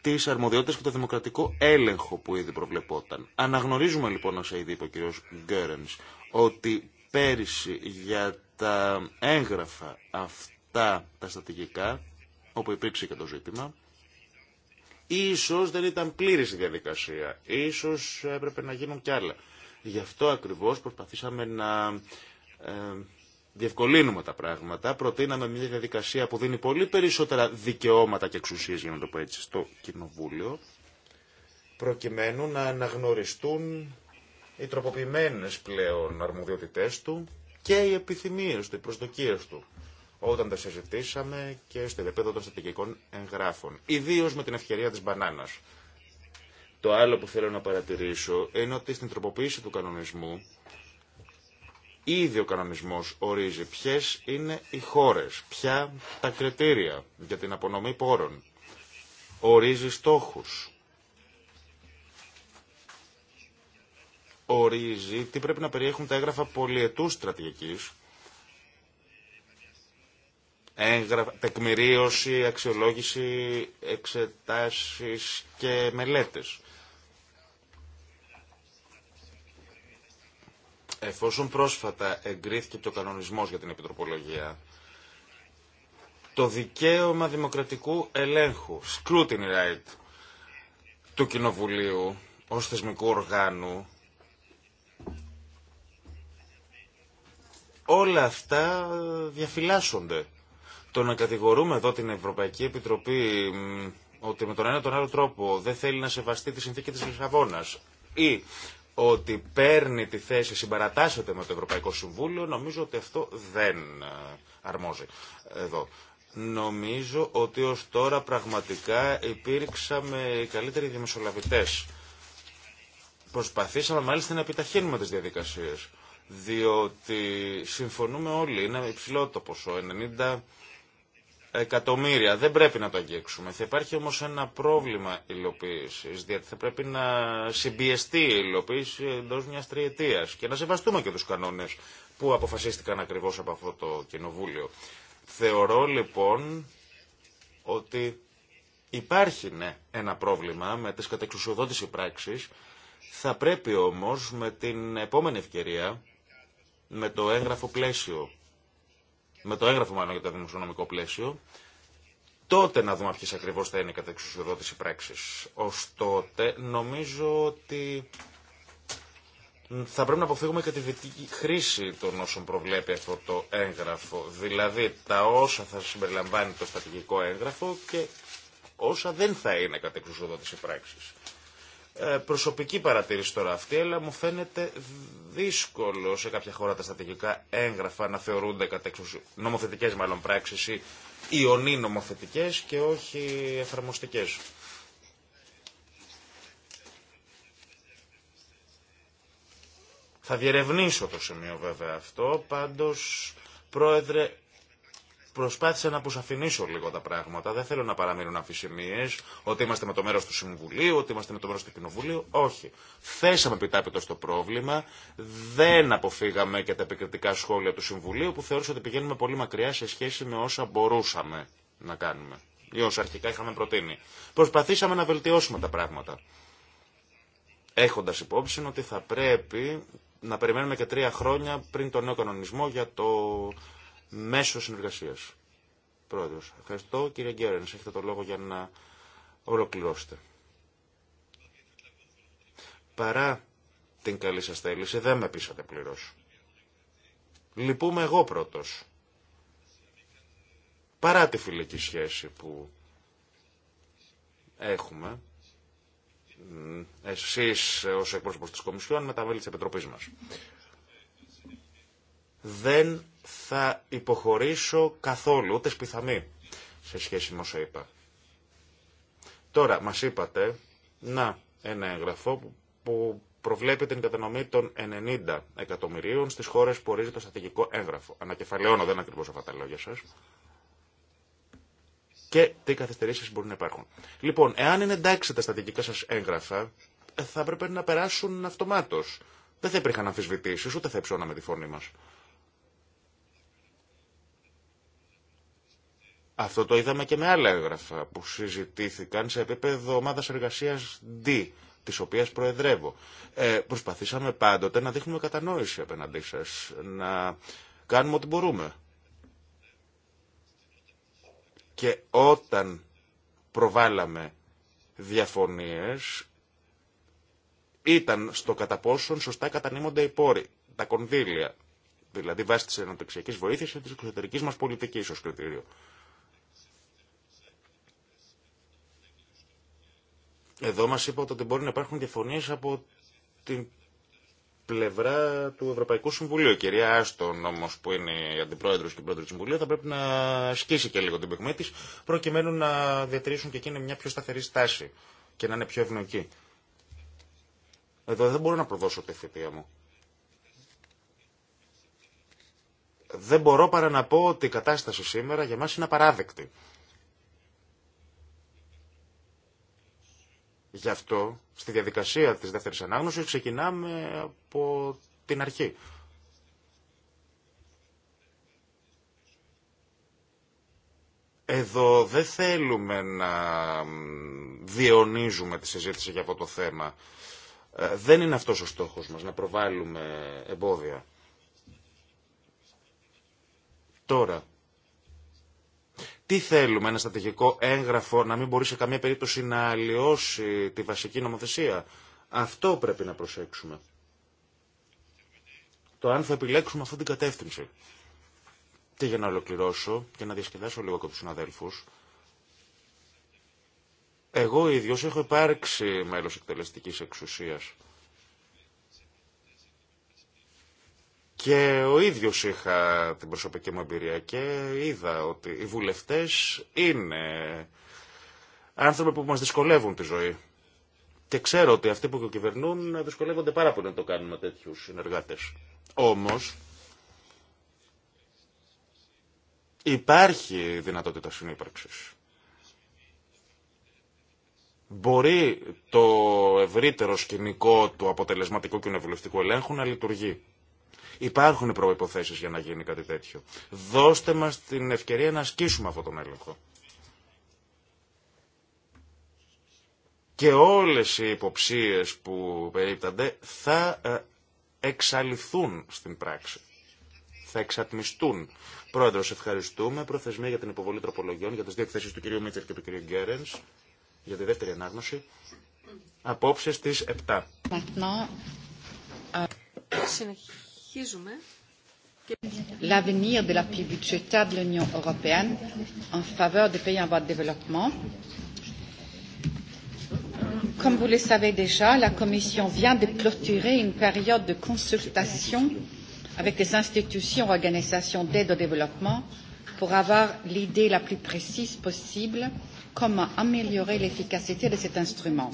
τι αρμοδιότητε και το δημοκρατικό έλεγχο που ήδη προβλεπόταν. Αναγνωρίζουμε λοιπόν, όσα ήδη είπε ο κ. Γκέρεν, ότι πέρυσι για τα έγγραφα αυτά τα στατηγικά, όπου υπήρξε και το ζήτημα, ίσως δεν ήταν πλήρης η διαδικασία, ίσως έπρεπε να γίνουν κι άλλα. Γι' αυτό ακριβώς προσπαθήσαμε να ε, διευκολύνουμε τα πράγματα. Προτείναμε μια διαδικασία που δίνει πολύ περισσότερα δικαιώματα και εξουσίε για να το πω έτσι, στο Κοινοβούλιο, προκειμένου να αναγνωριστούν οι τροποποιημένε πλέον αρμοδιότητέ του και οι επιθυμίε του, οι προσδοκίε του όταν τα συζητήσαμε και στο επίπεδο των στρατηγικών εγγράφων. Ιδίω με την ευκαιρία τη μπανάνα. Το άλλο που θέλω να παρατηρήσω είναι ότι στην τροποποίηση του κανονισμού Ήδη ο κανονισμός ορίζει ποιες είναι οι χώρες, ποια τα κριτήρια για την απονομή πόρων. Ορίζει στόχους. Ορίζει τι πρέπει να περιέχουν τα έγγραφα πολιετούς στρατηγικής τεκμηρίωση, αξιολόγηση, εξετάσεις και μελέτες. Εφόσον πρόσφατα εγκρίθηκε το κανονισμός για την επιτροπολογία, το δικαίωμα δημοκρατικού ελέγχου, scrutiny right, του Κοινοβουλίου ως θεσμικού οργάνου, όλα αυτά διαφυλάσσονται. Το να κατηγορούμε εδώ την Ευρωπαϊκή Επιτροπή ότι με τον ένα τον άλλο τρόπο δεν θέλει να σεβαστεί τη συνθήκη της Λισαβόνας ή ότι παίρνει τη θέση, συμπαρατάσσεται με το Ευρωπαϊκό Συμβούλιο, νομίζω ότι αυτό δεν ε, αρμόζει εδώ. Νομίζω ότι ως τώρα πραγματικά υπήρξαμε οι καλύτεροι δημοσιολαβητές. Προσπαθήσαμε μάλιστα να επιταχύνουμε τις διαδικασίες, διότι συμφωνούμε όλοι, είναι υψηλό το ποσό, 90 εκατομμύρια. Δεν πρέπει να το αγγίξουμε. Θα υπάρχει όμως ένα πρόβλημα υλοποίησης, διότι θα πρέπει να συμπιεστεί η υλοποίηση εντό μιας τριετίας και να σεβαστούμε και τους κανόνες που αποφασίστηκαν ακριβώς από αυτό το κοινοβούλιο. Θεωρώ λοιπόν ότι υπάρχει ναι, ένα πρόβλημα με τις κατεξουσιοδότηση πράξεις, θα πρέπει όμως με την επόμενη ευκαιρία, με το έγγραφο πλαίσιο με το έγγραφο μάλλον για το δημοσιονομικό πλαίσιο, τότε να δούμε ποιε ακριβώ θα είναι οι κατεξουσιοδότηση πράξει. Ωστότε, νομίζω ότι θα πρέπει να αποφύγουμε και τη δυτική χρήση των όσων προβλέπει αυτό το έγγραφο. Δηλαδή τα όσα θα συμπεριλαμβάνει το στατηγικό έγγραφο και όσα δεν θα είναι κατεξουσιοδότηση πράξης. Ε, προσωπική παρατήρηση τώρα αυτή, αλλά μου φαίνεται δύσκολο σε κάποια χώρα τα στρατηγικά έγγραφα να θεωρούνται κατά νομοθετικές μάλλον πράξεις ή ιονί νομοθετικέ και όχι εφαρμοστικές. Θα διερευνήσω το σημείο βέβαια αυτό, πάντως πρόεδρε προσπάθησα να αποσαφηνίσω λίγο τα πράγματα. Δεν θέλω να παραμείνουν αμφισημίε ότι είμαστε με το μέρο του Συμβουλίου, ότι είμαστε με το μέρο του Κοινοβουλίου. Όχι. Θέσαμε επιτάπητο στο πρόβλημα. Δεν αποφύγαμε και τα επικριτικά σχόλια του Συμβουλίου που θεώρησε ότι πηγαίνουμε πολύ μακριά σε σχέση με όσα μπορούσαμε να κάνουμε ή όσα αρχικά είχαμε προτείνει. Προσπαθήσαμε να βελτιώσουμε τα πράγματα. Έχοντα υπόψη ότι θα πρέπει να περιμένουμε και τρία χρόνια πριν τον νέο κανονισμό για το μέσω συνεργασία. Πρόεδρος, ευχαριστώ κύριε Γκέρεν. έχετε το λόγο για να ολοκληρώσετε. Παρά την καλή σας θέληση, δεν με πείσατε πλήρω. Λυπούμαι εγώ πρώτος. Παρά τη φιλική σχέση που έχουμε, εσείς ως εκπρόσωπος της Κομισιόν με τα μέλη της Επιτροπής μας. Δεν θα υποχωρήσω καθόλου, ούτε σπιθαμή, σε σχέση με όσα είπα. Τώρα, μας είπατε, να, ένα έγγραφο που προβλέπει την κατανομή των 90 εκατομμυρίων στις χώρες που ορίζει το στρατηγικό έγγραφο. Ανακεφαλαιώνω, δεν ακριβώς αυτά τα λόγια σας. Και τι καθυστερήσεις μπορεί να υπάρχουν. Λοιπόν, εάν είναι εντάξει τα στρατηγικά σας έγγραφα, ε, θα έπρεπε να περάσουν αυτομάτως. Δεν θα υπήρχαν αμφισβητήσεις, ούτε θα υψώναμε τη φωνή μας. Αυτό το είδαμε και με άλλα έγγραφα που συζητήθηκαν σε επίπεδο ομάδα εργασίας D, της οποίας προεδρεύω. Ε, προσπαθήσαμε πάντοτε να δείχνουμε κατανόηση απέναντί σας, να κάνουμε ό,τι μπορούμε. Και όταν προβάλαμε διαφωνίες, ήταν στο κατά πόσον σωστά κατανείμονται οι πόροι, τα κονδύλια, δηλαδή βάσει τη αναπτυξιακή βοήθεια και τη εξωτερική μα πολιτική ω κριτήριο. Εδώ μας είπατε ότι μπορεί να υπάρχουν διαφωνίες από την πλευρά του Ευρωπαϊκού Συμβουλίου. Η κυρία Άστον όμω, που είναι η αντιπρόεδρο και πρόεδρο του Συμβουλίου, θα πρέπει να ασκήσει και λίγο την πυγμή τη, προκειμένου να διατηρήσουν και εκείνη μια πιο σταθερή στάση και να είναι πιο ευνοϊκή. Εδώ δεν μπορώ να προδώσω τη θητεία μου. Δεν μπορώ παρά να πω ότι η κατάσταση σήμερα για μας είναι απαράδεκτη. Γι' αυτό στη διαδικασία της δεύτερης ανάγνωσης ξεκινάμε από την αρχή. Εδώ δεν θέλουμε να διαιωνίζουμε τη συζήτηση για αυτό το θέμα. Ε, δεν είναι αυτός ο στόχος μας, να προβάλλουμε εμπόδια. Τώρα, τι θέλουμε, ένα στρατηγικό έγγραφο να μην μπορεί σε καμία περίπτωση να αλλοιώσει τη βασική νομοθεσία. Αυτό πρέπει να προσέξουμε. Το αν θα επιλέξουμε αυτή την κατεύθυνση. Και για να ολοκληρώσω και να διασκεδάσω λίγο από του συναδέλφου, εγώ ίδιο έχω υπάρξει μέλο εκτελεστική εξουσία Και ο ίδιος είχα την προσωπική μου εμπειρία και είδα ότι οι βουλευτές είναι άνθρωποι που μας δυσκολεύουν τη ζωή. Και ξέρω ότι αυτοί που κυβερνούν δυσκολεύονται πάρα πολύ να το κάνουν με τέτοιου συνεργάτε. Όμω. Υπάρχει δυνατότητα συνύπαρξη. Μπορεί το ευρύτερο σκηνικό του αποτελεσματικού κοινοβουλευτικού ελέγχου να λειτουργεί. Υπάρχουν προποθέσει για να γίνει κάτι τέτοιο. Δώστε μα την ευκαιρία να ασκήσουμε αυτόν τον έλεγχο. Και όλες οι υποψίες που περίπτανται θα ε, εξαλειφθούν στην πράξη. Θα εξατμιστούν. Πρόεδρος, ευχαριστούμε. Προθεσμία για την υποβολή τροπολογιών για τις δύο του κ. Μίτσερ και του κ. Γκέρενς για τη δεύτερη ανάγνωση. Απόψε στις 7. L'avenir de la l'appui budgétaire de l'Union européenne en faveur des pays en voie de développement. Comme vous le savez déjà, la Commission vient de clôturer une période de consultation avec les institutions et organisations d'aide au développement pour avoir l'idée la plus précise possible comment améliorer l'efficacité de cet instrument.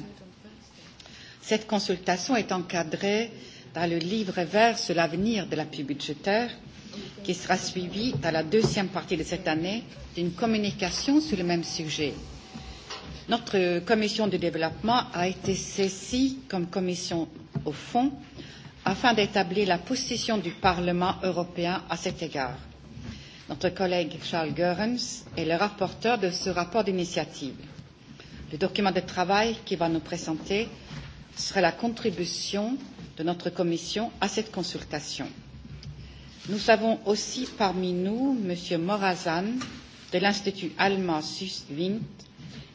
Cette consultation est encadrée dans le livre vert sur l'avenir de l'appui budgétaire qui sera suivi à la deuxième partie de cette année d'une communication sur le même sujet. Notre commission du développement a été saisie comme commission au fond afin d'établir la position du Parlement européen à cet égard. Notre collègue Charles Goerens est le rapporteur de ce rapport d'initiative. Le document de travail qu'il va nous présenter sera la contribution de notre commission à cette consultation. Nous avons aussi parmi nous M. Morazan de l'Institut allemand Süßwind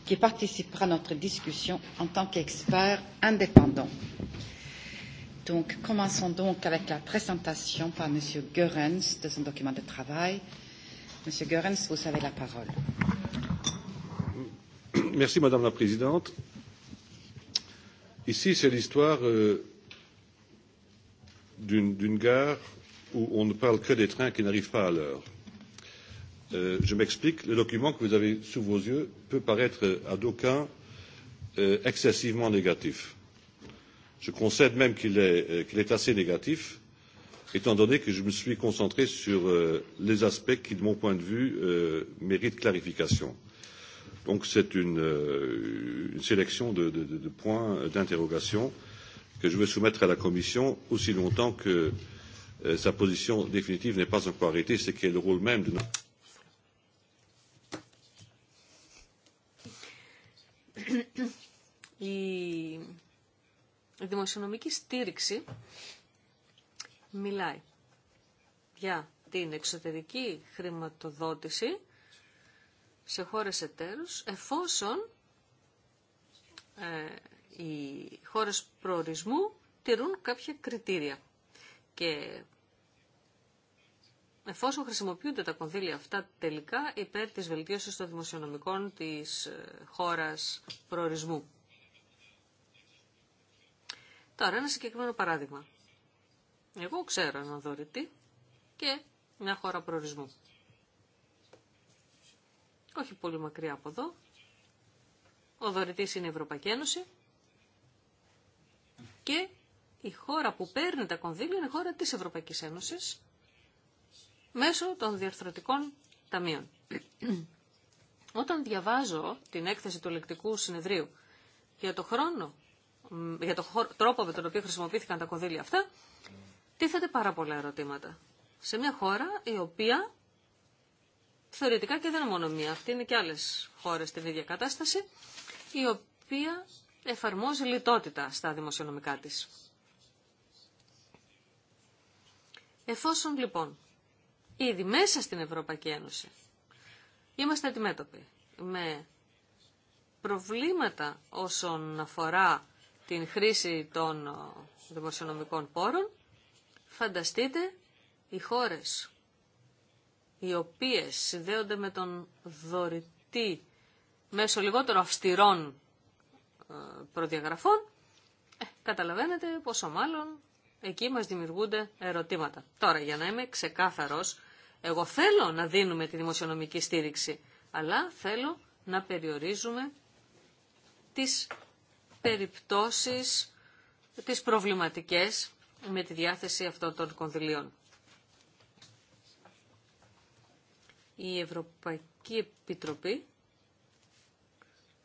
qui participera à notre discussion en tant qu'expert indépendant. Donc, commençons donc avec la présentation par M. Goerens de son document de travail. Monsieur Goerens, vous avez la parole. Merci, Madame la Présidente. Ici, c'est l'histoire d'une gare où on ne parle que des trains qui n'arrivent pas à l'heure. Je m'explique, le document que vous avez sous vos yeux peut paraître à d'aucuns excessivement négatif. Je concède même qu'il est assez négatif, étant donné que je me suis concentré sur les aspects qui, de mon point de vue, méritent clarification. Donc c'est une sélection de points d'interrogation que je veux soumettre à la Commission aussi longtemps que sa position définitive n'est pas encore arrêtée, ce qui est le rôle même de notre. Η δημοσιονομική στήριξη μιλάει για την εξωτερική χρηματοδότηση σε χώρες εταίρους εφόσον οι χώρες προορισμού τηρούν κάποια κριτήρια. Και εφόσον χρησιμοποιούνται τα κονδύλια αυτά τελικά υπέρ της βελτίωσης των δημοσιονομικών της ε, χώρας προορισμού. Τώρα ένα συγκεκριμένο παράδειγμα. Εγώ ξέρω έναν δωρητή και μια χώρα προορισμού. Όχι πολύ μακριά από εδώ. Ο δωρητής είναι η Ευρωπαϊκή Ένωση και η χώρα που παίρνει τα κονδύλια είναι η χώρα της Ευρωπαϊκής Ένωσης μέσω των διαρθρωτικών ταμείων. Όταν διαβάζω την έκθεση του ελεκτικού συνεδρίου για το χρόνο, για τον τρόπο με τον οποίο χρησιμοποιήθηκαν τα κονδύλια αυτά, τίθεται πάρα πολλά ερωτήματα. Σε μια χώρα η οποία θεωρητικά και δεν είναι μόνο μία, αυτή είναι και άλλες χώρες στην ίδια κατάσταση, η οποία εφαρμόζει λιτότητα στα δημοσιονομικά της. Εφόσον λοιπόν ήδη μέσα στην Ευρωπαϊκή Ένωση είμαστε αντιμέτωποι με προβλήματα όσον αφορά την χρήση των ε, δημοσιονομικών πόρων, φανταστείτε οι χώρες οι οποίες συνδέονται με τον δωρητή μέσω λιγότερο αυστηρών ε, προδιαγραφών, ε, καταλαβαίνετε πόσο μάλλον εκεί μας δημιουργούνται ερωτήματα. Τώρα, για να είμαι ξεκάθαρος, εγώ θέλω να δίνουμε τη δημοσιονομική στήριξη, αλλά θέλω να περιορίζουμε τις περιπτώσεις, τις προβληματικές με τη διάθεση αυτών των κονδυλίων. Η Ευρωπαϊκή Επιτροπή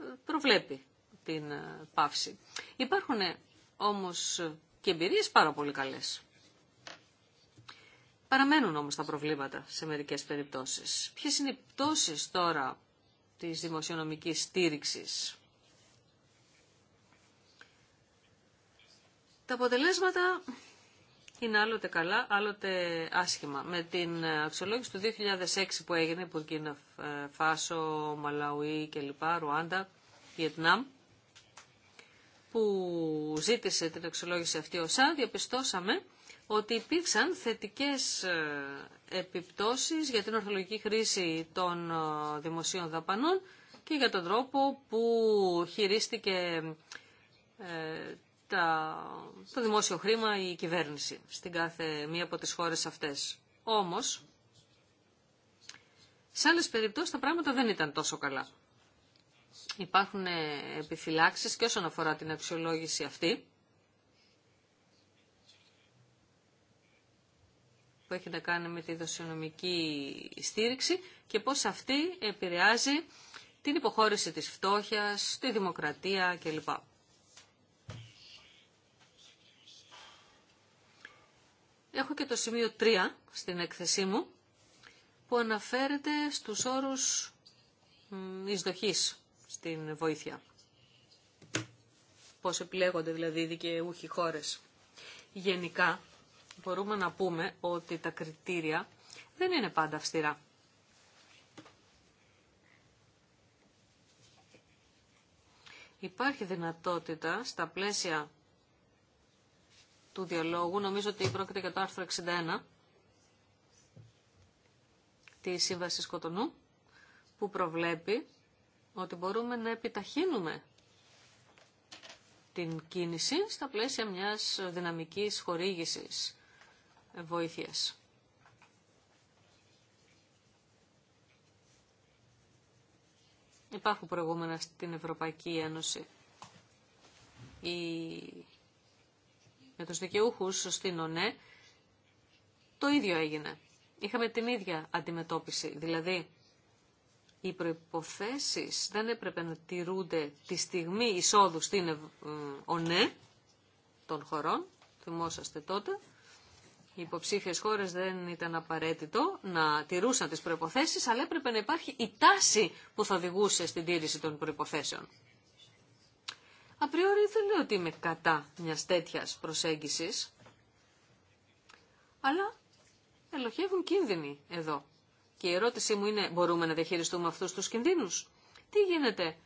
ε, προβλέπει την ε, πάυση. Υπάρχουν ε, όμως και εμπειρίες πάρα πολύ καλές. Παραμένουν όμως τα προβλήματα σε μερικές περιπτώσεις. Ποιες είναι οι πτώσεις τώρα της δημοσιονομικής στήριξης. Τα αποτελέσματα είναι άλλοτε καλά, άλλοτε άσχημα. Με την ε, αξιολόγηση του 2006 που έγινε, Πουρκίνα Φάσο, μαλαουί κλπ, Ρουάντα, Βιετνάμ, που ζήτησε την αξιολόγηση αυτή ο ΣΑ, διαπιστώσαμε ότι υπήρξαν θετικές ε, επιπτώσεις για την ορθολογική χρήση των ε, δημοσίων δαπανών και για τον τρόπο που χειρίστηκε ε, τα, το δημόσιο χρήμα η κυβέρνηση στην κάθε μία από τις χώρες αυτές. Όμως, σε άλλες περιπτώσεις τα πράγματα δεν ήταν τόσο καλά. Υπάρχουν ε, επιφυλάξεις και όσον αφορά την αξιολόγηση αυτή που έχει να κάνει με τη δοσιονομική στήριξη και πώς αυτή επηρεάζει την υποχώρηση της φτώχειας, τη δημοκρατία κλπ. Έχω και το σημείο 3 στην έκθεσή μου που αναφέρεται στους όρους εισδοχής στην βοήθεια. Πώς επιλέγονται δηλαδή οι δικαιούχοι χώρες. Γενικά μπορούμε να πούμε ότι τα κριτήρια δεν είναι πάντα αυστηρά. Υπάρχει δυνατότητα στα πλαίσια του διαλόγου, νομίζω ότι πρόκειται για το άρθρο 61 της Σύμβασης Κοτονού, που προβλέπει ότι μπορούμε να επιταχύνουμε την κίνηση στα πλαίσια μιας δυναμικής χορήγησης βοήθειας. Υπάρχουν προηγούμενα στην Ευρωπαϊκή Ένωση. Η... Με τους δικαιούχους στην ΟΝΕ το ίδιο έγινε. Είχαμε την ίδια αντιμετώπιση. Δηλαδή, οι προϋποθέσεις δεν έπρεπε να τηρούνται τη στιγμή εισόδου στην ε, ΟΝΕ των χωρών, θυμόσαστε τότε. Οι υποψήφιες χώρες δεν ήταν απαραίτητο να τηρούσαν τις προϋποθέσεις, αλλά έπρεπε να υπάρχει η τάση που θα οδηγούσε στην τήρηση των προϋποθέσεων. Απριόρι δεν λέω ότι είμαι κατά μια τέτοιας προσέγγισης, αλλά ελοχεύουν κίνδυνοι εδώ. Και η ερώτησή μου είναι, μπορούμε να διαχειριστούμε αυτούς τους κινδύνους. Τι γίνεται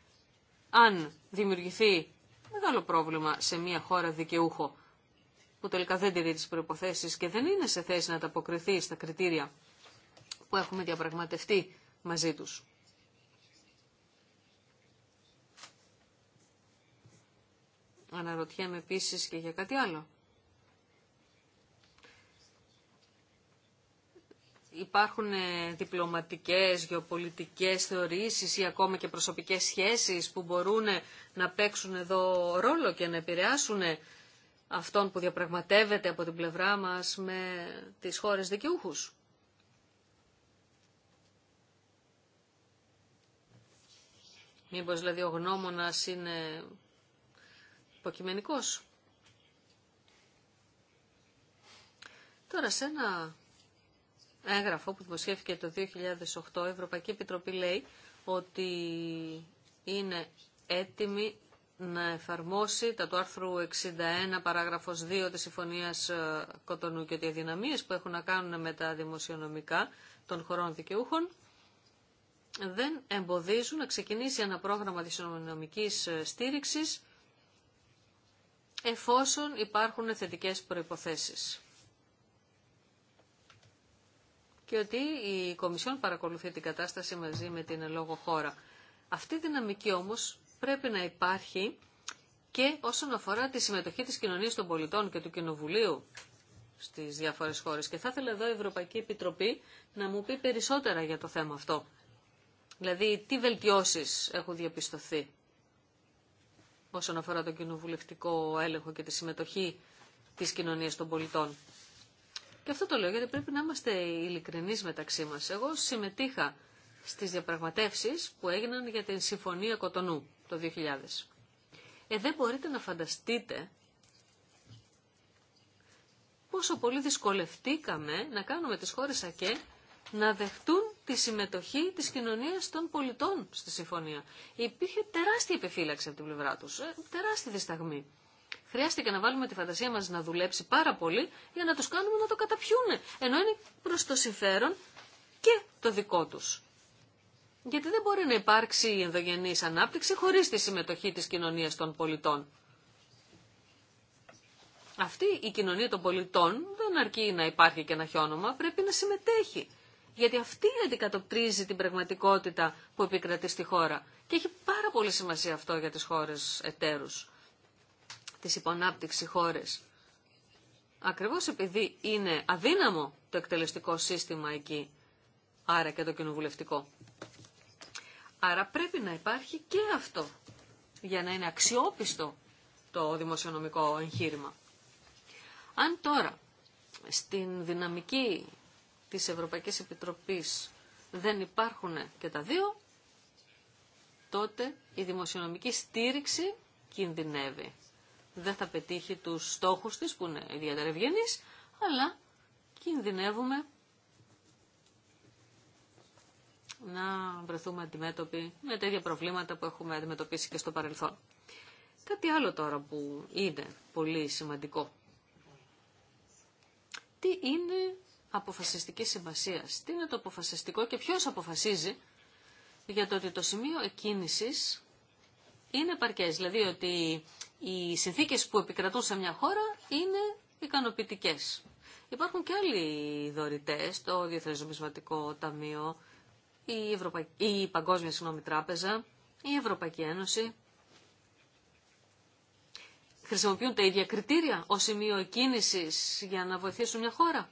αν δημιουργηθεί μεγάλο πρόβλημα σε μια χώρα δικαιούχο, που τελικά δεν τηρεί τις προϋποθέσεις και δεν είναι σε θέση να ταποκριθεί στα κριτήρια που έχουμε διαπραγματευτεί μαζί τους. Αναρωτιέμαι επίσης και για κάτι άλλο. υπάρχουν ε, διπλωματικές, γεωπολιτικές θεωρήσεις ή ακόμα και προσωπικές σχέσεις που μπορούν να παίξουν εδώ ρόλο και να επηρεάσουν αυτόν που διαπραγματεύεται από την πλευρά μας με τις χώρες δικαιούχους. Μήπως δηλαδή ο γνώμονας είναι υποκειμενικός. Τώρα σε ένα έγγραφο που δημοσιεύθηκε το 2008, η Ευρωπαϊκή Επιτροπή λέει ότι είναι έτοιμη να εφαρμόσει τα του άρθρου 61 παράγραφος 2 της Συμφωνίας ε, Κοτονού και ότι οι δυναμίες που έχουν να κάνουν με τα δημοσιονομικά των χωρών δικαιούχων δεν εμποδίζουν να ξεκινήσει ένα πρόγραμμα δημοσιονομικής ε, στήριξης εφόσον υπάρχουν θετικές προϋποθέσεις και ότι η Κομισιόν παρακολουθεί την κατάσταση μαζί με την λόγο χώρα. Αυτή η δυναμική όμως πρέπει να υπάρχει και όσον αφορά τη συμμετοχή της κοινωνίας των πολιτών και του Κοινοβουλίου στις διάφορες χώρες. Και θα ήθελα εδώ η Ευρωπαϊκή Επιτροπή να μου πει περισσότερα για το θέμα αυτό. Δηλαδή, τι βελτιώσεις έχουν διαπιστωθεί όσον αφορά το κοινοβουλευτικό έλεγχο και τη συμμετοχή της κοινωνίας των πολιτών. Και αυτό το λέω γιατί πρέπει να είμαστε ειλικρινεί μεταξύ μα. Εγώ συμμετείχα στις διαπραγματεύσεις που έγιναν για την Συμφωνία Κοτονού το 2000. Ε, δεν μπορείτε να φανταστείτε πόσο πολύ δυσκολευτήκαμε να κάνουμε τις χώρες ΑΚΕ να δεχτούν τη συμμετοχή της κοινωνίας των πολιτών στη συμφωνία. Υπήρχε τεράστια επιφύλαξη από την πλευρά τους, ε, τεράστια δισταγμή. Χρειάστηκε να βάλουμε τη φαντασία μας να δουλέψει πάρα πολύ για να τους κάνουμε να το καταπιούνε. Ενώ είναι προς το συμφέρον και το δικό τους. Γιατί δεν μπορεί να υπάρξει η ενδογενής ανάπτυξη χωρίς τη συμμετοχή της κοινωνίας των πολιτών. Αυτή η κοινωνία των πολιτών δεν αρκεί να υπάρχει και ένα χιόνομα, πρέπει να συμμετέχει. Γιατί αυτή αντικατοπτρίζει την πραγματικότητα που επικρατεί στη χώρα. Και έχει πάρα πολύ σημασία αυτό για τις χώρες εταίρους τις υπονάπτυξη χώρες. Ακριβώς επειδή είναι αδύναμο το εκτελεστικό σύστημα εκεί, άρα και το κοινοβουλευτικό. Άρα πρέπει να υπάρχει και αυτό για να είναι αξιόπιστο το δημοσιονομικό εγχείρημα. Αν τώρα στην δυναμική της Ευρωπαϊκής Επιτροπής δεν υπάρχουν και τα δύο, τότε η δημοσιονομική στήριξη κινδυνεύει δεν θα πετύχει τους στόχους της που είναι ιδιαίτερα ευγενείς, αλλά κινδυνεύουμε να βρεθούμε αντιμέτωποι με τέτοια προβλήματα που έχουμε αντιμετωπίσει και στο παρελθόν. Κάτι άλλο τώρα που είναι πολύ σημαντικό. Τι είναι αποφασιστική σημασία, τι είναι το αποφασιστικό και ποιος αποφασίζει για το ότι το σημείο εκκίνησης είναι επαρκές. Δηλαδή ότι οι συνθήκε που επικρατούν σε μια χώρα είναι ικανοποιητικέ. Υπάρχουν και άλλοι δωρητέ το Διεθνές Νομισματικό Ταμείο, η, η Παγκόσμια συγγνώμη, Τράπεζα, η Ευρωπαϊκή Ένωση. Χρησιμοποιούν τα ίδια κριτήρια ως σημείο κίνησης για να βοηθήσουν μια χώρα.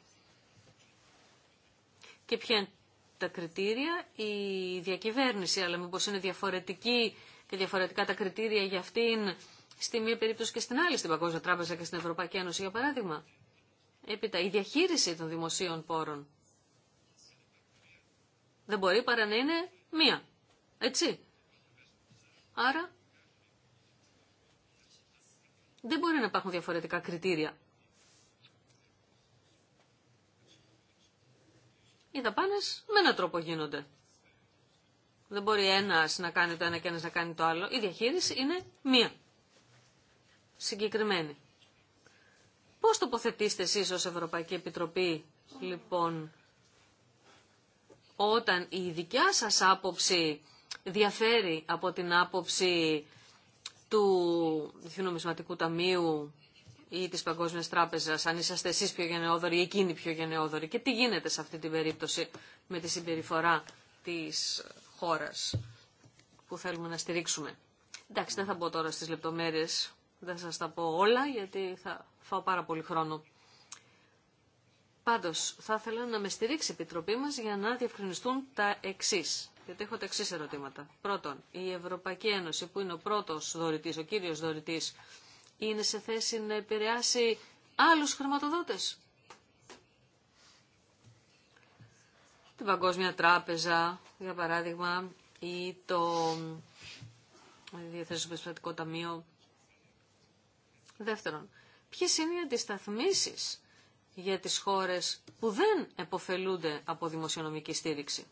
Και ποια είναι τα κριτήρια, η διακυβέρνηση, αλλά μήπως είναι διαφορετική και διαφορετικά τα κριτήρια για αυτήν στη μία περίπτωση και στην άλλη, στην Παγκόσμια Τράπεζα και στην Ευρωπαϊκή Ένωση, για παράδειγμα. Έπειτα, η διαχείριση των δημοσίων πόρων δεν μπορεί παρά να είναι μία. Έτσι. Άρα, δεν μπορεί να υπάρχουν διαφορετικά κριτήρια. Οι δαπάνε με έναν τρόπο γίνονται. Δεν μπορεί ένα να κάνει το ένα και ένα να κάνει το άλλο. Η διαχείριση είναι μία. Συγκεκριμένη. Πώς τοποθετήσετε εσείς ως Ευρωπαϊκή Επιτροπή, λοιπόν, όταν η δικιά σας άποψη διαφέρει από την άποψη του Διεθνού Ταμείου ή της Παγκόσμιας Τράπεζας, αν είσαστε εσείς πιο γενναιόδοροι ή εκείνοι πιο γενναιόδοροι. Και τι γίνεται σε αυτή την περίπτωση με τη συμπεριφορά της χώρας που θέλουμε να στηρίξουμε. Εντάξει, δεν θα μπω τώρα στις λεπτομέρειες, δεν σας τα πω όλα γιατί θα φάω πάρα πολύ χρόνο. Πάντως, θα ήθελα να με στηρίξει η Επιτροπή μας για να διευκρινιστούν τα εξή. Γιατί έχω τα εξή ερωτήματα. Πρώτον, η Ευρωπαϊκή Ένωση που είναι ο πρώτος δωρητή, ο κύριο δωρητή, είναι σε θέση να επηρεάσει άλλους χρηματοδότες. την Παγκόσμια Τράπεζα, για παράδειγμα, ή το ε, Διεθνές Πιστατικό Ταμείο. Δεύτερον, ποιες είναι οι αντισταθμίσεις για τις χώρες που δεν εποφελούνται από δημοσιονομική στήριξη.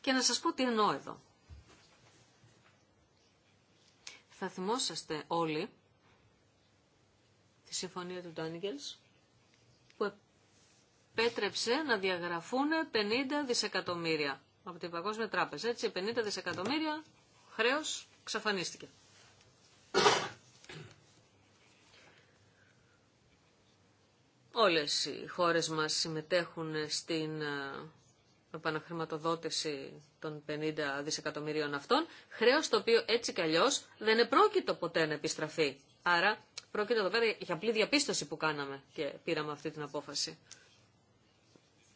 Και να σας πω τι εννοώ εδώ. Θα θυμόσαστε όλοι συμφωνία του Ντόνιγκελς που επέτρεψε να διαγραφούν 50 δισεκατομμύρια από την Παγκόσμια Τράπεζα. Έτσι, 50 δισεκατομμύρια χρέος ξαφανίστηκε. Όλες οι χώρες μας συμμετέχουν στην ε, επαναχρηματοδότηση των 50 δισεκατομμυρίων αυτών, χρέος το οποίο έτσι κι αλλιώς δεν επρόκειτο ποτέ να επιστραφεί. Άρα πρόκειται εδώ πέρα για απλή διαπίστωση που κάναμε και πήραμε αυτή την απόφαση.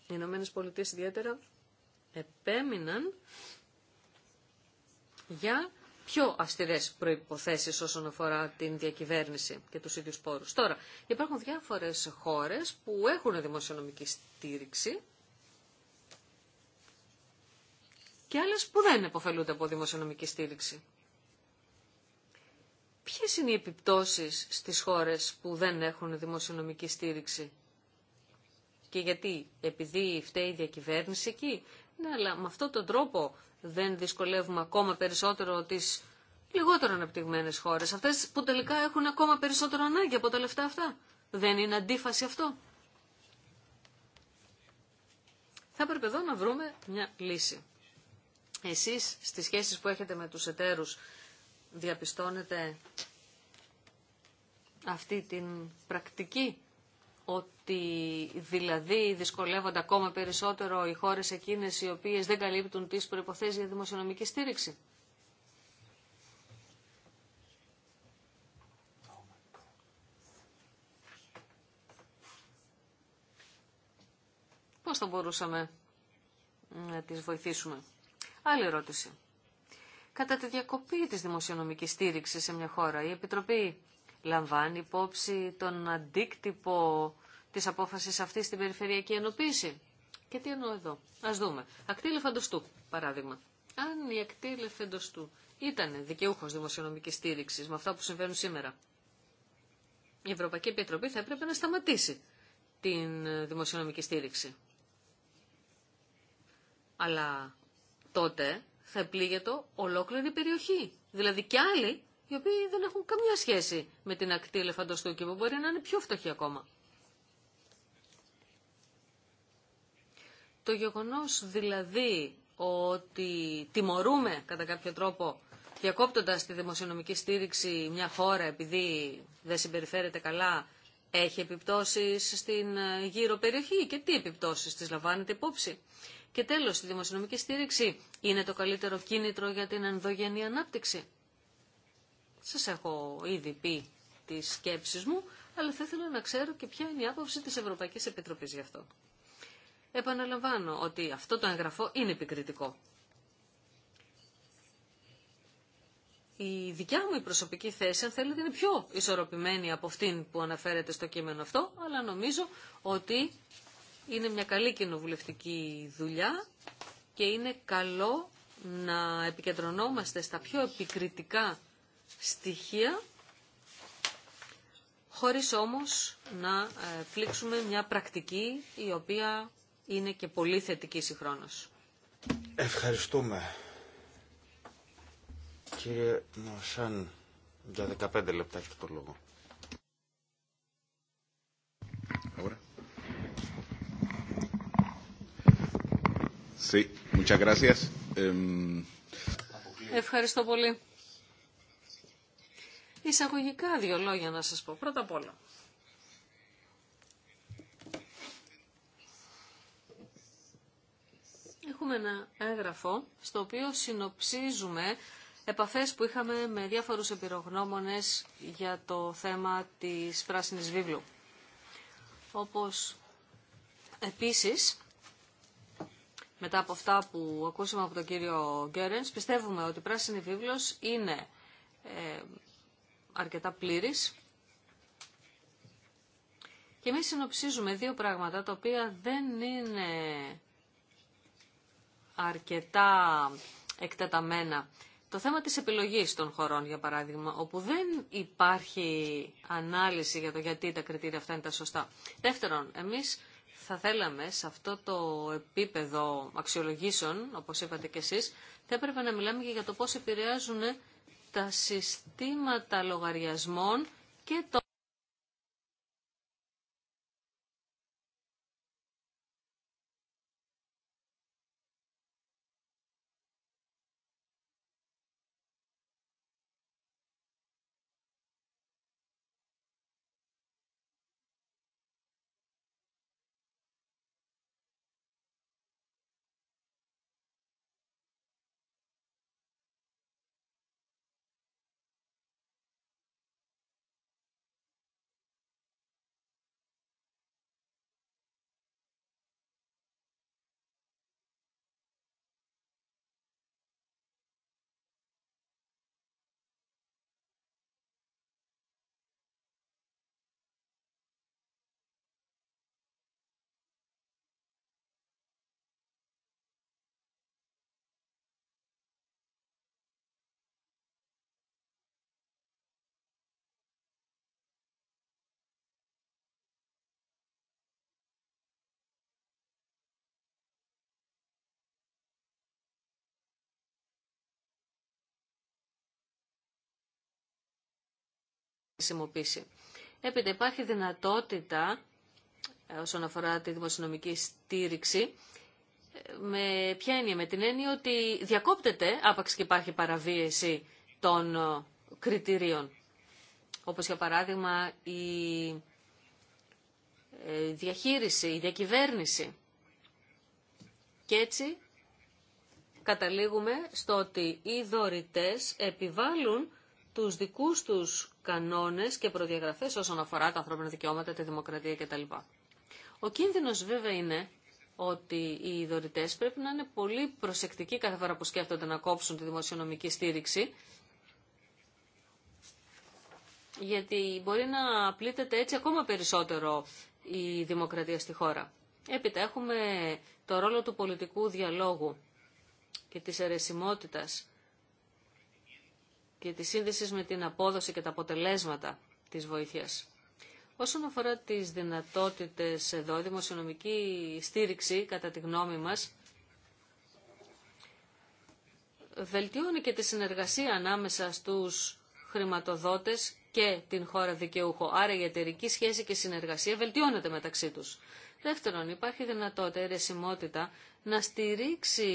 Οι Ηνωμένε Πολιτείε ιδιαίτερα επέμειναν για πιο αυστηρέ προϋποθέσεις όσον αφορά την διακυβέρνηση και του ίδιου πόρου. Τώρα, υπάρχουν διάφορες χώρες που έχουν δημοσιονομική στήριξη και άλλε που δεν επωφελούνται από δημοσιονομική στήριξη. Ποιες είναι οι επιπτώσεις στις χώρες που δεν έχουν δημοσιονομική στήριξη. Και γιατί, επειδή φταίει η διακυβέρνηση εκεί. Ναι, αλλά με αυτόν τον τρόπο δεν δυσκολεύουμε ακόμα περισσότερο τις λιγότερο αναπτυγμένες χώρες, αυτές που τελικά έχουν ακόμα περισσότερο ανάγκη από τα λεφτά αυτά. Δεν είναι αντίφαση αυτό. Θα έπρεπε εδώ να βρούμε μια λύση. Εσείς στις σχέσεις που έχετε με τους εταίρους Διαπιστώνεται αυτή την πρακτική ότι δηλαδή δυσκολεύονται ακόμα περισσότερο οι χώρες εκείνες οι οποίες δεν καλύπτουν τις προϋποθέσεις για δημοσιονομική στήριξη. Πώς θα μπορούσαμε να τις βοηθήσουμε. Άλλη ερώτηση κατά τη διακοπή της δημοσιονομικής στήριξης σε μια χώρα. Η Επιτροπή λαμβάνει υπόψη τον αντίκτυπο της απόφασης αυτής στην περιφερειακή ενοποίηση. Και τι εννοώ εδώ. Ας δούμε. Ακτήλε Φαντοστού, παράδειγμα. Αν η Ακτήλε φαντοστού ήταν δικαιούχος δημοσιονομικής στήριξης με αυτά που συμβαίνουν σήμερα, η Ευρωπαϊκή Επιτροπή θα έπρεπε να σταματήσει την δημοσιονομική στήριξη. Αλλά τότε θα επλήγεται ολόκληρη η περιοχή. Δηλαδή και άλλοι οι οποίοι δεν έχουν καμία σχέση με την ακτή ελεφαντοστούκη που μπορεί να είναι πιο φτωχή ακόμα. Το γεγονός δηλαδή ότι τιμωρούμε κατά κάποιο τρόπο διακόπτοντας τη δημοσιονομική στήριξη μια χώρα επειδή δεν συμπεριφέρεται καλά έχει επιπτώσεις στην ε, γύρω περιοχή και τι επιπτώσεις τις λαμβάνεται υπόψη. Και τέλος, η δημοσιονομική στήριξη είναι το καλύτερο κίνητρο για την ενδογενή ανάπτυξη. Σας έχω ήδη πει τις σκέψεις μου, αλλά θα ήθελα να ξέρω και ποια είναι η άποψη της Ευρωπαϊκής Επιτροπής γι' αυτό. Επαναλαμβάνω ότι αυτό το εγγραφό είναι επικριτικό. Η δικιά μου η προσωπική θέση, αν θέλετε, είναι πιο ισορροπημένη από αυτήν που αναφέρεται στο κείμενο αυτό, αλλά νομίζω ότι είναι μια καλή κοινοβουλευτική δουλειά και είναι καλό να επικεντρωνόμαστε στα πιο επικριτικά στοιχεία χωρίς όμως να ε, πλήξουμε μια πρακτική η οποία είναι και πολύ θετική συγχρόνως. Ευχαριστούμε. Κύριε Μασάν, για 15 λεπτά έχετε το λόγο. Ευχαριστώ πολύ. Εισαγωγικά δύο λόγια να σας πω. Πρώτα απ' όλα. Έχουμε ένα έγγραφο στο οποίο συνοψίζουμε επαφές που είχαμε με διάφορους επιρρογνώμονες για το θέμα της πράσινης βίβλου. Όπως επίσης μετά από αυτά που ακούσαμε από τον κύριο Γκέρενς, πιστεύουμε ότι η πράσινη βίβλο είναι ε, αρκετά πλήρη. Και εμείς συνοψίζουμε δύο πράγματα τα οποία δεν είναι αρκετά εκτεταμένα. Το θέμα της επιλογής των χωρών, για παράδειγμα, όπου δεν υπάρχει ανάλυση για το γιατί τα κριτήρια αυτά είναι τα σωστά. Δεύτερον, εμείς θα θέλαμε σε αυτό το επίπεδο αξιολογήσεων, όπως είπατε και εσείς, θα έπρεπε να μιλάμε και για το πώς επηρεάζουν τα συστήματα λογαριασμών και το χρησιμοποιήσει. Έπειτα υπάρχει δυνατότητα ε, όσον αφορά τη δημοσιονομική στήριξη. Με ποια με την έννοια ότι διακόπτεται άπαξ και υπάρχει παραβίαση των ε, κριτηρίων. Όπως για παράδειγμα η ε, διαχείριση, η διακυβέρνηση. Και έτσι καταλήγουμε στο ότι οι δωρητές επιβάλλουν τους δικούς τους κανόνες και προδιαγραφές όσον αφορά τα ανθρώπινα δικαιώματα, τη δημοκρατία κτλ. Ο κίνδυνος βέβαια είναι ότι οι δωρητές πρέπει να είναι πολύ προσεκτικοί κάθε φορά που σκέφτονται να κόψουν τη δημοσιονομική στήριξη, γιατί μπορεί να πλήττεται έτσι ακόμα περισσότερο η δημοκρατία στη χώρα. Έπειτα έχουμε το ρόλο του πολιτικού διαλόγου και της αιρεσιμότητας και τη σύνδεση με την απόδοση και τα αποτελέσματα της βοήθειας. Όσον αφορά τις δυνατότητες εδώ, η δημοσιονομική στήριξη, κατά τη γνώμη μας, βελτιώνει και τη συνεργασία ανάμεσα στους χρηματοδότες και την χώρα δικαιούχο. Άρα η εταιρική σχέση και συνεργασία βελτιώνεται μεταξύ τους. Δεύτερον, υπάρχει δυνατότητα, αιρεσιμότητα, να στηρίξει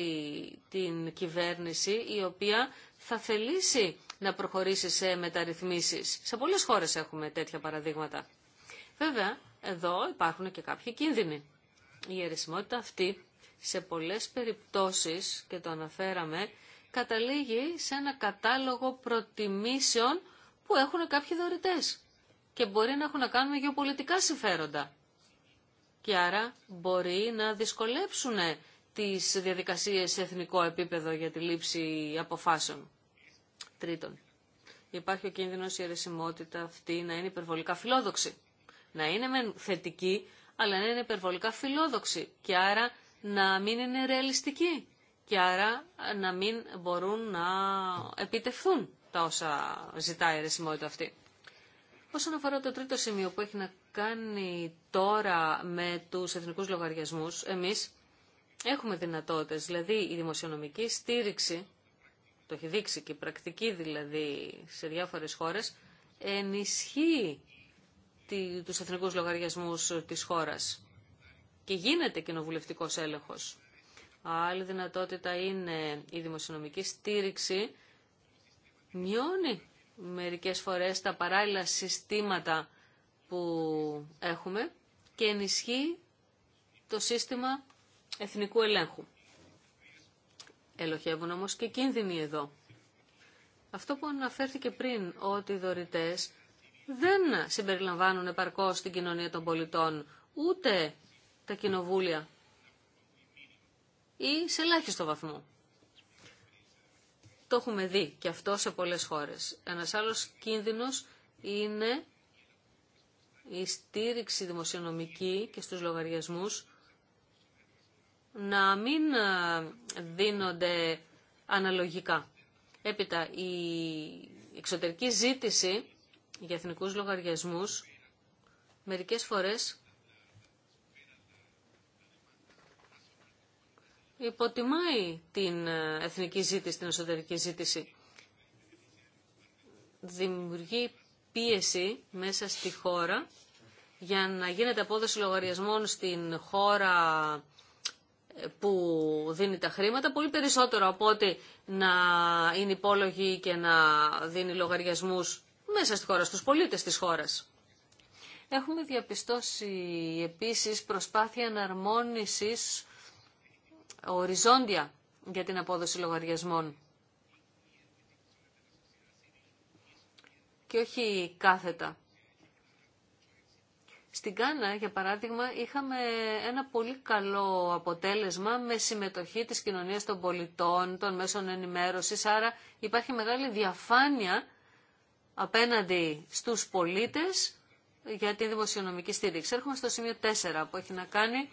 την κυβέρνηση η οποία θα θελήσει να προχωρήσει σε μεταρρυθμίσει. Σε πολλές χώρες έχουμε τέτοια παραδείγματα. Βέβαια, εδώ υπάρχουν και κάποιοι κίνδυνοι. Η αιρεσιμότητα αυτή σε πολλές περιπτώσεις, και το αναφέραμε, καταλήγει σε ένα κατάλογο προτιμήσεων που έχουν κάποιοι δωρητές και μπορεί να έχουν να κάνουν γεωπολιτικά συμφέροντα. Και άρα μπορεί να δυσκολέψουν τις διαδικασίες σε εθνικό επίπεδο για τη λήψη αποφάσεων. Τρίτον, υπάρχει ο κίνδυνο η αιρεσιμότητα αυτή να είναι υπερβολικά φιλόδοξη. Να είναι μεν θετική, αλλά να είναι υπερβολικά φιλόδοξη και άρα να μην είναι ρεαλιστική και άρα να μην μπορούν να επιτευθούν τα όσα ζητάει η αιρεσιμότητα αυτή. Όσον αφορά το τρίτο σημείο που έχει να κάνει τώρα με τους εθνικούς λογαριασμούς, εμείς έχουμε δυνατότητες, δηλαδή η δημοσιονομική στήριξη το έχει δείξει και η πρακτική δηλαδή σε διάφορες χώρες, ενισχύει τους εθνικούς λογαριασμούς της χώρας και γίνεται κοινοβουλευτικό έλεγχος. Άλλη δυνατότητα είναι η δημοσιονομική στήριξη. Μειώνει μερικές φορές τα παράλληλα συστήματα που έχουμε και ενισχύει το σύστημα εθνικού ελέγχου. Ελοχεύουν όμως και κίνδυνοι εδώ. Αυτό που αναφέρθηκε πριν, ότι οι δωρητές δεν συμπεριλαμβάνουν επαρκώς την κοινωνία των πολιτών, ούτε τα κοινοβούλια ή σε ελάχιστο βαθμό. Το έχουμε δει και αυτό σε πολλές χώρες. Ένας άλλος κίνδυνος είναι η στήριξη δημοσιονομική και στους λογαριασμούς να μην ε, δίνονται αναλογικά. Έπειτα, η εξωτερική ζήτηση για εθνικούς λογαριασμούς μερικές φορές υποτιμάει την ε, εθνική ζήτηση, την εσωτερική ζήτηση. Δημιουργεί πίεση μέσα στη χώρα για να γίνεται απόδοση λογαριασμών στην χώρα που δίνει τα χρήματα, πολύ περισσότερο από ότι να είναι υπόλογη και να δίνει λογαριασμούς μέσα στη χώρα, στους πολίτες της χώρας. Έχουμε διαπιστώσει επίσης προσπάθεια αναρμόνισης οριζόντια για την απόδοση λογαριασμών. Και όχι κάθετα. Στην Κάνα, για παράδειγμα, είχαμε ένα πολύ καλό αποτέλεσμα με συμμετοχή της κοινωνίας των πολιτών, των μέσων ενημέρωσης, άρα υπάρχει μεγάλη διαφάνεια απέναντι στους πολίτες για τη δημοσιονομική στήριξη. Έρχομαι στο σημείο 4 που έχει να κάνει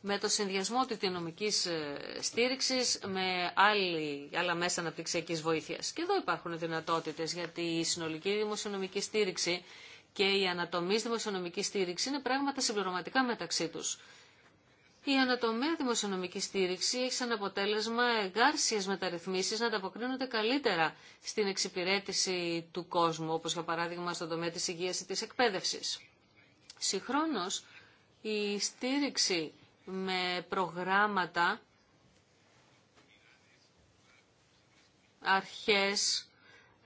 με το συνδυασμό της δημοσιονομικής ε, στήριξης με άλλη, άλλα μέσα αναπτυξιακής βοήθειας. Και εδώ υπάρχουν δυνατότητες γιατί η συνολική δημοσιονομική στήριξη και η ανατομής δημοσιονομική στήριξη είναι πράγματα συμπληρωματικά μεταξύ τους. Η ανατομία δημοσιονομική στήριξη έχει σαν αποτέλεσμα εγκάρσιες μεταρρυθμίσεις να ανταποκρίνονται καλύτερα στην εξυπηρέτηση του κόσμου, όπω για παράδειγμα στον τομέα της υγείας ή της εκπαίδευσης. Συγχρόνως, η στήριξη με προγράμματα, αρχές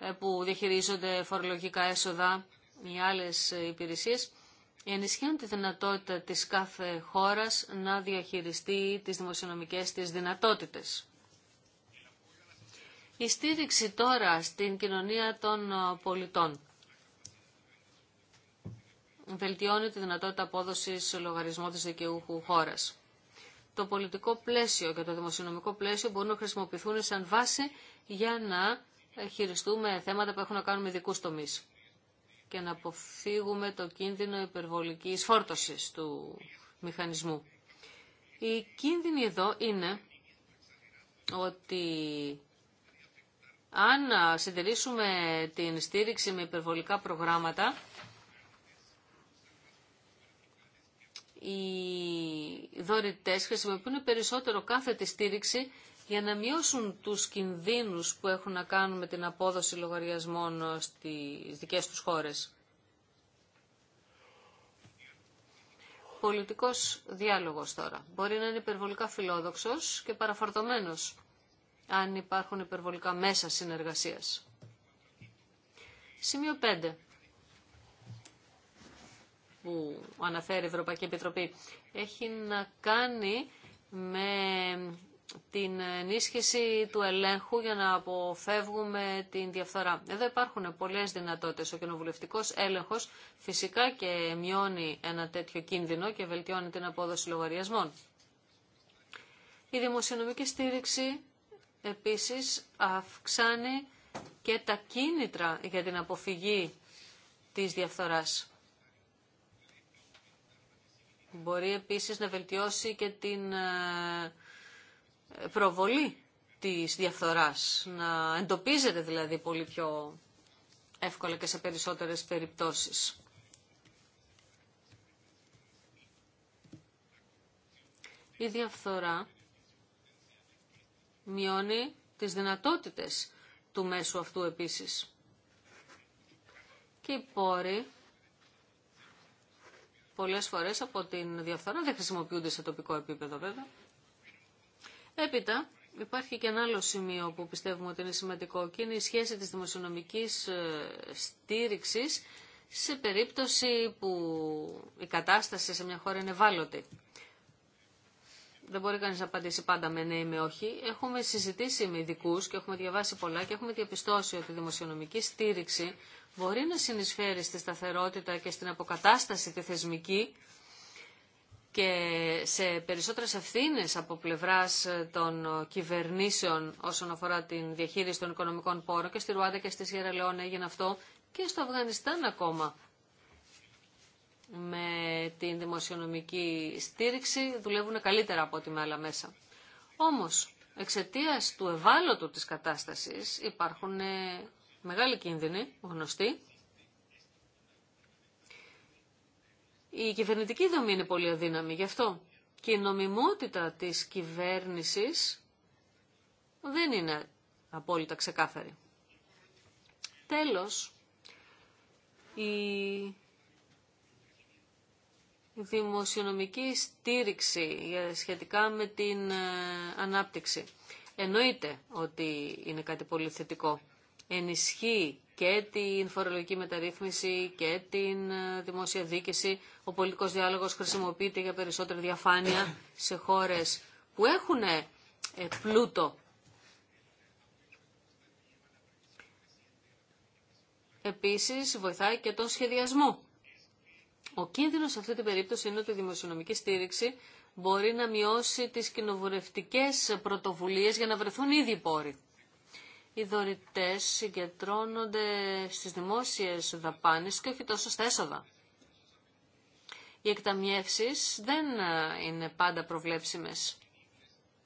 ε, που διαχειρίζονται φορολογικά έσοδα, οι άλλες υπηρεσίες ενισχύουν τη δυνατότητα της κάθε χώρας να διαχειριστεί τις δημοσιονομικές της δυνατότητες. Η στήριξη τώρα στην κοινωνία των πολιτών βελτιώνει τη δυνατότητα απόδοσης λογαριασμού της δικαιούχου χώρας. Το πολιτικό πλαίσιο και το δημοσιονομικό πλαίσιο μπορούν να χρησιμοποιηθούν σαν βάση για να χειριστούμε θέματα που έχουν να κάνουν με ειδικού τομεί και να αποφύγουμε το κίνδυνο υπερβολικής φόρτωσης του μηχανισμού. Η κίνδυνη εδώ είναι ότι αν συντηρήσουμε την στήριξη με υπερβολικά προγράμματα, οι δωρητές χρησιμοποιούν περισσότερο κάθε τη στήριξη για να μειώσουν τους κινδύνους που έχουν να κάνουν με την απόδοση λογαριασμών ε, στις δικές τους χώρες. Πολιτικός διάλογος τώρα. Μπορεί να είναι υπερβολικά φιλόδοξος και παραφορτωμένος, αν υπάρχουν υπερβολικά μέσα συνεργασίας. Σημείο 5 που αναφέρει η Ευρωπαϊκή Επιτροπή έχει να κάνει με την ενίσχυση του ελέγχου για να αποφεύγουμε την διαφθορά. Εδώ υπάρχουν πολλές δυνατότητες. Ο κοινοβουλευτικό έλεγχος φυσικά και μειώνει ένα τέτοιο κίνδυνο και βελτιώνει την απόδοση λογαριασμών. Η δημοσιονομική στήριξη επίσης αυξάνει και τα κίνητρα για την αποφυγή της διαφθοράς. Μπορεί επίσης να βελτιώσει και την ε, προβολή της διαφθοράς, να εντοπίζεται δηλαδή πολύ πιο εύκολα και σε περισσότερες περιπτώσεις. Η διαφθορά μειώνει τις δυνατότητες του μέσου αυτού επίσης. Και οι πόροι πολλές φορές από την διαφθορά δεν χρησιμοποιούνται σε τοπικό επίπεδο βέβαια. Έπειτα υπάρχει και ένα άλλο σημείο που πιστεύουμε ότι είναι σημαντικό και είναι η σχέση της δημοσιονομικής ε, στήριξης σε περίπτωση που η κατάσταση σε μια χώρα είναι βάλωτη. Δεν μπορεί κανείς να απαντήσει πάντα με ναι ή με όχι. Έχουμε συζητήσει με ειδικού και έχουμε διαβάσει πολλά και έχουμε διαπιστώσει ότι η δημοσιονομική στήριξη μπορεί να συνεισφέρει στη σταθερότητα και στην αποκατάσταση τη θεσμική και σε περισσότερες ευθύνες από πλευράς ε, των ε, κυβερνήσεων όσον αφορά την διαχείριση των οικονομικών πόρων και στη Ρουάντα και στη Σιέρα Λεόν έγινε αυτό και στο Αφγανιστάν ακόμα. Με την δημοσιονομική στήριξη δουλεύουν καλύτερα από ό,τι με άλλα μέσα. Όμως, εξαιτία του ευάλωτου της κατάστασης υπάρχουν ε, μεγάλοι κίνδυνοι γνωστοί Η κυβερνητική δομή είναι πολύ αδύναμη γι' αυτό. Και η νομιμότητα της κυβέρνησης δεν είναι απόλυτα ξεκάθαρη. Τέλος, η δημοσιονομική στήριξη σχετικά με την ε, ανάπτυξη. Εννοείται ότι είναι κάτι πολύ θετικό. Ενισχύει και την φορολογική μεταρρύθμιση και την ε, δημόσια δίκηση. Ο πολιτικός διάλογος χρησιμοποιείται για περισσότερη διαφάνεια σε χώρες που έχουν ε, πλούτο. Επίσης βοηθάει και τον σχεδιασμό. Ο κίνδυνος σε αυτή την περίπτωση είναι ότι η δημοσιονομική στήριξη μπορεί να μειώσει τις κοινοβουλευτικές πρωτοβουλίες για να βρεθούν ήδη πόροι οι δωρητές συγκεντρώνονται στις δημόσιες δαπάνες και όχι τόσο στα έσοδα. Οι εκταμιεύσεις δεν ε, είναι πάντα προβλέψιμες.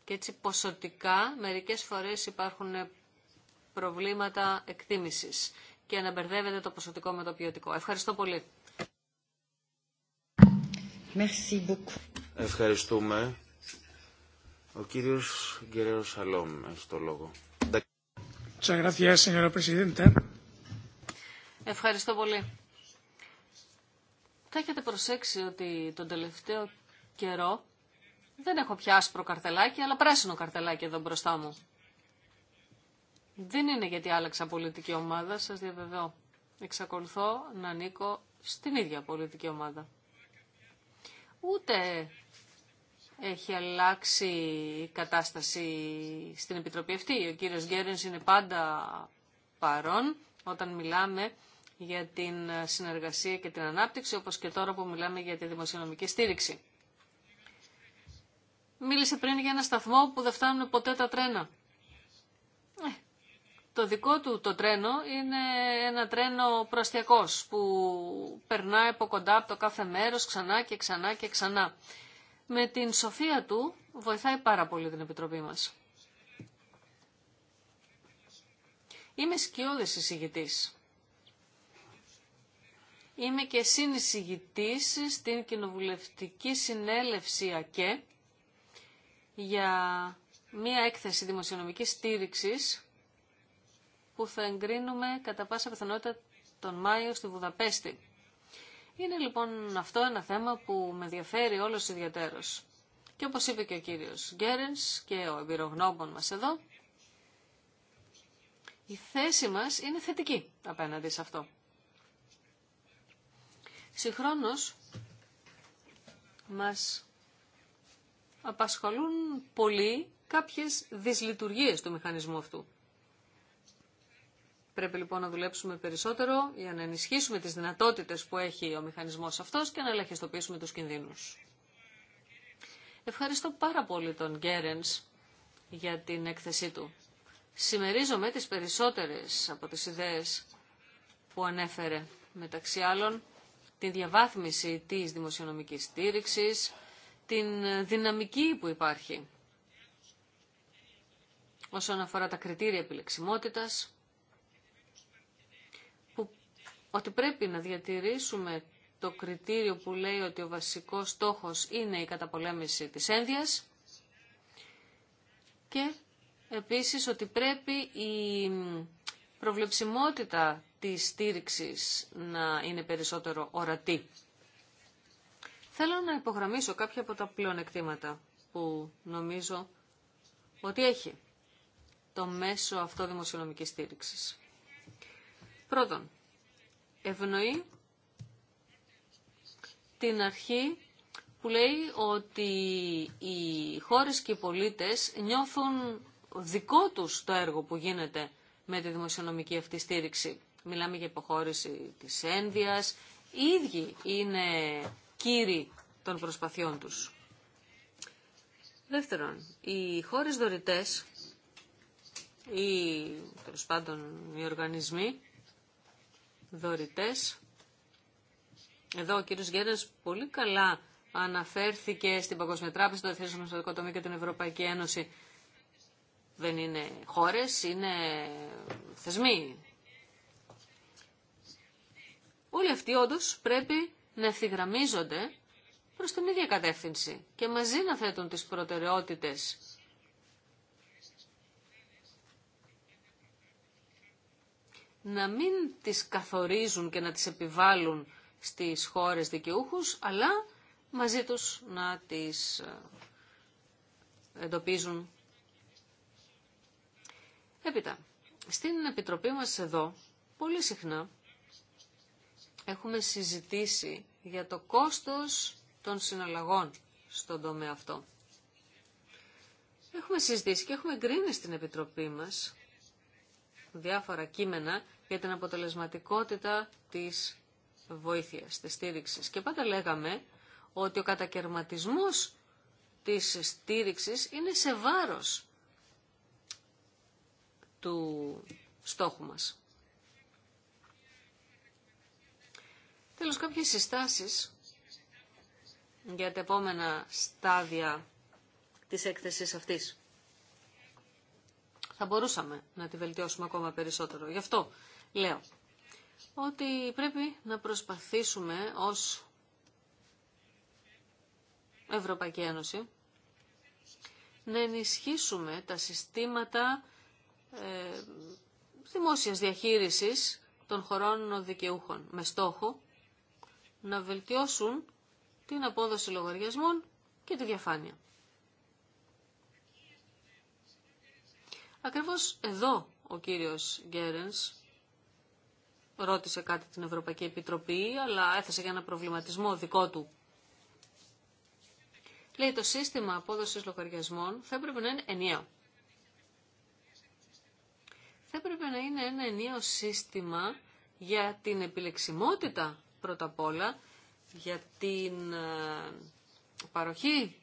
Και έτσι ποσοτικά μερικές φορές υπάρχουν ε, προβλήματα εκτίμησης και αναμπερδεύεται το ποσοτικό με το ποιοτικό. Ευχαριστώ πολύ. Ευχαριστούμε. Ο κύριος Γκερέρο Σαλόμ έχει το λόγο. Ευχαριστώ πολύ. Θα έχετε προσέξει ότι τον τελευταίο καιρό δεν έχω πια άσπρο καρτελάκι, αλλά πράσινο καρτελάκι εδώ μπροστά μου. Δεν είναι γιατί άλλαξα πολιτική ομάδα, σας διαβεβαιώ. Εξακολουθώ να ανήκω στην ίδια πολιτική ομάδα. Ούτε έχει αλλάξει η κατάσταση στην Επιτροπή αυτή. Ο κύριος Γκέρενς είναι πάντα παρόν όταν μιλάμε για την συνεργασία και την ανάπτυξη, όπως και τώρα που μιλάμε για τη δημοσιονομική στήριξη. Μίλησε πριν για ένα σταθμό που δεν φτάνουν ποτέ τα τρένα. Ε, το δικό του το τρένο είναι ένα τρένο προαστιακός που περνάει από κοντά από το κάθε μέρος ξανά και ξανά και ξανά με την σοφία του βοηθάει πάρα πολύ την Επιτροπή μας. Είμαι σκιώδης εισηγητής. Είμαι και συνεισηγητής στην Κοινοβουλευτική Συνέλευση ΑΚΕ για μία έκθεση δημοσιονομικής στήριξης που θα εγκρίνουμε κατά πάσα πιθανότητα τον Μάιο στη Βουδαπέστη. Είναι λοιπόν αυτό ένα θέμα που με ενδιαφέρει όλος ιδιαίτερος. Και όπως είπε και ο κύριος Γκέρενς και ο εμπειρογνώμων μας εδώ, η θέση μας είναι θετική απέναντι σε αυτό. Συγχρόνως, μας απασχολούν πολύ κάποιες δυσλειτουργίες του μηχανισμού αυτού. Πρέπει λοιπόν να δουλέψουμε περισσότερο για να ενισχύσουμε τις δυνατότητες που έχει ο μηχανισμός αυτός και να ελαχιστοποιήσουμε τους κινδύνους. Ευχαριστώ πάρα πολύ τον Γκέρενς για την έκθεσή του. Σημερίζομαι τις περισσότερες από τις ιδέες που ανέφερε μεταξύ άλλων την διαβάθμιση της δημοσιονομικής στήριξης, την δυναμική που υπάρχει όσον αφορά τα κριτήρια επιλεξιμότητας, ότι πρέπει να διατηρήσουμε το κριτήριο που λέει ότι ο βασικός στόχος είναι η καταπολέμηση της ένδυας και επίσης ότι πρέπει η προβλεψιμότητα της στήριξης να είναι περισσότερο ορατή. Θέλω να υπογραμμίσω κάποια από τα πλεονεκτήματα που νομίζω ότι έχει το μέσο αυτό δημοσιονομικής στήριξης. Πρώτον, ευνοεί την αρχή που λέει ότι οι χώρες και οι πολίτες νιώθουν δικό τους το έργο που γίνεται με τη δημοσιονομική αυτή στήριξη. Μιλάμε για υποχώρηση της ένδυας. Οι ίδιοι είναι κύριοι των προσπαθειών τους. Δεύτερον, οι χώρες δωρητές ή τέλο πάντων οι οργανισμοί δωρητές. Εδώ ο κύριος Γκέρας πολύ καλά αναφέρθηκε στην Παγκόσμια Τράπεζα, το Εθνικό Μεσοδικό και την Ευρωπαϊκή Ένωση. Δεν είναι χώρες, είναι θεσμοί. Όλοι αυτοί όντω πρέπει να ευθυγραμμίζονται προς την ίδια κατεύθυνση και μαζί να θέτουν τις προτεραιότητες να μην τις καθορίζουν και να τις επιβάλλουν στις χώρες δικαιούχους, αλλά μαζί τους να τις ε, εντοπίζουν. Έπειτα, στην Επιτροπή μας εδώ, πολύ συχνά, έχουμε συζητήσει για το κόστος των συναλλαγών στον τομέα αυτό. Έχουμε συζητήσει και έχουμε εγκρίνει στην Επιτροπή μας διάφορα κείμενα για την αποτελεσματικότητα της βοήθειας, της στήριξης. Και πάντα λέγαμε ότι ο κατακαιρματισμός της στήριξης είναι σε βάρος του στόχου μας. Τέλος, κάποιες συστάσεις για τα επόμενα στάδια της έκθεσης αυτής. Θα μπορούσαμε να τη βελτιώσουμε ακόμα περισσότερο. Γι' αυτό λέω ότι πρέπει να προσπαθήσουμε ως Ευρωπαϊκή Ένωση να ενισχύσουμε τα συστήματα ε, δημόσιας διαχείρισης των χωρών δικαιούχων με στόχο να βελτιώσουν την απόδοση λογαριασμών και τη διαφάνεια. Ακριβώς εδώ ο κύριος Γκέρενς ρώτησε κάτι την Ευρωπαϊκή Επιτροπή, αλλά έθεσε για ένα προβληματισμό δικό του. Λέει το σύστημα απόδοσης λογαριασμών θα έπρεπε να είναι ενιαίο. Θα έπρεπε να είναι ένα ενιαίο σύστημα για την επιλεξιμότητα πρώτα απ' όλα, για την ε, παροχή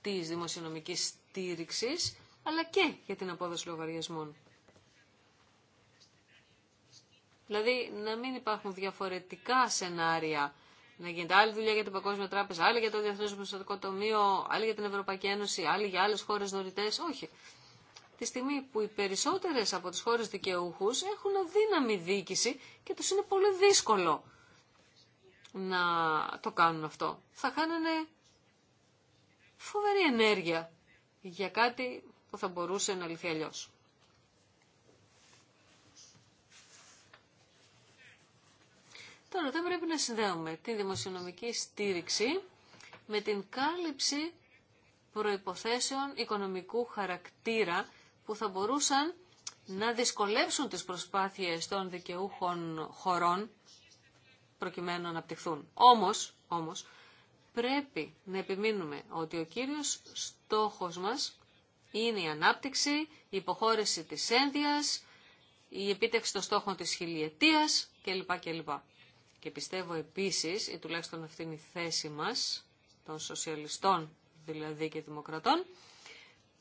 της δημοσιονομικής στήριξης αλλά και για την απόδοση λογαριασμών. Δηλαδή να μην υπάρχουν διαφορετικά σενάρια. Να γίνεται άλλη δουλειά για την Παγκόσμια Τράπεζα, άλλη για το Διεθνέ Προστατικό Τομείο, άλλη για την Ευρωπαϊκή Ένωση, άλλη για άλλε χώρε νωρίτε. Όχι. Τη στιγμή που οι περισσότερε από τι χώρε δικαιούχου έχουν δύναμη διοίκηση και του είναι πολύ δύσκολο να το κάνουν αυτό. Θα χάνανε φοβερή ενέργεια για κάτι θα μπορούσε να λυθεί αλλιώ. Τώρα δεν πρέπει να συνδέουμε τη δημοσιονομική στήριξη με την κάλυψη προϋποθέσεων οικονομικού χαρακτήρα που θα μπορούσαν να δυσκολεύσουν τις προσπάθειες των δικαιούχων χωρών προκειμένου να αναπτυχθούν. Όμως, όμως πρέπει να επιμείνουμε ότι ο κύριος στόχος μας είναι η ανάπτυξη, η υποχώρηση της ένδειας, η επίτευξη των στόχων της χιλιετίας κλπ. Και πιστεύω επίσης, ή τουλάχιστον αυτή είναι η θέση μας, των σοσιαλιστών δηλαδή και δημοκρατών,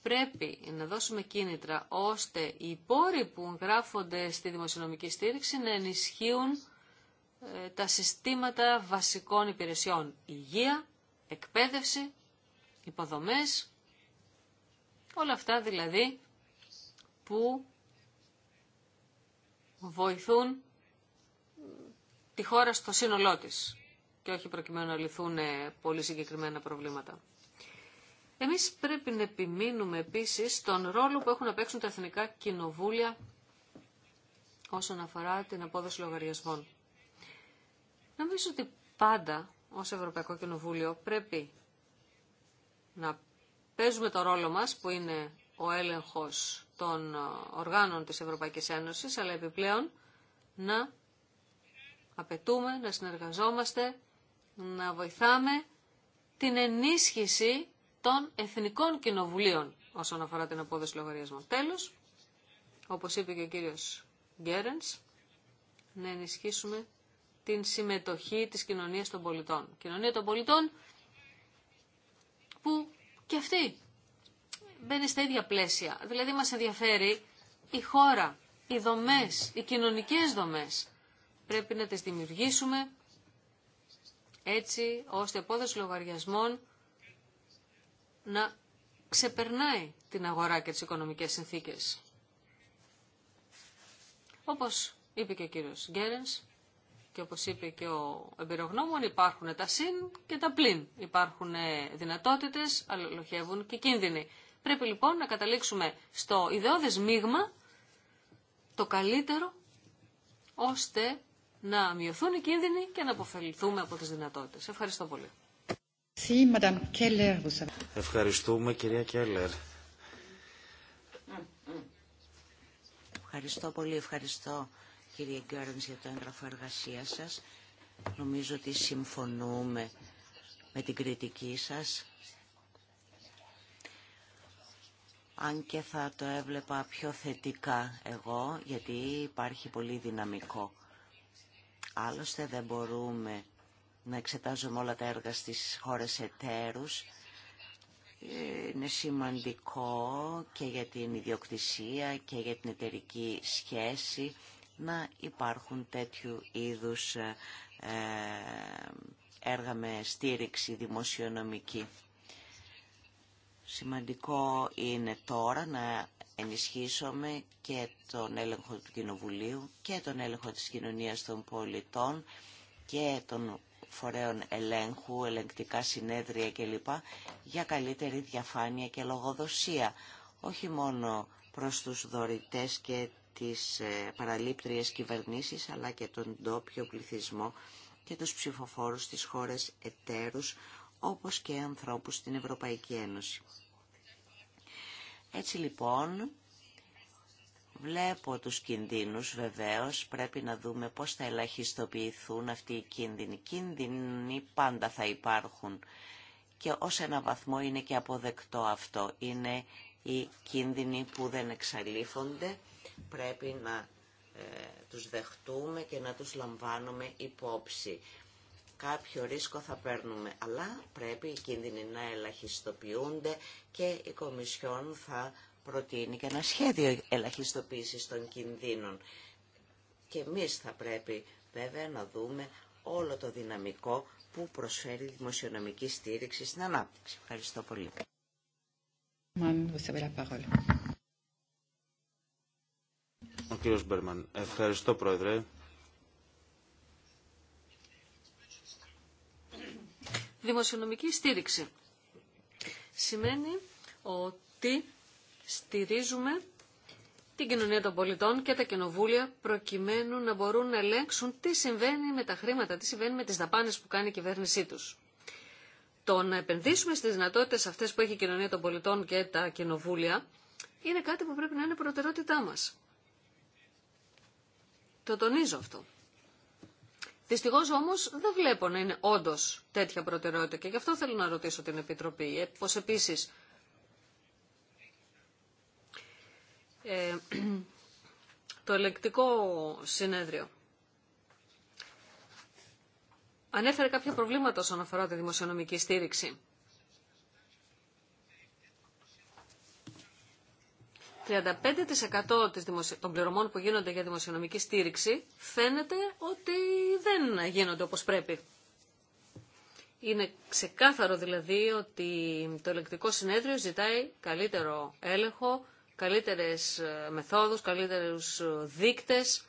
πρέπει να δώσουμε κίνητρα ώστε οι πόροι που γράφονται στη δημοσιονομική στήριξη να ενισχύουν ε, τα συστήματα βασικών υπηρεσιών. Υγεία, εκπαίδευση, υποδομές, Όλα αυτά δηλαδή που βοηθούν τη χώρα στο σύνολό της και όχι προκειμένου να λυθούν ε, πολύ συγκεκριμένα προβλήματα. Εμείς πρέπει να επιμείνουμε επίσης τον ρόλο που έχουν να παίξουν τα εθνικά κοινοβούλια όσον αφορά την απόδοση λογαριασμών. Νομίζω ότι πάντα ως Ευρωπαϊκό Κοινοβούλιο πρέπει να παίζουμε το ρόλο μας που είναι ο έλεγχος των ε, οργάνων της Ευρωπαϊκής Ένωσης, αλλά επιπλέον να απαιτούμε, να συνεργαζόμαστε, να βοηθάμε την ενίσχυση των εθνικών κοινοβουλίων όσον αφορά την απόδοση λογαριασμών. Τέλος, όπως είπε και ο κύριος Γκέρενς, να ενισχύσουμε την συμμετοχή της κοινωνίας των πολιτών. Κοινωνία των πολιτών που και αυτή μπαίνει στα ίδια πλαίσια. Δηλαδή μας ενδιαφέρει η χώρα, οι δομές, οι κοινωνικές δομές. Πρέπει να τις δημιουργήσουμε έτσι ώστε η απόδοση λογαριασμών να ξεπερνάει την αγορά και τις οικονομικές συνθήκες. Όπως είπε και ο κύριος Γκέρενς, και όπως είπε και ο εμπειρογνώμων υπάρχουν τα συν και τα πλην. Υπάρχουν ε, δυνατότητες, αλλοχεύουν και κίνδυνοι. Πρέπει λοιπόν να καταλήξουμε στο ιδεώδες μείγμα το καλύτερο ώστε να μειωθούν οι κίνδυνοι και να αποφεληθούμε από τις δυνατότητες. Ευχαριστώ πολύ. Ευχαριστούμε κυρία Κέλλερ. Ευχαριστώ πολύ, ευχαριστώ κύριε Γκέρνς για το έγγραφο εργασία σας. Νομίζω ότι συμφωνούμε με την κριτική σας. Αν και θα το έβλεπα πιο θετικά εγώ, γιατί υπάρχει πολύ δυναμικό. Άλλωστε δεν μπορούμε να εξετάζουμε όλα τα έργα στις χώρες εταίρους. Είναι σημαντικό και για την ιδιοκτησία και για την εταιρική σχέση να υπάρχουν τέτοιου είδους ε, ε, έργα με στήριξη δημοσιονομική. Σημαντικό είναι τώρα να ενισχύσουμε και τον έλεγχο του Κοινοβουλίου και τον έλεγχο της κοινωνίας των πολιτών και των φορέων ελέγχου, ελεγκτικά συνέδρια κλπ. για καλύτερη διαφάνεια και λογοδοσία, όχι μόνο προς τους δωρητές και τις ε, παραλήπτριες κυβερνήσεις αλλά και τον ντόπιο πληθυσμό και τους ψηφοφόρους της χώρες εταίρους όπως και ανθρώπους στην Ευρωπαϊκή Ένωση. Έτσι λοιπόν, βλέπω τους κινδύνους βεβαίως, πρέπει να δούμε πώς θα ελαχιστοποιηθούν αυτοί οι κίνδυνοι. Κίνδυνοι πάντα θα υπάρχουν και ως ένα βαθμό είναι και αποδεκτό αυτό. Είναι οι κίνδυνοι που δεν εξαλείφονται πρέπει να ε, τους δεχτούμε και να τους λαμβάνουμε υπόψη. Κάποιο ρίσκο θα παίρνουμε, αλλά πρέπει οι κίνδυνοι να ελαχιστοποιούνται και η Κομισιόν θα προτείνει και ένα σχέδιο ελαχιστοποίησης των κινδύνων. Και εμείς θα πρέπει βέβαια να δούμε όλο το δυναμικό που προσφέρει η δημοσιονομική στήριξη στην ανάπτυξη. Ευχαριστώ πολύ. Ο κύριος Μπέρμαν. Ευχαριστώ, Πρόεδρε. Δημοσιονομική στήριξη. Σημαίνει ότι στηρίζουμε την κοινωνία των πολιτών και τα κοινοβούλια προκειμένου να μπορούν να ελέγξουν τι συμβαίνει με τα χρήματα, τι συμβαίνει με τις δαπάνες που κάνει η κυβέρνησή τους. Το να επενδύσουμε στις δυνατότητες αυτές που έχει η κοινωνία των πολιτών και τα κοινοβούλια είναι κάτι που πρέπει να είναι προτεραιότητά μας. Το τονίζω αυτό. Δυστυχώ όμω δεν βλέπω να είναι όντω τέτοια προτεραιότητα και γι' αυτό θέλω να ρωτήσω την Επιτροπή. Ε, Πώ επίση. Ε, το ελεκτικό συνέδριο. Ανέφερε κάποια προβλήματα όσον αφορά τη δημοσιονομική στήριξη. 35% των πληρωμών που γίνονται για δημοσιονομική στήριξη φαίνεται ότι δεν γίνονται όπως πρέπει. Είναι ξεκάθαρο δηλαδή ότι το ελεκτικό συνέδριο ζητάει καλύτερο έλεγχο, καλύτερες ε, μεθόδους, καλύτερους ε, δείκτες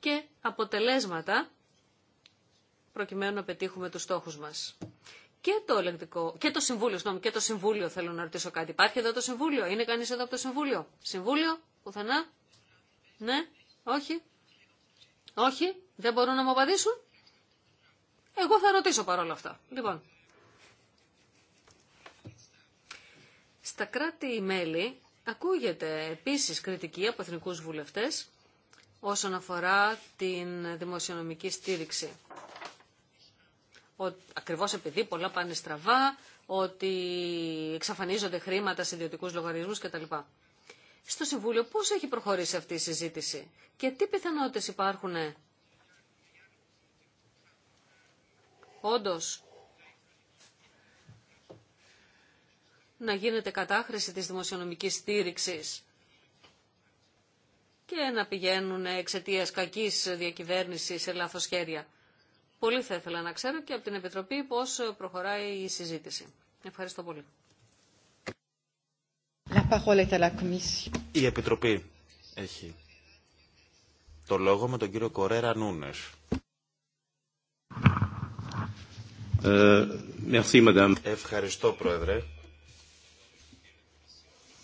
και αποτελέσματα προκειμένου να πετύχουμε τους στόχους μας και το, ελεγκτικό, και το Συμβούλιο, και το Συμβούλιο θέλω να ρωτήσω κάτι. Υπάρχει εδώ το Συμβούλιο, είναι κανείς εδώ από το Συμβούλιο. Συμβούλιο, πουθενά, ναι, όχι, όχι, δεν μπορούν να μου απαντήσουν. Εγώ θα ρωτήσω παρόλα αυτά. Λοιπόν, στα κράτη-μέλη ακούγεται επίσης κριτική από εθνικούς βουλευτές όσον αφορά την δημοσιονομική στήριξη ότι ακριβώς επειδή πολλά πάνε στραβά, ότι εξαφανίζονται χρήματα σε ιδιωτικούς λογαριασμούς κτλ. Στο Συμβούλιο πώς έχει προχωρήσει αυτή η συζήτηση και τι πιθανότητες υπάρχουν όντως να γίνεται κατάχρηση της δημοσιονομικής στήριξης και να πηγαίνουν εξαιτία κακής διακυβέρνησης σε λάθος χέρια. Πολύ θα ήθελα να ξέρω και από την Επιτροπή πώς προχωράει η συζήτηση. Ευχαριστώ πολύ. Η Επιτροπή έχει το λόγο με τον κύριο Κορέρα Νούνες. Ε, Ευχαριστώ, Πρόεδρε,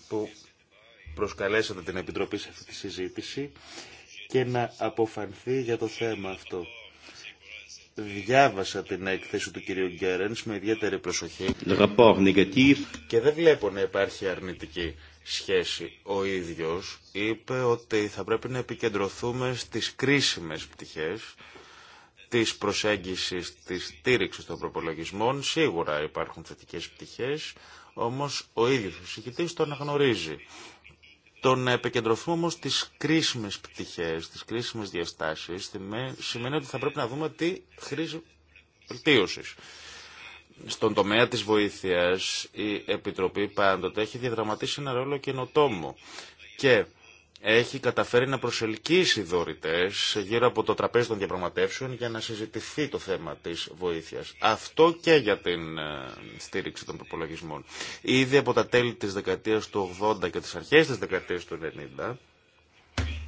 που προσκαλέσατε την Επιτροπή σε αυτή τη συζήτηση και να αποφανθεί για το θέμα αυτό διάβασα την έκθεση του κυρίου Γκέρενς με ιδιαίτερη προσοχή και δεν βλέπω να υπάρχει αρνητική σχέση. Ο ίδιος είπε ότι θα πρέπει να επικεντρωθούμε στις κρίσιμες πτυχές της προσέγγισης της στήριξης των προπολογισμών. Σίγουρα υπάρχουν θετικές πτυχές, όμως ο ίδιος ο συγκητής το αναγνωρίζει. Το να επικεντρωθούμε όμω στι κρίσιμε πτυχέ, στι κρίσιμε διαστάσει, σημαίνει ότι θα πρέπει να δούμε τι χρήση βελτίωση. Στον τομέα της βοήθειας η Επιτροπή πάντοτε έχει διαδραματίσει ένα ρόλο καινοτόμο και έχει καταφέρει να προσελκύσει δωρητές γύρω από το τραπέζι των διαπραγματεύσεων για να συζητηθεί το θέμα της βοήθειας. Αυτό και για την ε, στήριξη των προπολογισμών. Ήδη από τα τέλη της δεκαετίας του 80 και τις αρχές της δεκαετίας του 90,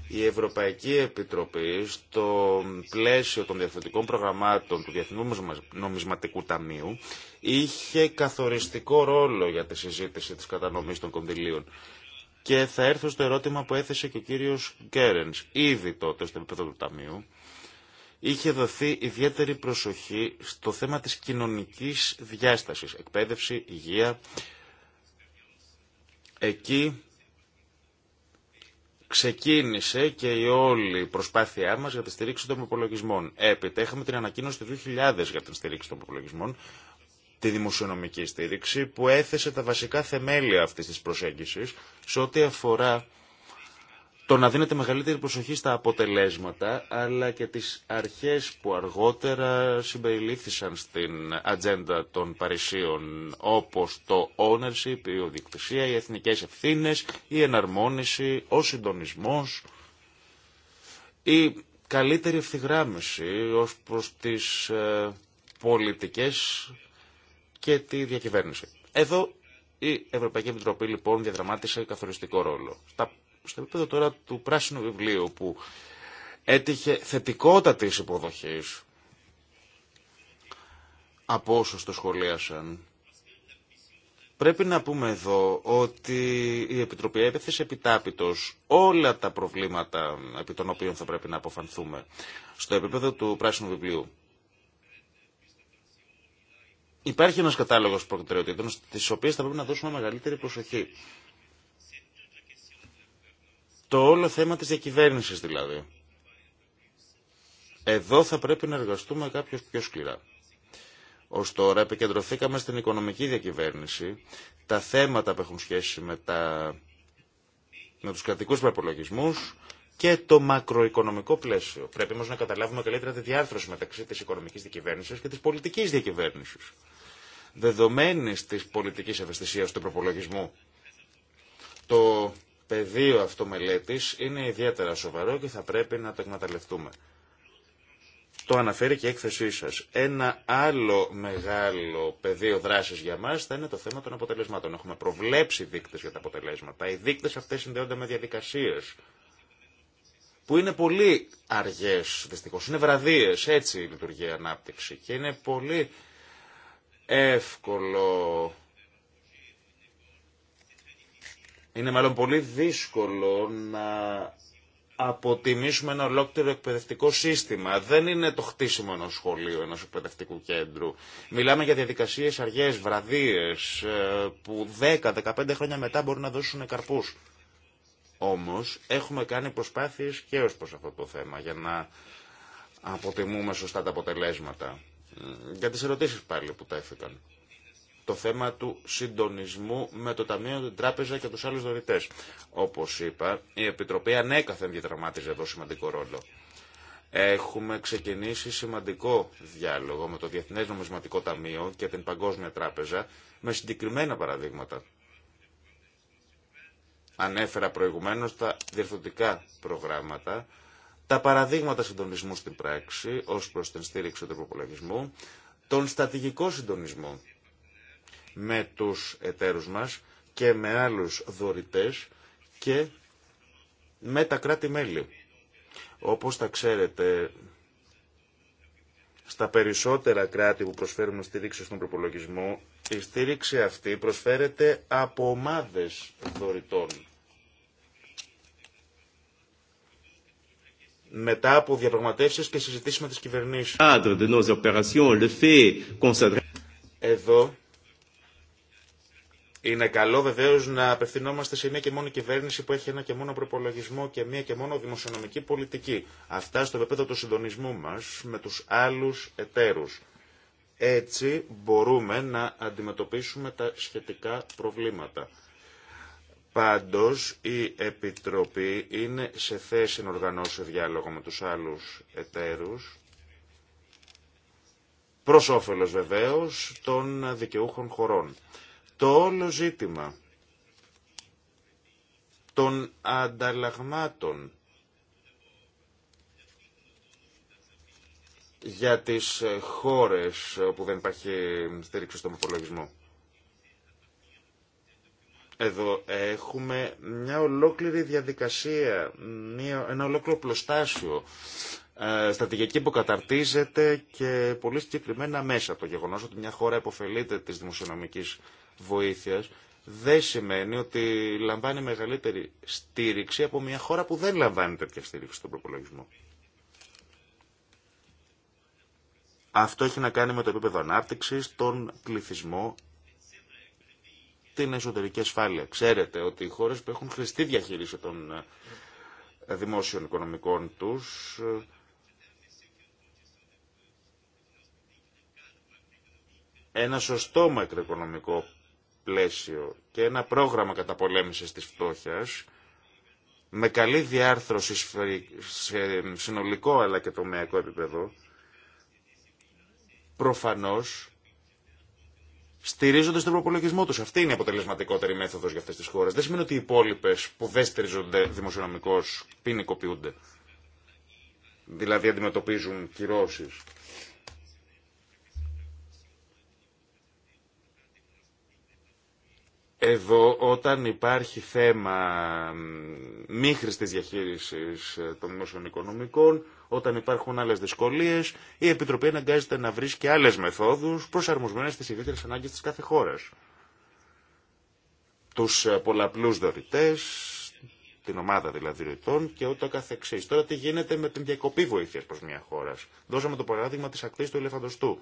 η Ευρωπαϊκή Επιτροπή στο πλαίσιο των διαφορετικών προγραμμάτων του Διεθνού Νομισματικού Ταμείου είχε καθοριστικό ρόλο για τη συζήτηση της κατανομής των κονδυλίων. Και θα έρθω στο ερώτημα που έθεσε και ο κύριος Γκέρενς. Ήδη τότε στο επίπεδο του Ταμείου είχε δοθεί ιδιαίτερη προσοχή στο θέμα της κοινωνικής διάστασης, εκπαίδευση, υγεία. Εκεί ξεκίνησε και η όλη προσπάθειά μας για τη στήριξη των υπολογισμών. Έπειτα είχαμε την ανακοίνωση του 2000 για την στήριξη των υπολογισμών, τη δημοσιονομική στήριξη που έθεσε τα βασικά θεμέλια αυτής της προσέγγισης σε ό,τι αφορά το να δίνεται μεγαλύτερη προσοχή στα αποτελέσματα αλλά και τις αρχές που αργότερα συμπεριλήφθησαν στην ατζέντα των Παρισίων όπως το ownership, η οδικτησία, οι εθνικές ευθύνες, η εναρμόνιση, ο συντονισμός, η καλύτερη ευθυγράμμιση ως προς τις ε, πολιτικές και τη διακυβέρνηση. Εδώ η Ευρωπαϊκή Επιτροπή λοιπόν διαδραμάτισε καθοριστικό ρόλο. Στα, στο επίπεδο τώρα του πράσινου βιβλίου που έτυχε θετικότατη υποδοχή από όσους το σχολίασαν, Πρέπει να πούμε εδώ ότι η Επιτροπή έπεθε επιτάπητος όλα τα προβλήματα επί των οποίων θα πρέπει να αποφανθούμε στο επίπεδο του Πράσινου Βιβλίου. Υπάρχει ένας κατάλογος προτεραιοτήτων στις οποίες θα πρέπει να δώσουμε μεγαλύτερη προσοχή. Το όλο θέμα της διακυβέρνησης δηλαδή. Εδώ θα πρέπει να εργαστούμε κάποιος πιο σκληρά. Ω τώρα επικεντρωθήκαμε στην οικονομική διακυβέρνηση, τα θέματα που έχουν σχέση με, τα... με τους προπολογισμού, και το μακροοικονομικό πλαίσιο. Πρέπει όμω να καταλάβουμε καλύτερα τη διάρθρωση μεταξύ τη οικονομική διακυβέρνηση και τη πολιτική διακυβέρνηση. Δεδομένη τη πολιτική ευαισθησία του προπολογισμού. Το πεδίο αυτό μελέτης είναι ιδιαίτερα σοβαρό και θα πρέπει να το εκμεταλλευτούμε. Το αναφέρει και η έκθεσή σα. Ένα άλλο μεγάλο πεδίο δράση για μα θα είναι το θέμα των αποτελεσμάτων. Έχουμε προβλέψει δείκτε για τα αποτελέσματα. Οι δείκτε αυτέ συνδέονται με διαδικασίε που είναι πολύ αργές δυστυχώ, είναι βραδίες, έτσι λειτουργεί η ανάπτυξη και είναι πολύ εύκολο είναι μάλλον πολύ δύσκολο να αποτιμήσουμε ένα ολόκληρο εκπαιδευτικό σύστημα. Δεν είναι το χτίσιμο ενός σχολείου, ενός εκπαιδευτικού κέντρου. Μιλάμε για διαδικασίες αργές, βραδίες, ε, που 10-15 χρόνια μετά μπορούν να δώσουν καρπού. Όμως έχουμε κάνει προσπάθειες και ως προς αυτό το θέμα για να αποτιμούμε σωστά τα αποτελέσματα. Για τις ερωτήσεις πάλι που τέθηκαν. Το θέμα του συντονισμού με το Ταμείο, την Τράπεζα και τους άλλους δωρητές. Όπως είπα, η Επιτροπή ανέκαθεν διαδραμάτιζε εδώ σημαντικό ρόλο. Έχουμε ξεκινήσει σημαντικό διάλογο με το Διεθνές Νομισματικό Ταμείο και την Παγκόσμια Τράπεζα με συγκεκριμένα παραδείγματα ανέφερα προηγουμένως τα διευθυντικά προγράμματα, τα παραδείγματα συντονισμού στην πράξη ως προς την στήριξη του υποπολογισμού, τον στατηγικό συντονισμό με τους εταίρους μας και με άλλους δωρητές και με τα κράτη-μέλη. Όπως τα ξέρετε, στα περισσότερα κράτη που προσφέρουν στήριξη στον προπολογισμό, η στήριξη αυτή προσφέρεται από ομάδες δωρητών. μετά από διαπραγματεύσεις και συζητήσεις με τις κυβερνήσεις. Εδώ είναι καλό βεβαίω να απευθυνόμαστε σε μια και μόνο κυβέρνηση που έχει ένα και μόνο προπολογισμό και μια και μόνο δημοσιονομική πολιτική. Αυτά στο επίπεδο του συντονισμού μα με του άλλου εταίρου. Έτσι μπορούμε να αντιμετωπίσουμε τα σχετικά προβλήματα. Πάντως η Επιτροπή είναι σε θέση να οργανώσει διάλογο με τους άλλους εταίρους, προς όφελος βεβαίως των δικαιούχων χωρών. Το όλο ζήτημα των ανταλλαγμάτων για τις χώρες όπου δεν υπάρχει στήριξη στον υπολογισμό. Εδώ έχουμε μια ολόκληρη διαδικασία, μια, ένα ολόκληρο πλωστάσιο ε, στρατηγική που καταρτίζεται και πολύ συγκεκριμένα μέσα. Το γεγονός ότι μια χώρα υποφελείται της δημοσιονομικής βοήθειας δεν σημαίνει ότι λαμβάνει μεγαλύτερη στήριξη από μια χώρα που δεν λαμβάνει τέτοια στήριξη στον προπολογισμό. Αυτό έχει να κάνει με το επίπεδο ανάπτυξη, τον πληθυσμό, την εσωτερική ασφάλεια. Ξέρετε ότι οι χώρες που έχουν χρηστή διαχείριση των ε, δημόσιων οικονομικών τους ε, ένα σωστό μακροοικονομικό πλαίσιο και ένα πρόγραμμα καταπολέμησης της φτώχειας με καλή διάρθρωση σε συνολικό αλλά και τομεακό επίπεδο προφανώς στηρίζονται στον προπολογισμό τους. Αυτή είναι η αποτελεσματικότερη μέθοδος για αυτές τις χώρες. Δεν σημαίνει ότι οι υπόλοιπε που δεν στηρίζονται δημοσιονομικώς ποινικοποιούνται. Δηλαδή αντιμετωπίζουν κυρώσει. Εδώ όταν υπάρχει θέμα μη χρηστής διαχείρισης ε, των δημόσιων οικονομικών, όταν υπάρχουν άλλες δυσκολίες, η Επιτροπή αναγκάζεται να βρει και άλλες μεθόδους προσαρμοσμένες στις ιδιαίτερες ανάγκες της κάθε χώρας. Τους ε, πολλαπλούς δωρητές, την ομάδα δηλαδή ρητών και ούτω καθεξής. Τώρα τι γίνεται με την διακοπή βοήθειας προς μια χώρα. Δώσαμε το παράδειγμα της ακτής του ελεφαντοστού.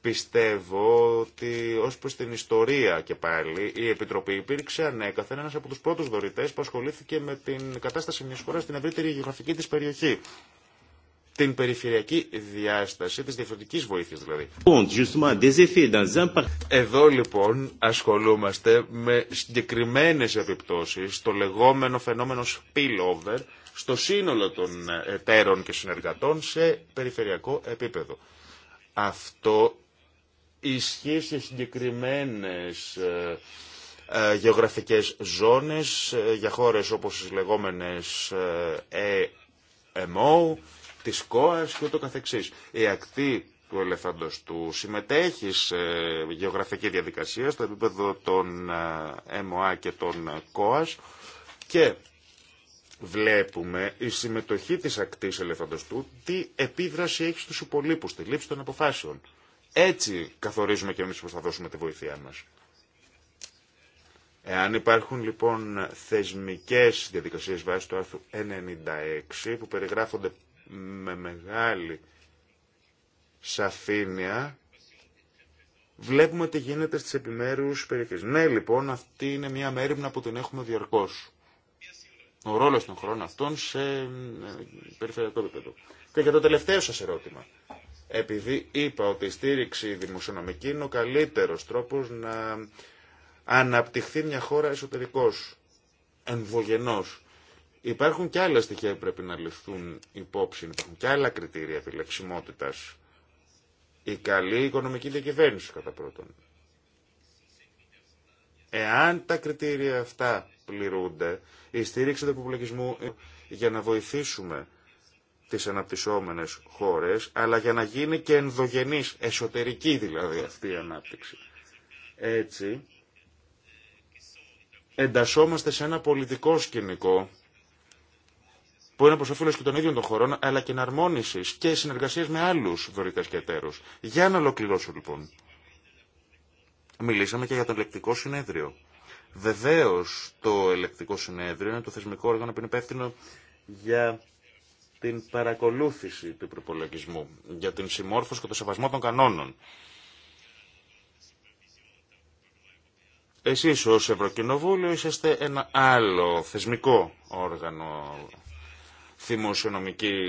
Πιστεύω ότι ω προ την ιστορία και πάλι η Επιτροπή υπήρξε ανέκαθεν ένα από του πρώτου δωρητέ που ασχολήθηκε με την κατάσταση μια χώρα στην ευρύτερη γεωγραφική τη περιοχή. Την περιφερειακή διάσταση τη διαφορετική βοήθεια δηλαδή. Εδώ λοιπόν ασχολούμαστε με συγκεκριμένε επιπτώσει, το λεγόμενο φαινόμενο spillover, στο σύνολο των εταίρων και συνεργατών σε περιφερειακό επίπεδο. Αυτό ισχύει σε συγκεκριμένες ε, ε, γεωγραφικές ζώνες ε, για χώρες όπως τις λεγόμενες ΕΜΟ, της ΚΟΑΣ και ούτω καθεξής. Η ακτή του ελεφαντοστού του συμμετέχει σε γεωγραφική διαδικασία στο επίπεδο των ΕΜΟΑ και των ΚΟΑΣ και βλέπουμε η συμμετοχή της ακτής ελεφαντοστού τι επίδραση έχει στους υπολείπους, τη λήψη των αποφάσεων. Έτσι καθορίζουμε και εμείς πώς θα δώσουμε τη βοήθειά μας. Εάν υπάρχουν λοιπόν θεσμικές διαδικασίες βάσει του άρθρου 96 που περιγράφονται με μεγάλη σαφήνεια, βλέπουμε τι γίνεται στις επιμέρους περιοχές. Ναι λοιπόν αυτή είναι μια μέρημνα που την έχουμε διαρκώς. Ο ρόλος των χρόνων αυτών σε ε, περιφερειακό επίπεδο. Και για το τελευταίο σας ερώτημα επειδή είπα ότι η στήριξη δημοσιονομική είναι ο καλύτερος τρόπος να αναπτυχθεί μια χώρα εσωτερικός, εμβογενός. Υπάρχουν και άλλα στοιχεία που πρέπει να ληφθούν υπόψη, υπάρχουν και άλλα κριτήρια επιλεξιμότητας. Η καλή οικονομική διακυβέρνηση κατά πρώτον. Εάν τα κριτήρια αυτά πληρούνται, η στήριξη του για να βοηθήσουμε τις αναπτυσσόμενες χώρες, αλλά για να γίνει και ενδογενής, εσωτερική δηλαδή αυτή η ανάπτυξη. Έτσι, εντασσόμαστε σε ένα πολιτικό σκηνικό που είναι προς όφελος και των ίδιων των χωρών, αλλά και εναρμόνισης και συνεργασίες με άλλους δωρητέ και εταίρους. Για να ολοκληρώσω λοιπόν. Μιλήσαμε και για το ελεκτικό συνέδριο. Βεβαίω το ελεκτικό συνέδριο είναι το θεσμικό όργανο που είναι υπεύθυνο για την παρακολούθηση του προπολογισμού, για την συμμόρφωση και το σεβασμό των κανόνων. Εσείς ως Ευρωκοινοβούλιο είσαστε ένα άλλο θεσμικό όργανο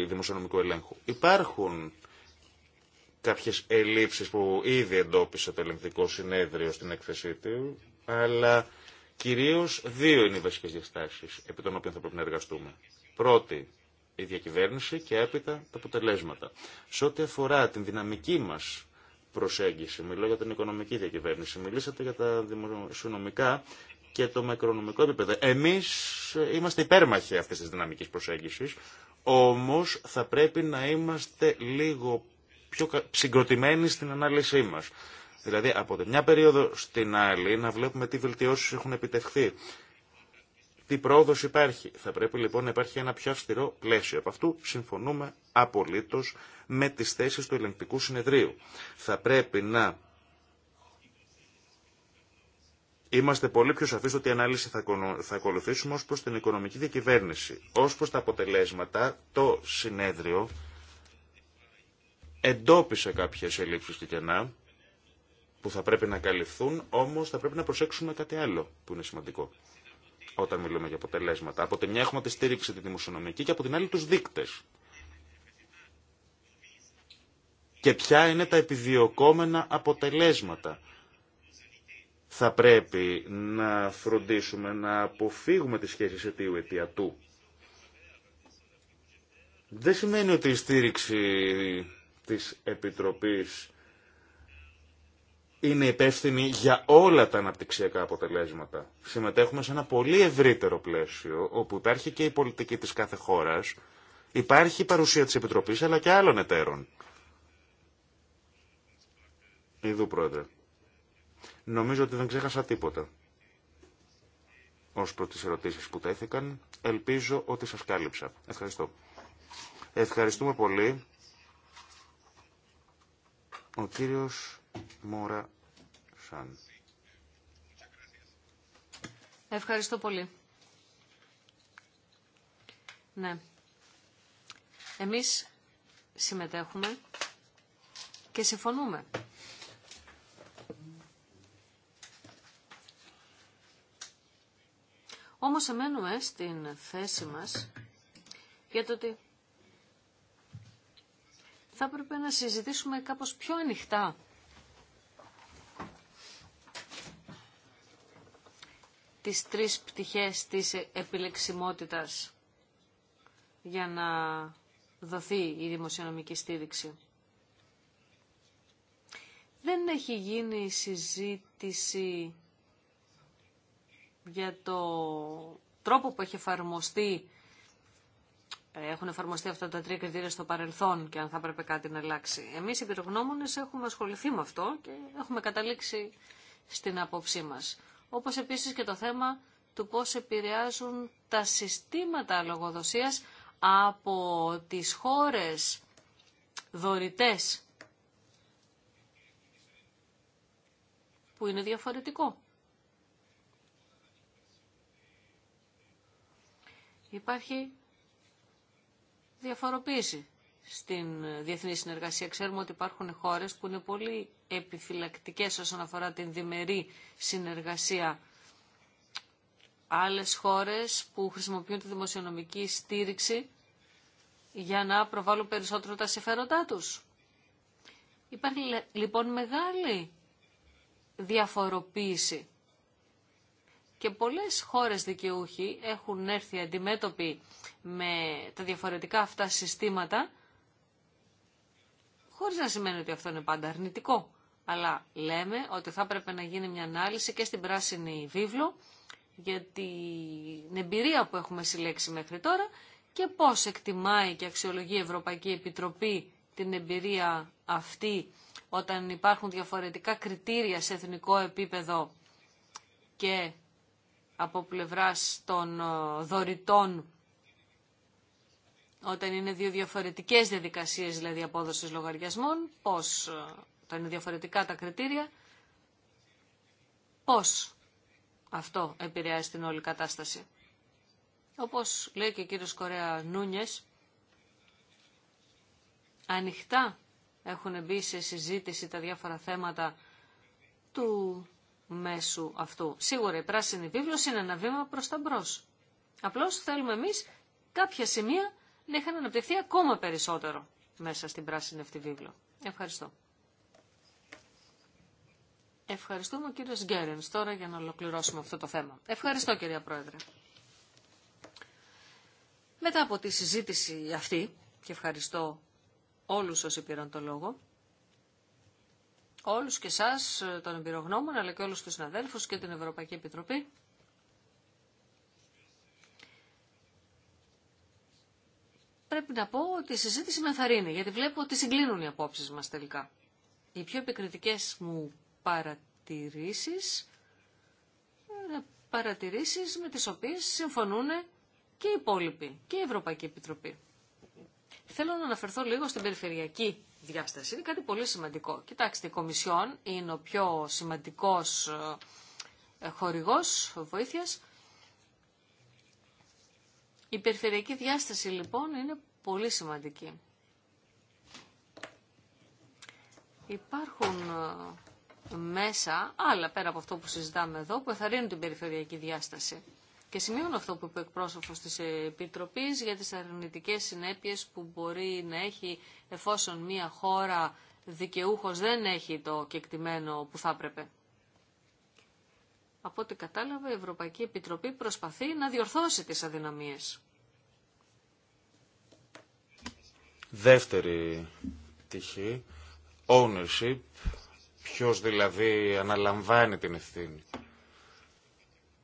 δημοσιονομικού ελέγχου. Υπάρχουν κάποιες ελλείψεις που ήδη εντόπισε το ελεγκτικό συνέδριο στην έκθεσή του, αλλά κυρίως δύο είναι οι βασικές διαστάσεις επί των οποίων θα πρέπει να εργαστούμε. Πρώτη, η διακυβέρνηση και έπειτα τα αποτελέσματα. Σε ό,τι αφορά την δυναμική μας προσέγγιση, μιλώ για την οικονομική διακυβέρνηση, μιλήσατε για τα δημοσιονομικά και το μακρονομικό επίπεδο. Εμείς είμαστε υπέρμαχοι αυτής της δυναμικής προσέγγισης, όμως θα πρέπει να είμαστε λίγο πιο συγκροτημένοι στην ανάλυση μας. Δηλαδή από τη μια περίοδο στην άλλη να βλέπουμε τι βελτιώσεις έχουν επιτευχθεί τι πρόοδο υπάρχει. Θα πρέπει λοιπόν να υπάρχει ένα πιο αυστηρό πλαίσιο. Από αυτού συμφωνούμε απολύτω με τι θέσει του ελεγκτικού συνεδρίου. Θα πρέπει να Είμαστε πολύ πιο σαφείς ότι η ανάλυση θα ακολουθήσουμε ως προς την οικονομική διακυβέρνηση. Ως προς τα αποτελέσματα, το συνέδριο εντόπισε κάποιες ελλείψεις και κενά που θα πρέπει να καλυφθούν, όμως θα πρέπει να προσέξουμε κάτι άλλο που είναι σημαντικό όταν μιλούμε για αποτελέσματα. Από τη μια έχουμε τη στήριξη τη δημοσιονομική και από την άλλη τους δείκτες. Και ποια είναι τα επιδιωκόμενα αποτελέσματα. Θα πρέπει να φροντίσουμε να αποφύγουμε τις σχέσεις αιτίου αιτιατού. Δεν σημαίνει ότι η στήριξη της Επιτροπής είναι υπεύθυνη για όλα τα αναπτυξιακά αποτελέσματα. Συμμετέχουμε σε ένα πολύ ευρύτερο πλαίσιο, όπου υπάρχει και η πολιτική της κάθε χώρας, υπάρχει η παρουσία της Επιτροπής, αλλά και άλλων εταίρων. Ειδού Πρόεδρε. Νομίζω ότι δεν ξέχασα τίποτα. Ως προς τις ερωτήσεις που τέθηκαν, ελπίζω ότι σας κάλυψα. Ευχαριστώ. Ευχαριστούμε πολύ. Ο κύριος Μόρα Σαν. Ευχαριστώ πολύ. Ναι. Εμείς συμμετέχουμε και συμφωνούμε. Όμως εμένουμε στην θέση μας για το ότι θα έπρεπε να συζητήσουμε κάπως πιο ανοιχτά τις τρεις πτυχές της επιλεξιμότητας για να δοθεί η δημοσιονομική στήριξη. Δεν έχει γίνει συζήτηση για το τρόπο που έχει εφαρμοστεί ε, έχουν εφαρμοστεί αυτά τα τρία κριτήρια στο παρελθόν και αν θα έπρεπε κάτι να αλλάξει. Εμείς οι πυρογνώμονες έχουμε ασχοληθεί με αυτό και έχουμε καταλήξει στην απόψή μας όπως επίσης και το θέμα του πώς επηρεάζουν τα συστήματα λογοδοσίας από τις χώρες δωρητές που είναι διαφορετικό. Υπάρχει διαφοροποίηση στην διεθνή συνεργασία. Ξέρουμε ότι υπάρχουν χώρε που είναι πολύ επιφυλακτικές όσον αφορά την διμερή συνεργασία. Άλλες χώρες που χρησιμοποιούν τη δημοσιονομική στήριξη για να προβάλλουν περισσότερο τα συμφέροντά τους. Υπάρχει λοιπόν μεγάλη διαφοροποίηση. Και πολλές χώρες δικαιούχοι έχουν έρθει αντιμέτωποι με τα διαφορετικά αυτά συστήματα Χωρίς να σημαίνει ότι αυτό είναι πάντα αρνητικό. Αλλά λέμε ότι θα πρέπει να γίνει μια ανάλυση και στην πράσινη βίβλο για την εμπειρία που έχουμε συλλέξει μέχρι τώρα και πώς εκτιμάει και αξιολογεί η Ευρωπαϊκή Επιτροπή την εμπειρία αυτή όταν υπάρχουν διαφορετικά κριτήρια σε εθνικό επίπεδο και από πλευράς των ε, δωρητών όταν είναι δύο διαφορετικές διαδικασίες, δηλαδή απόδοσης λογαριασμών, πώς, ε, όταν είναι διαφορετικά τα κριτήρια, πώς αυτό επηρεάζει την όλη κατάσταση. Όπως λέει και ο κύριος Κορέα Νούνιες, ανοιχτά έχουν μπει σε συζήτηση τα διάφορα θέματα του μέσου αυτού. Σίγουρα η πράσινη βίβλος είναι ένα βήμα προς τα μπρος. Απλώς θέλουμε εμείς κάποια σημεία να είχαν αναπτυχθεί ακόμα περισσότερο μέσα στην πράσινη αυτή βίβλο. Ευχαριστώ. Ευχαριστούμε ο κύριος Γκέρενς τώρα για να ολοκληρώσουμε αυτό το θέμα. Ευχαριστώ κυρία Πρόεδρε. Μετά από τη συζήτηση αυτή, και ευχαριστώ όλους όσοι πήραν το λόγο, όλους και εσάς, τον εμπειρογνώμων, αλλά και όλους τους συναδέλφους και την Ευρωπαϊκή Επιτροπή, πρέπει να πω ότι η συζήτηση με ενθαρρύνει, γιατί βλέπω ότι συγκλίνουν οι απόψεις μας τελικά. Οι πιο επικριτικές μου παρατηρήσεις είναι παρατηρήσεις με τις οποίες συμφωνούν και οι υπόλοιποι και η Ευρωπαϊκή Επιτροπή. Θέλω να αναφερθώ λίγο στην περιφερειακή διάσταση. Είναι κάτι πολύ σημαντικό. Κοιτάξτε, η Κομισιόν είναι ο πιο σημαντικός ε, χορηγός βοήθειας η περιφερειακή διάσταση λοιπόν είναι πολύ σημαντική. Υπάρχουν ε, μέσα, άλλα πέρα από αυτό που συζητάμε εδώ, που εθαρρύνουν την περιφερειακή διάσταση. Και σημειώνω αυτό που είπε ο εκπρόσωπος της Επιτροπής για τις αρνητικές συνέπειες που μπορεί να έχει εφόσον μια χώρα δικαιούχος δεν έχει το κεκτημένο που θα έπρεπε. Από ό,τι κατάλαβα, η Ευρωπαϊκή Επιτροπή προσπαθεί να διορθώσει τις αδυναμίες. Δεύτερη τυχή, ownership, ποιος δηλαδή αναλαμβάνει την ευθύνη.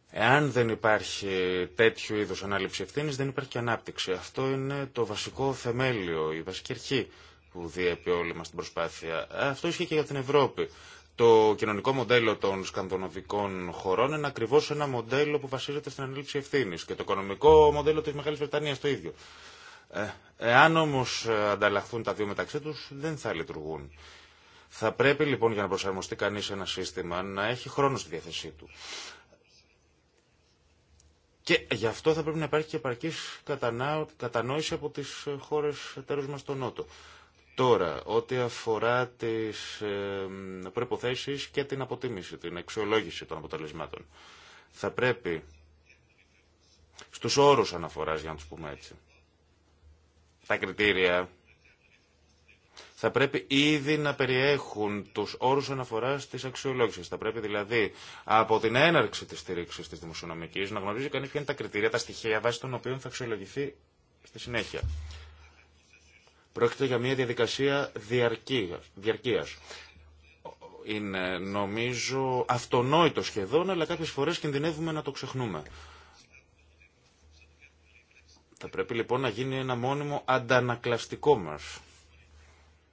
Εάν δεν υπάρχει τέτοιο είδους ανάληψη ευθύνης, δεν υπάρχει και ανάπτυξη. Αυτό είναι το βασικό θεμέλιο, η βασική αρχή που διέπει όλη μας την προσπάθεια. Αυτό ισχύει και για την Ευρώπη. Το κοινωνικό μοντέλο των σκανδονοβικών χωρών είναι ακριβώ ένα μοντέλο που βασίζεται στην ανέλυψη ευθύνη και το οικονομικό μοντέλο τη Μεγάλη Βρετανία το ίδιο. Ε, εάν όμω ε, ανταλλαχθούν τα δύο μεταξύ του, δεν θα λειτουργούν. Θα πρέπει λοιπόν για να προσαρμοστεί κανεί ένα σύστημα να έχει χρόνο στη διάθεσή του. Και γι' αυτό θα πρέπει να υπάρχει και επαρκή κατανόηση από τι ε, χώρε εταίρου μα στο Νότο. Τώρα, ό,τι αφορά τις προϋποθέσεις και την αποτίμηση, την αξιολόγηση των αποτελεσμάτων, θα πρέπει στους όρους αναφοράς, για να τους πούμε έτσι, τα κριτήρια θα πρέπει ήδη να περιέχουν τους όρους αναφοράς της αξιολόγησης. Θα πρέπει δηλαδή από την έναρξη της στήριξης της δημοσιονομικής να γνωρίζει κανείς ποια είναι τα κριτήρια, τα στοιχεία βάσει των οποίων θα αξιολογηθεί στη συνέχεια. Πρόκειται για μια διαδικασία διαρκείας. Είναι νομίζω αυτονόητο σχεδόν, αλλά κάποιες φορές κινδυνεύουμε να το ξεχνούμε. Θα πρέπει λοιπόν να γίνει ένα μόνιμο αντανακλαστικό μας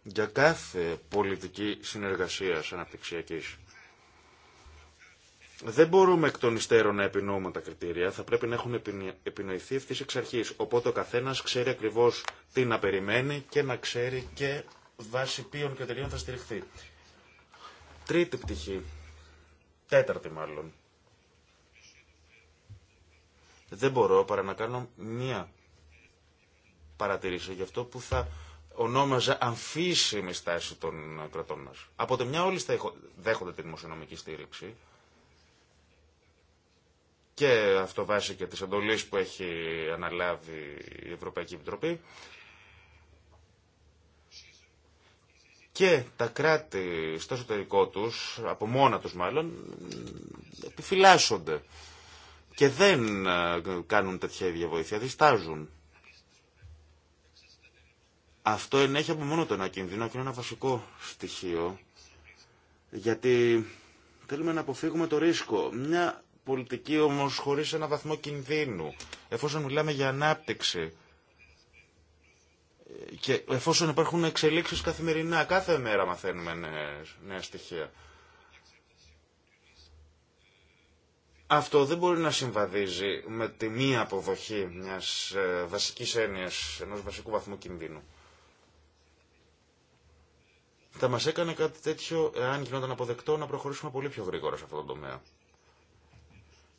για κάθε πολιτική συνεργασία αναπτυξιακής δεν μπορούμε εκ των υστέρων να επινοούμε τα κριτήρια, θα πρέπει να έχουν επινοηθεί ευθύ εξ αρχή. Οπότε ο καθένα ξέρει ακριβώ τι να περιμένει και να ξέρει και βάσει ποιων κριτηρίων θα στηριχθεί. Τρίτη πτυχή. Τέταρτη μάλλον. Δεν μπορώ παρά να κάνω μία παρατηρήση για αυτό που θα ονόμαζα αμφίσιμη στάση των κρατών μας. Από τη μια όλοι δέχονται τη δημοσιονομική στήριξη, και αυτό βάσει και τις εντολής που έχει αναλάβει η Ευρωπαϊκή Επιτροπή. Και τα κράτη στο εσωτερικό τους, από μόνα τους μάλλον, επιφυλάσσονται και δεν ε, κάνουν τέτοια ίδια βοήθεια, διστάζουν. Αυτό ενέχει από μόνο το ένα κίνδυνο και είναι ένα βασικό στοιχείο, γιατί θέλουμε να αποφύγουμε το ρίσκο. Μια πολιτική όμως χωρίς ένα βαθμό κινδύνου. Εφόσον μιλάμε για ανάπτυξη και εφόσον υπάρχουν εξελίξεις καθημερινά, κάθε μέρα μαθαίνουμε νέα στοιχεία. Αυτό δεν μπορεί να συμβαδίζει με τη μία αποδοχή μιας ε, βασικής έννοιας, ενός βασικού βαθμού κινδύνου. Θα μας έκανε κάτι τέτοιο, εάν γινόταν αποδεκτό, να προχωρήσουμε πολύ πιο γρήγορα σε αυτό το τομέα.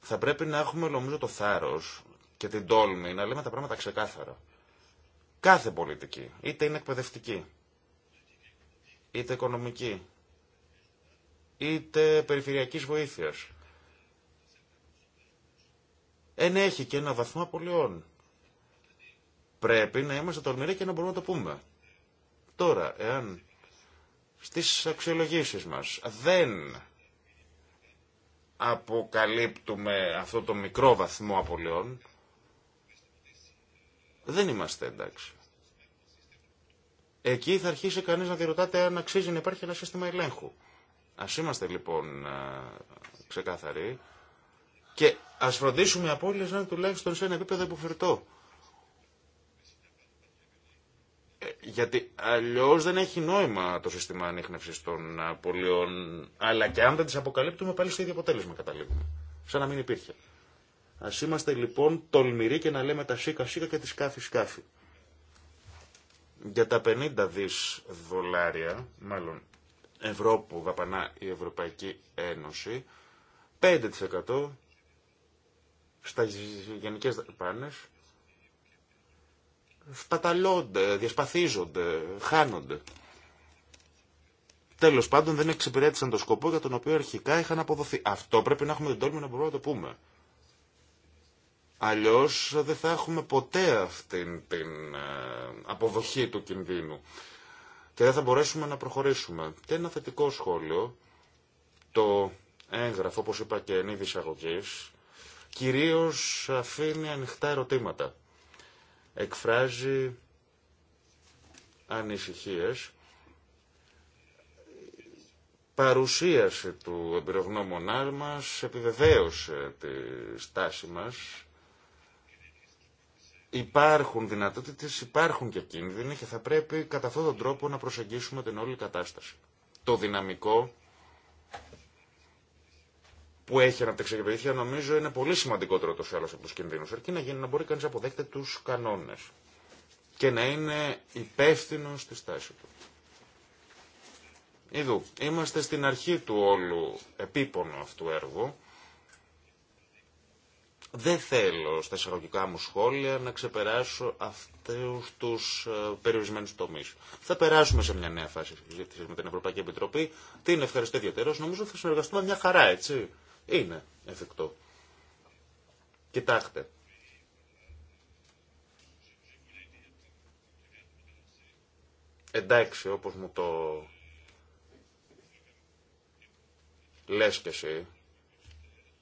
Θα πρέπει να έχουμε νομίζω το θάρρος και την τόλμη να λέμε τα πράγματα ξεκάθαρα. Κάθε πολιτική, είτε είναι εκπαιδευτική, είτε οικονομική, είτε περιφερειακής βοήθειας, ενέχει και ένα βαθμό απολειών. Πρέπει να είμαστε τολμηροί και να μπορούμε να το πούμε. Τώρα, εάν στις αξιολογήσεις μας δεν αποκαλύπτουμε αυτό το μικρό βαθμό απολειών, δεν είμαστε εντάξει. Εκεί θα αρχίσει κανείς να διερωτάται αν αξίζει να υπάρχει ένα σύστημα ελέγχου. Ας είμαστε λοιπόν ξεκάθαροι και ας φροντίσουμε οι απώλειες να είναι τουλάχιστον σε ένα επίπεδο υποφερτό. Γιατί αλλιώ δεν έχει νόημα το σύστημα ανείχνευση των ε, πολιών, αλλά και αν δεν τι αποκαλύπτουμε πάλι στο ίδιο αποτέλεσμα καταλήγουμε. Σαν να μην υπήρχε. Α είμαστε λοιπόν τολμηροί και να λέμε τα σίκα σίκα και τη σκάφη σκάφη. Για τα 50 δις δολάρια, μάλλον ευρώ που δαπανά η Ευρωπαϊκή Ένωση, 5% στα γενικές δαπάνες σπαταλώνται, διασπαθίζονται, χάνονται. Τέλο πάντων δεν εξυπηρέτησαν το σκοπό για τον οποίο αρχικά είχαν αποδοθεί. Αυτό πρέπει να έχουμε τον τόλμη να μπορούμε να το πούμε. Αλλιώ δεν θα έχουμε ποτέ αυτή την ε, αποδοχή του κινδύνου και δεν θα μπορέσουμε να προχωρήσουμε. Και ένα θετικό σχόλιο, το έγγραφο, όπω είπα και εν είδη εισαγωγή, κυρίω αφήνει ανοιχτά ερωτήματα εκφράζει ανησυχίες Παρουσίαση του εμπειρογνώμονά μας, επιβεβαίωσε τη στάση μας. Υπάρχουν δυνατότητες, υπάρχουν και κίνδυνοι και θα πρέπει κατά αυτόν τον τρόπο να προσεγγίσουμε την όλη κατάσταση. Το δυναμικό που έχει αναπτυξιακή βοήθεια νομίζω είναι πολύ σημαντικότερο το άλλο από του κινδύνου. Αρκεί να, γίνει, να μπορεί κανεί να αποδέχεται του κανόνε και να είναι υπεύθυνο στη στάση του. Εδώ είμαστε στην αρχή του όλου επίπονου αυτού έργου. Δεν θέλω στα εισαγωγικά μου σχόλια να ξεπεράσω αυτούς του ε, περιορισμένου τομεί. Θα περάσουμε σε μια νέα φάση συζήτηση με την Ευρωπαϊκή Επιτροπή. Την ευχαριστώ ιδιαίτερω. Νομίζω θα συνεργαστούμε μια χαρά, έτσι είναι εφικτό. Κοιτάξτε. Εντάξει, όπως μου το λες και εσύ,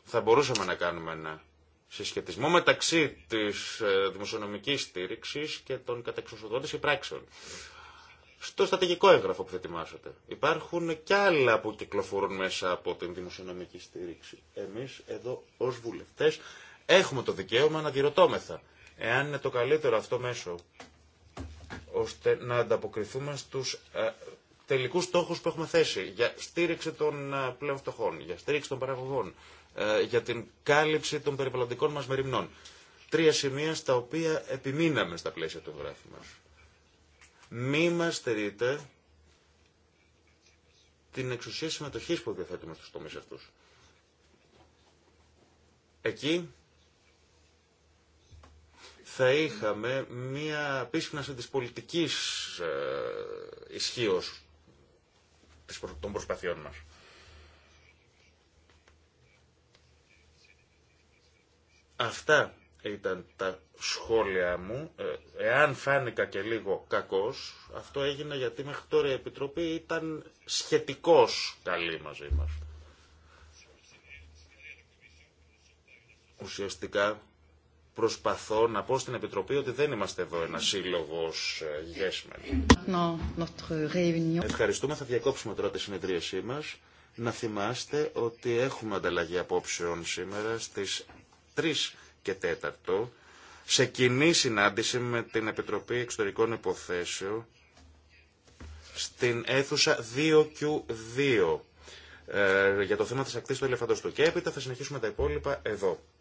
θα μπορούσαμε να κάνουμε ένα συσχετισμό μεταξύ της ε, δημοσιονομικής στήριξης και των κατεξουσιοδότηση πράξεων στο στατηγικό έγγραφο που θα ετοιμάσετε. Υπάρχουν κι άλλα που κυκλοφορούν μέσα από την δημοσιονομική στήριξη. Εμεί εδώ ω βουλευτέ, έχουμε το δικαίωμα να διερωτώμεθα εάν είναι το καλύτερο αυτό μέσο ώστε να ανταποκριθούμε στους τελικού τελικούς στόχους που έχουμε θέσει για στήριξη των ε, πλέον φτωχών, για στήριξη των παραγωγών, ε, για την κάλυψη των περιβαλλοντικών μας μεριμνών. Τρία σημεία στα οποία επιμείναμε στα πλαίσια του γράφου μας. Μη μας στερείτε την εξουσία συμμετοχή που διαθέτουμε στου τομείς αυτούς. Εκεί θα είχαμε μία πίσχναση της πολιτικής ε, της των προσπαθειών μας. Αυτά ήταν τα σχόλια μου. Ε, εάν φάνηκα και λίγο κακός, αυτό έγινε γιατί μέχρι τώρα η Επιτροπή ήταν σχετικός καλή μαζί μας. Ουσιαστικά προσπαθώ να πω στην Επιτροπή ότι δεν είμαστε εδώ ένα σύλλογο ε, γέσμεν. Ευχαριστούμε, θα διακόψουμε τώρα τη συνεδρίασή μας. Να θυμάστε ότι έχουμε ανταλλαγή απόψεων σήμερα στις 3 και τέταρτο, σε κοινή συνάντηση με την Επιτροπή Εξωτερικών Υποθέσεων στην αίθουσα 2Q2 ε, για το θέμα της ακτής του ελεφαντοστού. Και έπειτα θα συνεχίσουμε τα υπόλοιπα εδώ.